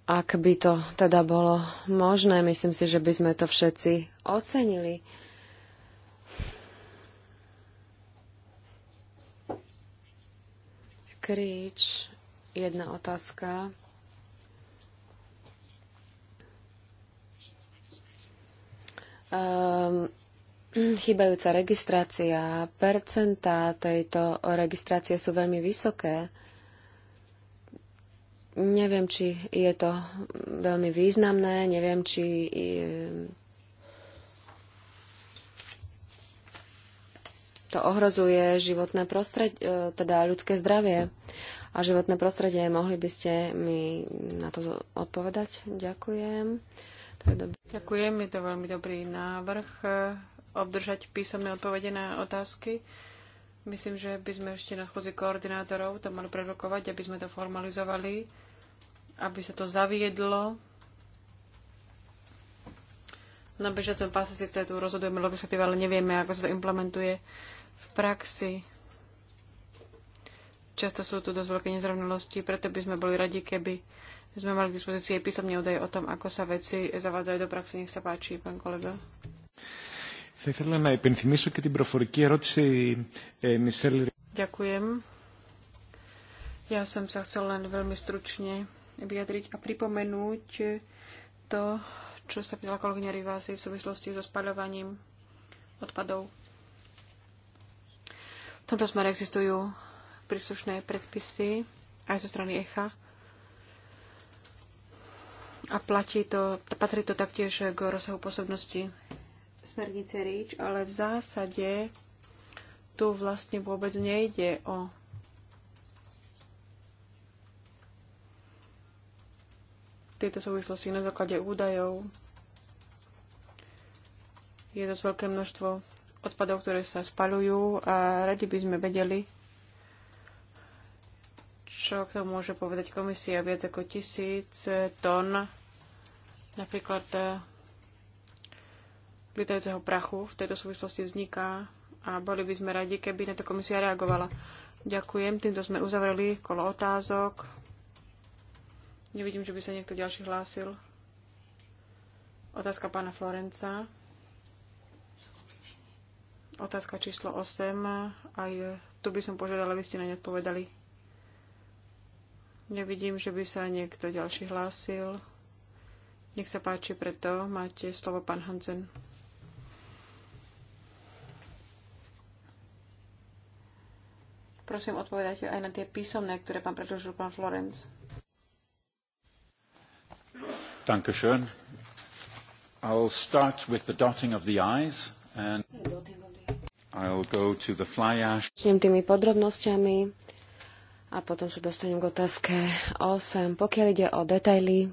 Ak by to teda bolo možné, myslím si, že by sme to všetci ocenili. Kríč, jedna otázka. Um, Mm, Chýbajúca registrácia, percentá tejto registrácie sú veľmi vysoké. Neviem, či je to veľmi významné, neviem, či eh, to ohrozuje životné prostredie, eh, teda ľudské zdravie a životné prostredie. Mohli by ste mi na to odpovedať? Ďakujem. To je dobrý. Ďakujem, je to veľmi dobrý návrh obdržať písomné odpovede na otázky. Myslím, že by sme ešte na schôdzi koordinátorov to mali prerokovať, aby sme to formalizovali, aby sa to zaviedlo. Na bežiacom páse síce tu rozhodujeme legislatíva, ale nevieme, ako sa to implementuje v praxi. Často sú tu dosť veľké nezrovnalosti, preto by sme boli radi, keby sme mali k dispozícii písomne údaje o tom, ako sa veci zavádzajú do praxe. Nech sa páči, pán kolega. Θα ήθελα να υπενθυμίσω και την προφορική ερώτηση ε, Μισελ. Ďakujem. Ja som sa chcel len veľmi stručne vyjadriť a pripomenúť to, čo sa pýtala kolegyňa Rivasi v súvislosti so spaľovaním odpadov. V tomto smere existujú príslušné predpisy aj zo strany ECHA a platí to, patrí to taktiež k rozsahu pôsobnosti smernice REACH, ale v zásade tu vlastne vôbec nejde o tieto súvislosti na základe údajov. Je dosť veľké množstvo odpadov, ktoré sa spalujú a radi by sme vedeli, čo k tomu môže povedať komisia. Viac ako tisíc tón napríklad lietajúceho prachu v tejto súvislosti vzniká a boli by sme radi, keby na to komisia reagovala. Ďakujem, týmto sme uzavreli kolo otázok. Nevidím, že by sa niekto ďalší hlásil. Otázka pána Florenca. Otázka číslo 8. Aj tu by som požiadala, aby ste na ne odpovedali. Nevidím, že by sa niekto ďalší hlásil. Nech sa páči, preto máte slovo pán Hansen. Prosím, odpovedajte aj na tie písomné, ktoré pán predložil pán Florenc. Dankeschön. I'll start with the dotting of the eyes and I'll go to the fly ash. Začnem tými podrobnosťami a potom sa dostanem k otázke 8. Pokiaľ ide o detaily,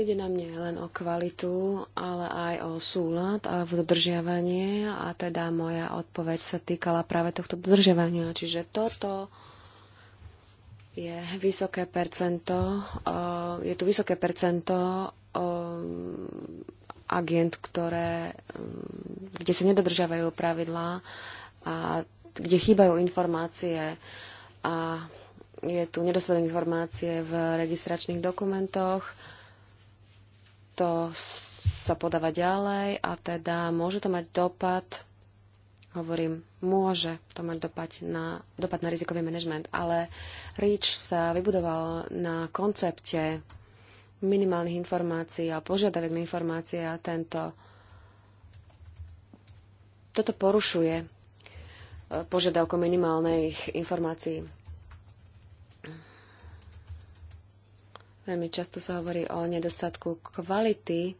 Ide nám nie len o kvalitu, ale aj o súlad a dodržiavanie a teda moja odpoveď sa týkala práve tohto dodržiavania. Čiže toto je vysoké percento, eh, je tu vysoké percento eh, agent, ktoré, eh, kde sa nedodržiavajú pravidlá a kde chýbajú informácie a je tu nedostatok informácie v registračných dokumentoch to sa podáva ďalej a teda môže to mať dopad, hovorím, môže to mať dopad na, dopad na rizikový manažment, ale REACH sa vybudoval na koncepte minimálnych informácií a požiadavek na informácie a tento toto porušuje požiadavku minimálnej informácií. Veľmi často sa hovorí o nedostatku kvality,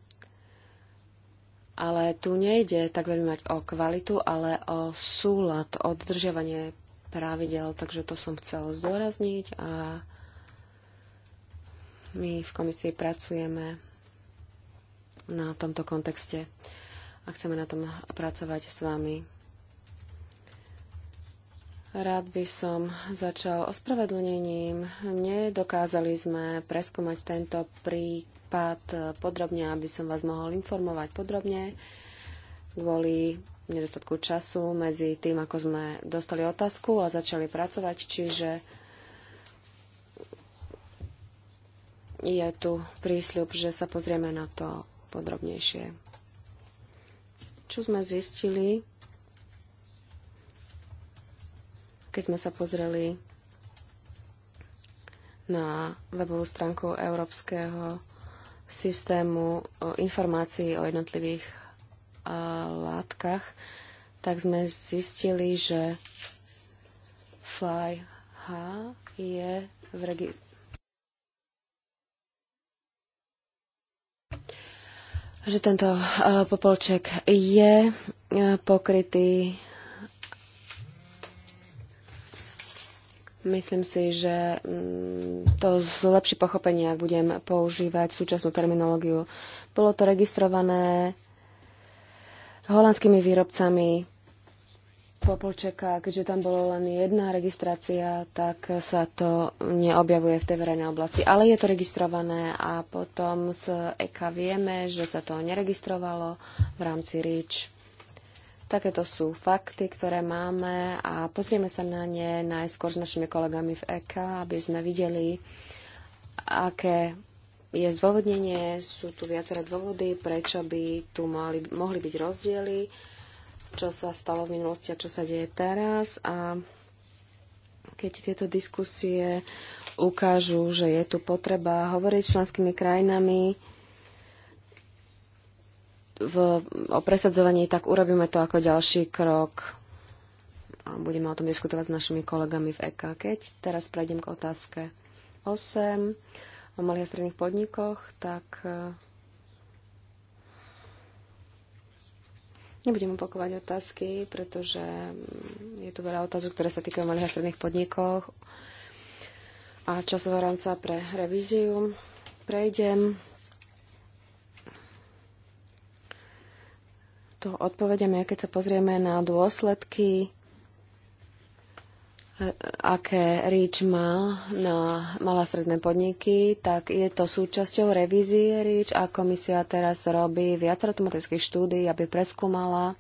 ale tu nejde tak veľmi mať o kvalitu, ale o súlad, o dodržiavanie pravidel, takže to som chcel zdôrazniť a my v komisii pracujeme na tomto kontexte a chceme na tom pracovať s vami. Rád by som začal ospravedlnením. Nedokázali sme preskúmať tento prípad podrobne, aby som vás mohol informovať podrobne kvôli nedostatku času medzi tým, ako sme dostali otázku a začali pracovať, čiže je tu prísľub, že sa pozrieme na to podrobnejšie. Čo sme zistili? Keď sme sa pozreli na webovú stránku Európskeho systému e, informácií o jednotlivých e, látkach, tak sme zistili, že Fly H je v regi- že tento e, popolček je pokrytý Myslím si, že mm, to z pochopenie, ak budem používať súčasnú terminológiu. Bolo to registrované holandskými výrobcami popolčeka, keďže tam bolo len jedna registrácia, tak sa to neobjavuje v tej verejnej oblasti. Ale je to registrované a potom z EKA vieme, že sa to neregistrovalo v rámci REACH Takéto sú fakty, ktoré máme a pozrieme sa na ne najskôr s našimi kolegami v EK, aby sme videli, aké je zdôvodnenie. Sú tu viaceré dôvody, prečo by tu mali, mohli byť rozdiely, čo sa stalo v minulosti a čo sa deje teraz. A keď tieto diskusie ukážu, že je tu potreba hovoriť s členskými krajinami, v, o presadzovaní, tak urobíme to ako ďalší krok. A budeme o tom diskutovať s našimi kolegami v EK. Keď teraz prejdem k otázke 8 o malých a stredných podnikoch, tak eh, Nebudem opakovať otázky, pretože je tu veľa otázok, ktoré sa týkajú malých a stredných podnikov a časového rámca pre revíziu. Prejdem to odpovediame, keď sa pozrieme na dôsledky, e, aké REACH má na malé stredné podniky, tak je to súčasťou revízie REACH a komisia teraz robí viac automatických štúdií, aby preskúmala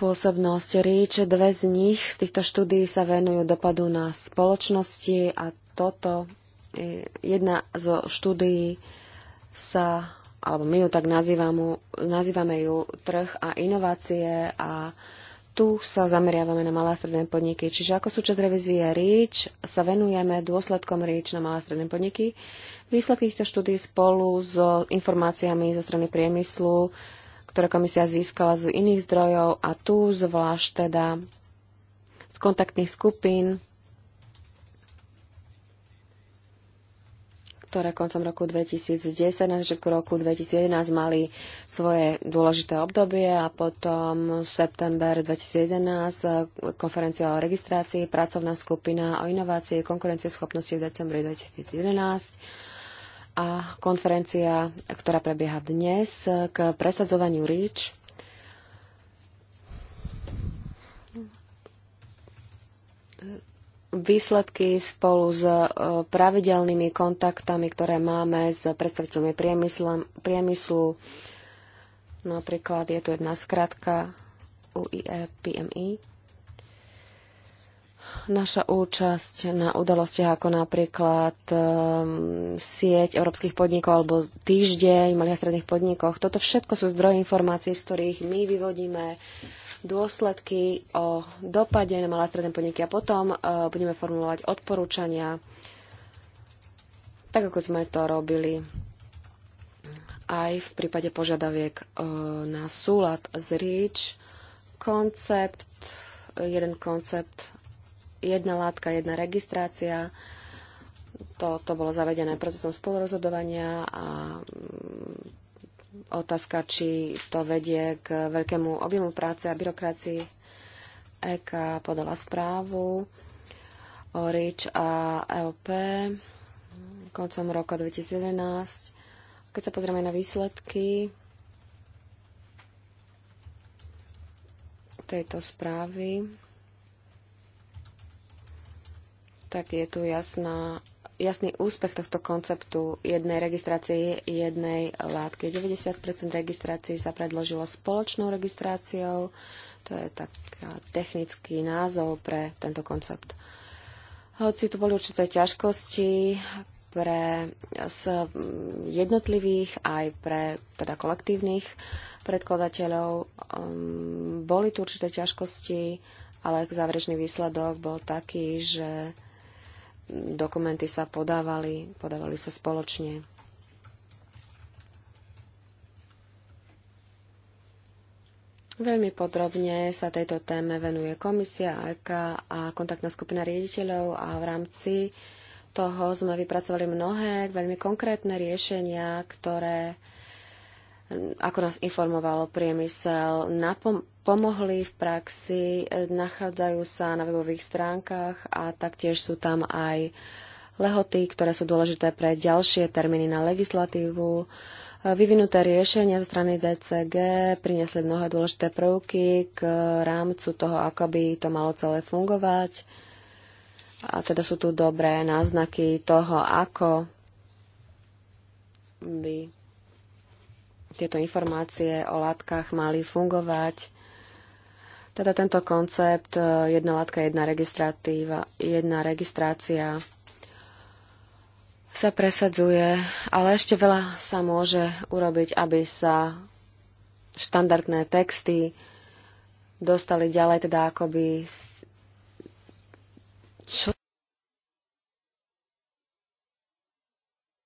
pôsobnosť REACH. Dve z nich z týchto štúdií sa venujú dopadu na spoločnosti a toto e, jedna zo štúdií sa alebo my ju tak nazývame, nazývame ju trh a inovácie a tu sa zameriavame na malé a stredné podniky. Čiže ako súčasť revizie REACH sa venujeme dôsledkom REACH na malé a stredné podniky. Výsledky týchto štúdí spolu s so informáciami zo strany priemyslu, ktoré komisia získala z iných zdrojov a tu zvlášť teda z kontaktných skupín ktoré koncom roku 2010 na začiatku roku 2011 mali svoje dôležité obdobie a potom v september 2011 eh, konferencia o registrácii, pracovná skupina o inovácii, konkurencieschopnosti v decembri 2011 a konferencia, ktorá prebieha dnes eh, k presadzovaniu REACH výsledky spolu s e, pravidelnými kontaktami, ktoré máme s predstaviteľmi priemyslu. Napríklad je tu jedna skratka UIF e Naša účasť na udalostiach ako napríklad um, sieť európskych podnikov alebo týždeň malých a stredných podnikoch, toto všetko sú zdroje informácií, z ktorých my vyvodíme uh, dôsledky, o dopade na malé stredné podniky a potom e, budeme formulovať odporúčania, tak ako sme to robili aj v prípade požiadaviek e, na súlad z REACH. Koncept, jeden koncept, jedna látka, jedna registrácia, to, to bolo zavedené procesom spolurozhodovania a otázka, či to vedie k veľkému objemu práce a byrokracii. EK podala správu o RIČ a EOP koncom roka 2011. Keď sa pozrieme na výsledky tejto správy, tak je tu jasná jasný úspech tohto konceptu jednej registrácie jednej látky. 90 registrácií sa predložilo spoločnou registráciou. To je taký technický názov pre tento koncept. Hoci tu boli určité ťažkosti pre z jednotlivých aj pre teda kolektívnych predkladateľov, um, boli tu určité ťažkosti, ale záverečný výsledok bol taký, že dokumenty sa podávali, podávali sa spoločne. Veľmi podrobne sa tejto téme venuje komisia, AK a kontaktná skupina riediteľov a v rámci toho sme vypracovali mnohé veľmi konkrétne riešenia, ktoré, ako nás informovalo priemysel, napom- pomohli v praxi, e, nachádzajú sa na webových stránkach a taktiež sú tam aj lehoty, ktoré sú dôležité pre ďalšie termíny na legislatívu. E, vyvinuté riešenia zo strany DCG priniesli mnohé dôležité prvky k rámcu toho, ako by to malo celé fungovať. A teda sú tu dobré náznaky toho, ako by tieto informácie o látkach mali fungovať teda tento koncept e, jedna látka, jedna registratíva, jedna registrácia sa presadzuje, ale ešte veľa sa môže urobiť, aby sa štandardné texty dostali ďalej, teda akoby čo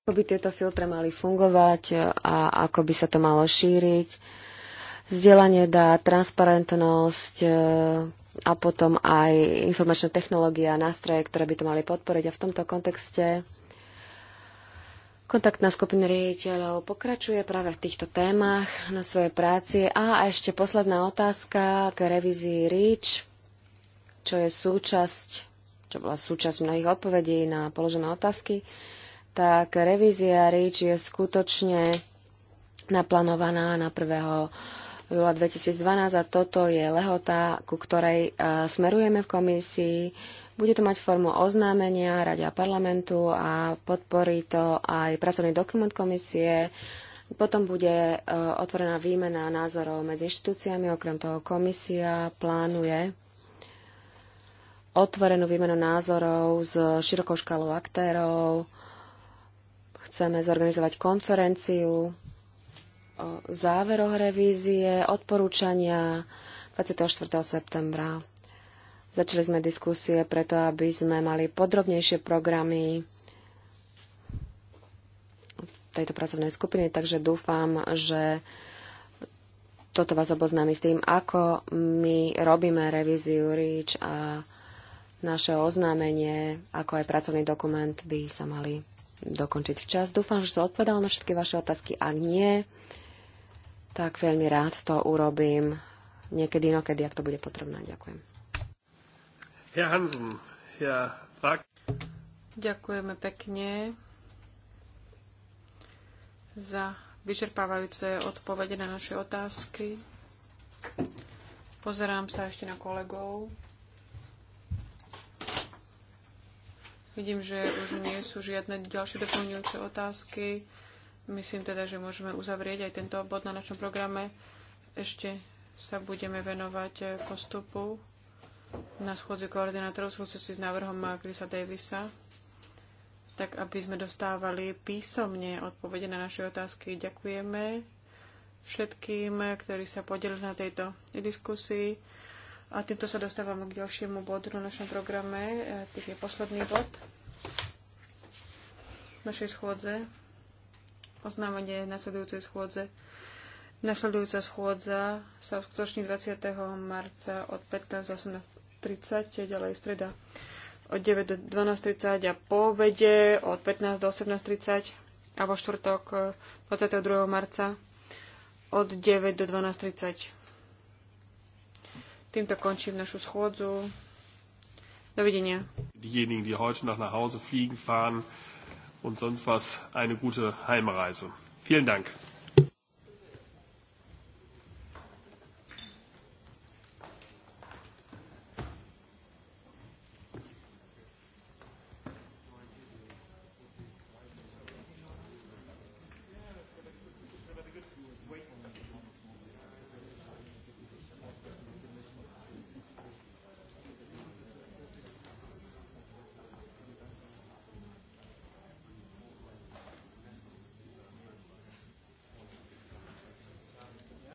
ako by tieto filtre mali fungovať a ako by sa to malo šíriť Zdieľanie dá transparentnosť e, a potom aj informačné technológie a nástroje, ktoré by to mali podporiť. A v tomto kontexte Kontaktná skupina riaditeľov pokračuje práve v týchto témach na svojej práci. A ešte posledná otázka k revízii REACH, čo je súčasť, čo bola súčasť mnohých odpovedí na položené otázky. Tak revízia REACH je skutočne naplánovaná na 1 júla 2012 a toto je lehota, ku ktorej e, smerujeme v komisii. Bude to mať formu oznámenia Rade a parlamentu a podporí to aj pracovný dokument komisie. Potom bude e, otvorená výmena názorov medzi inštitúciami. Okrem toho komisia plánuje otvorenú výmenu názorov s širokou škálou aktérov. Chceme zorganizovať konferenciu o záveroch revízie, odporúčania 24. septembra. Začali sme diskusie preto, aby sme mali podrobnejšie programy tejto pracovnej skupiny, takže dúfam, že toto vás oboznámi s tým, ako my robíme revíziu REACH a naše oznámenie, ako aj pracovný dokument by sa mali dokončiť včas. Dúfam, že som odpovedala na všetky vaše otázky. Ak nie, tak veľmi rád to urobím niekedy inokedy, ak to bude potrebné. Ďakujem. Herr Hansen, Herr Ďakujeme pekne za vyčerpávajúce odpovede na naše otázky. Pozerám sa ešte na kolegov. Vidím, že už nie sú žiadne ďalšie doplňujúce otázky. Myslím teda, že môžeme uzavrieť aj tento bod na našom programe. Ešte sa budeme venovať eh, postupu na schôdzi koordinátorov súvisí s návrhom Krisa Davisa, tak aby sme dostávali písomne odpovede na naše otázky. Ďakujeme všetkým, eh, ktorí sa podelili na tejto diskusii. A týmto sa dostávame k ďalšiemu bodu na našom programe. Eh, tým je posledný bod našej schôdze oznámenie nasledujúcej schôdze. Nasledujúca schôdza sa uskutoční 20. marca od 15.30 ďalej streda od 9 do 12.30 a po obede od 15 do 18.30 a vo štvrtok 22. Eh, marca od 9 do 12.30. Týmto končím našu schôdzu. Dovidenia. Diejenigen, die heute noch nach Hause fliegen, fahren, und sonst was eine gute Heimreise. Vielen Dank.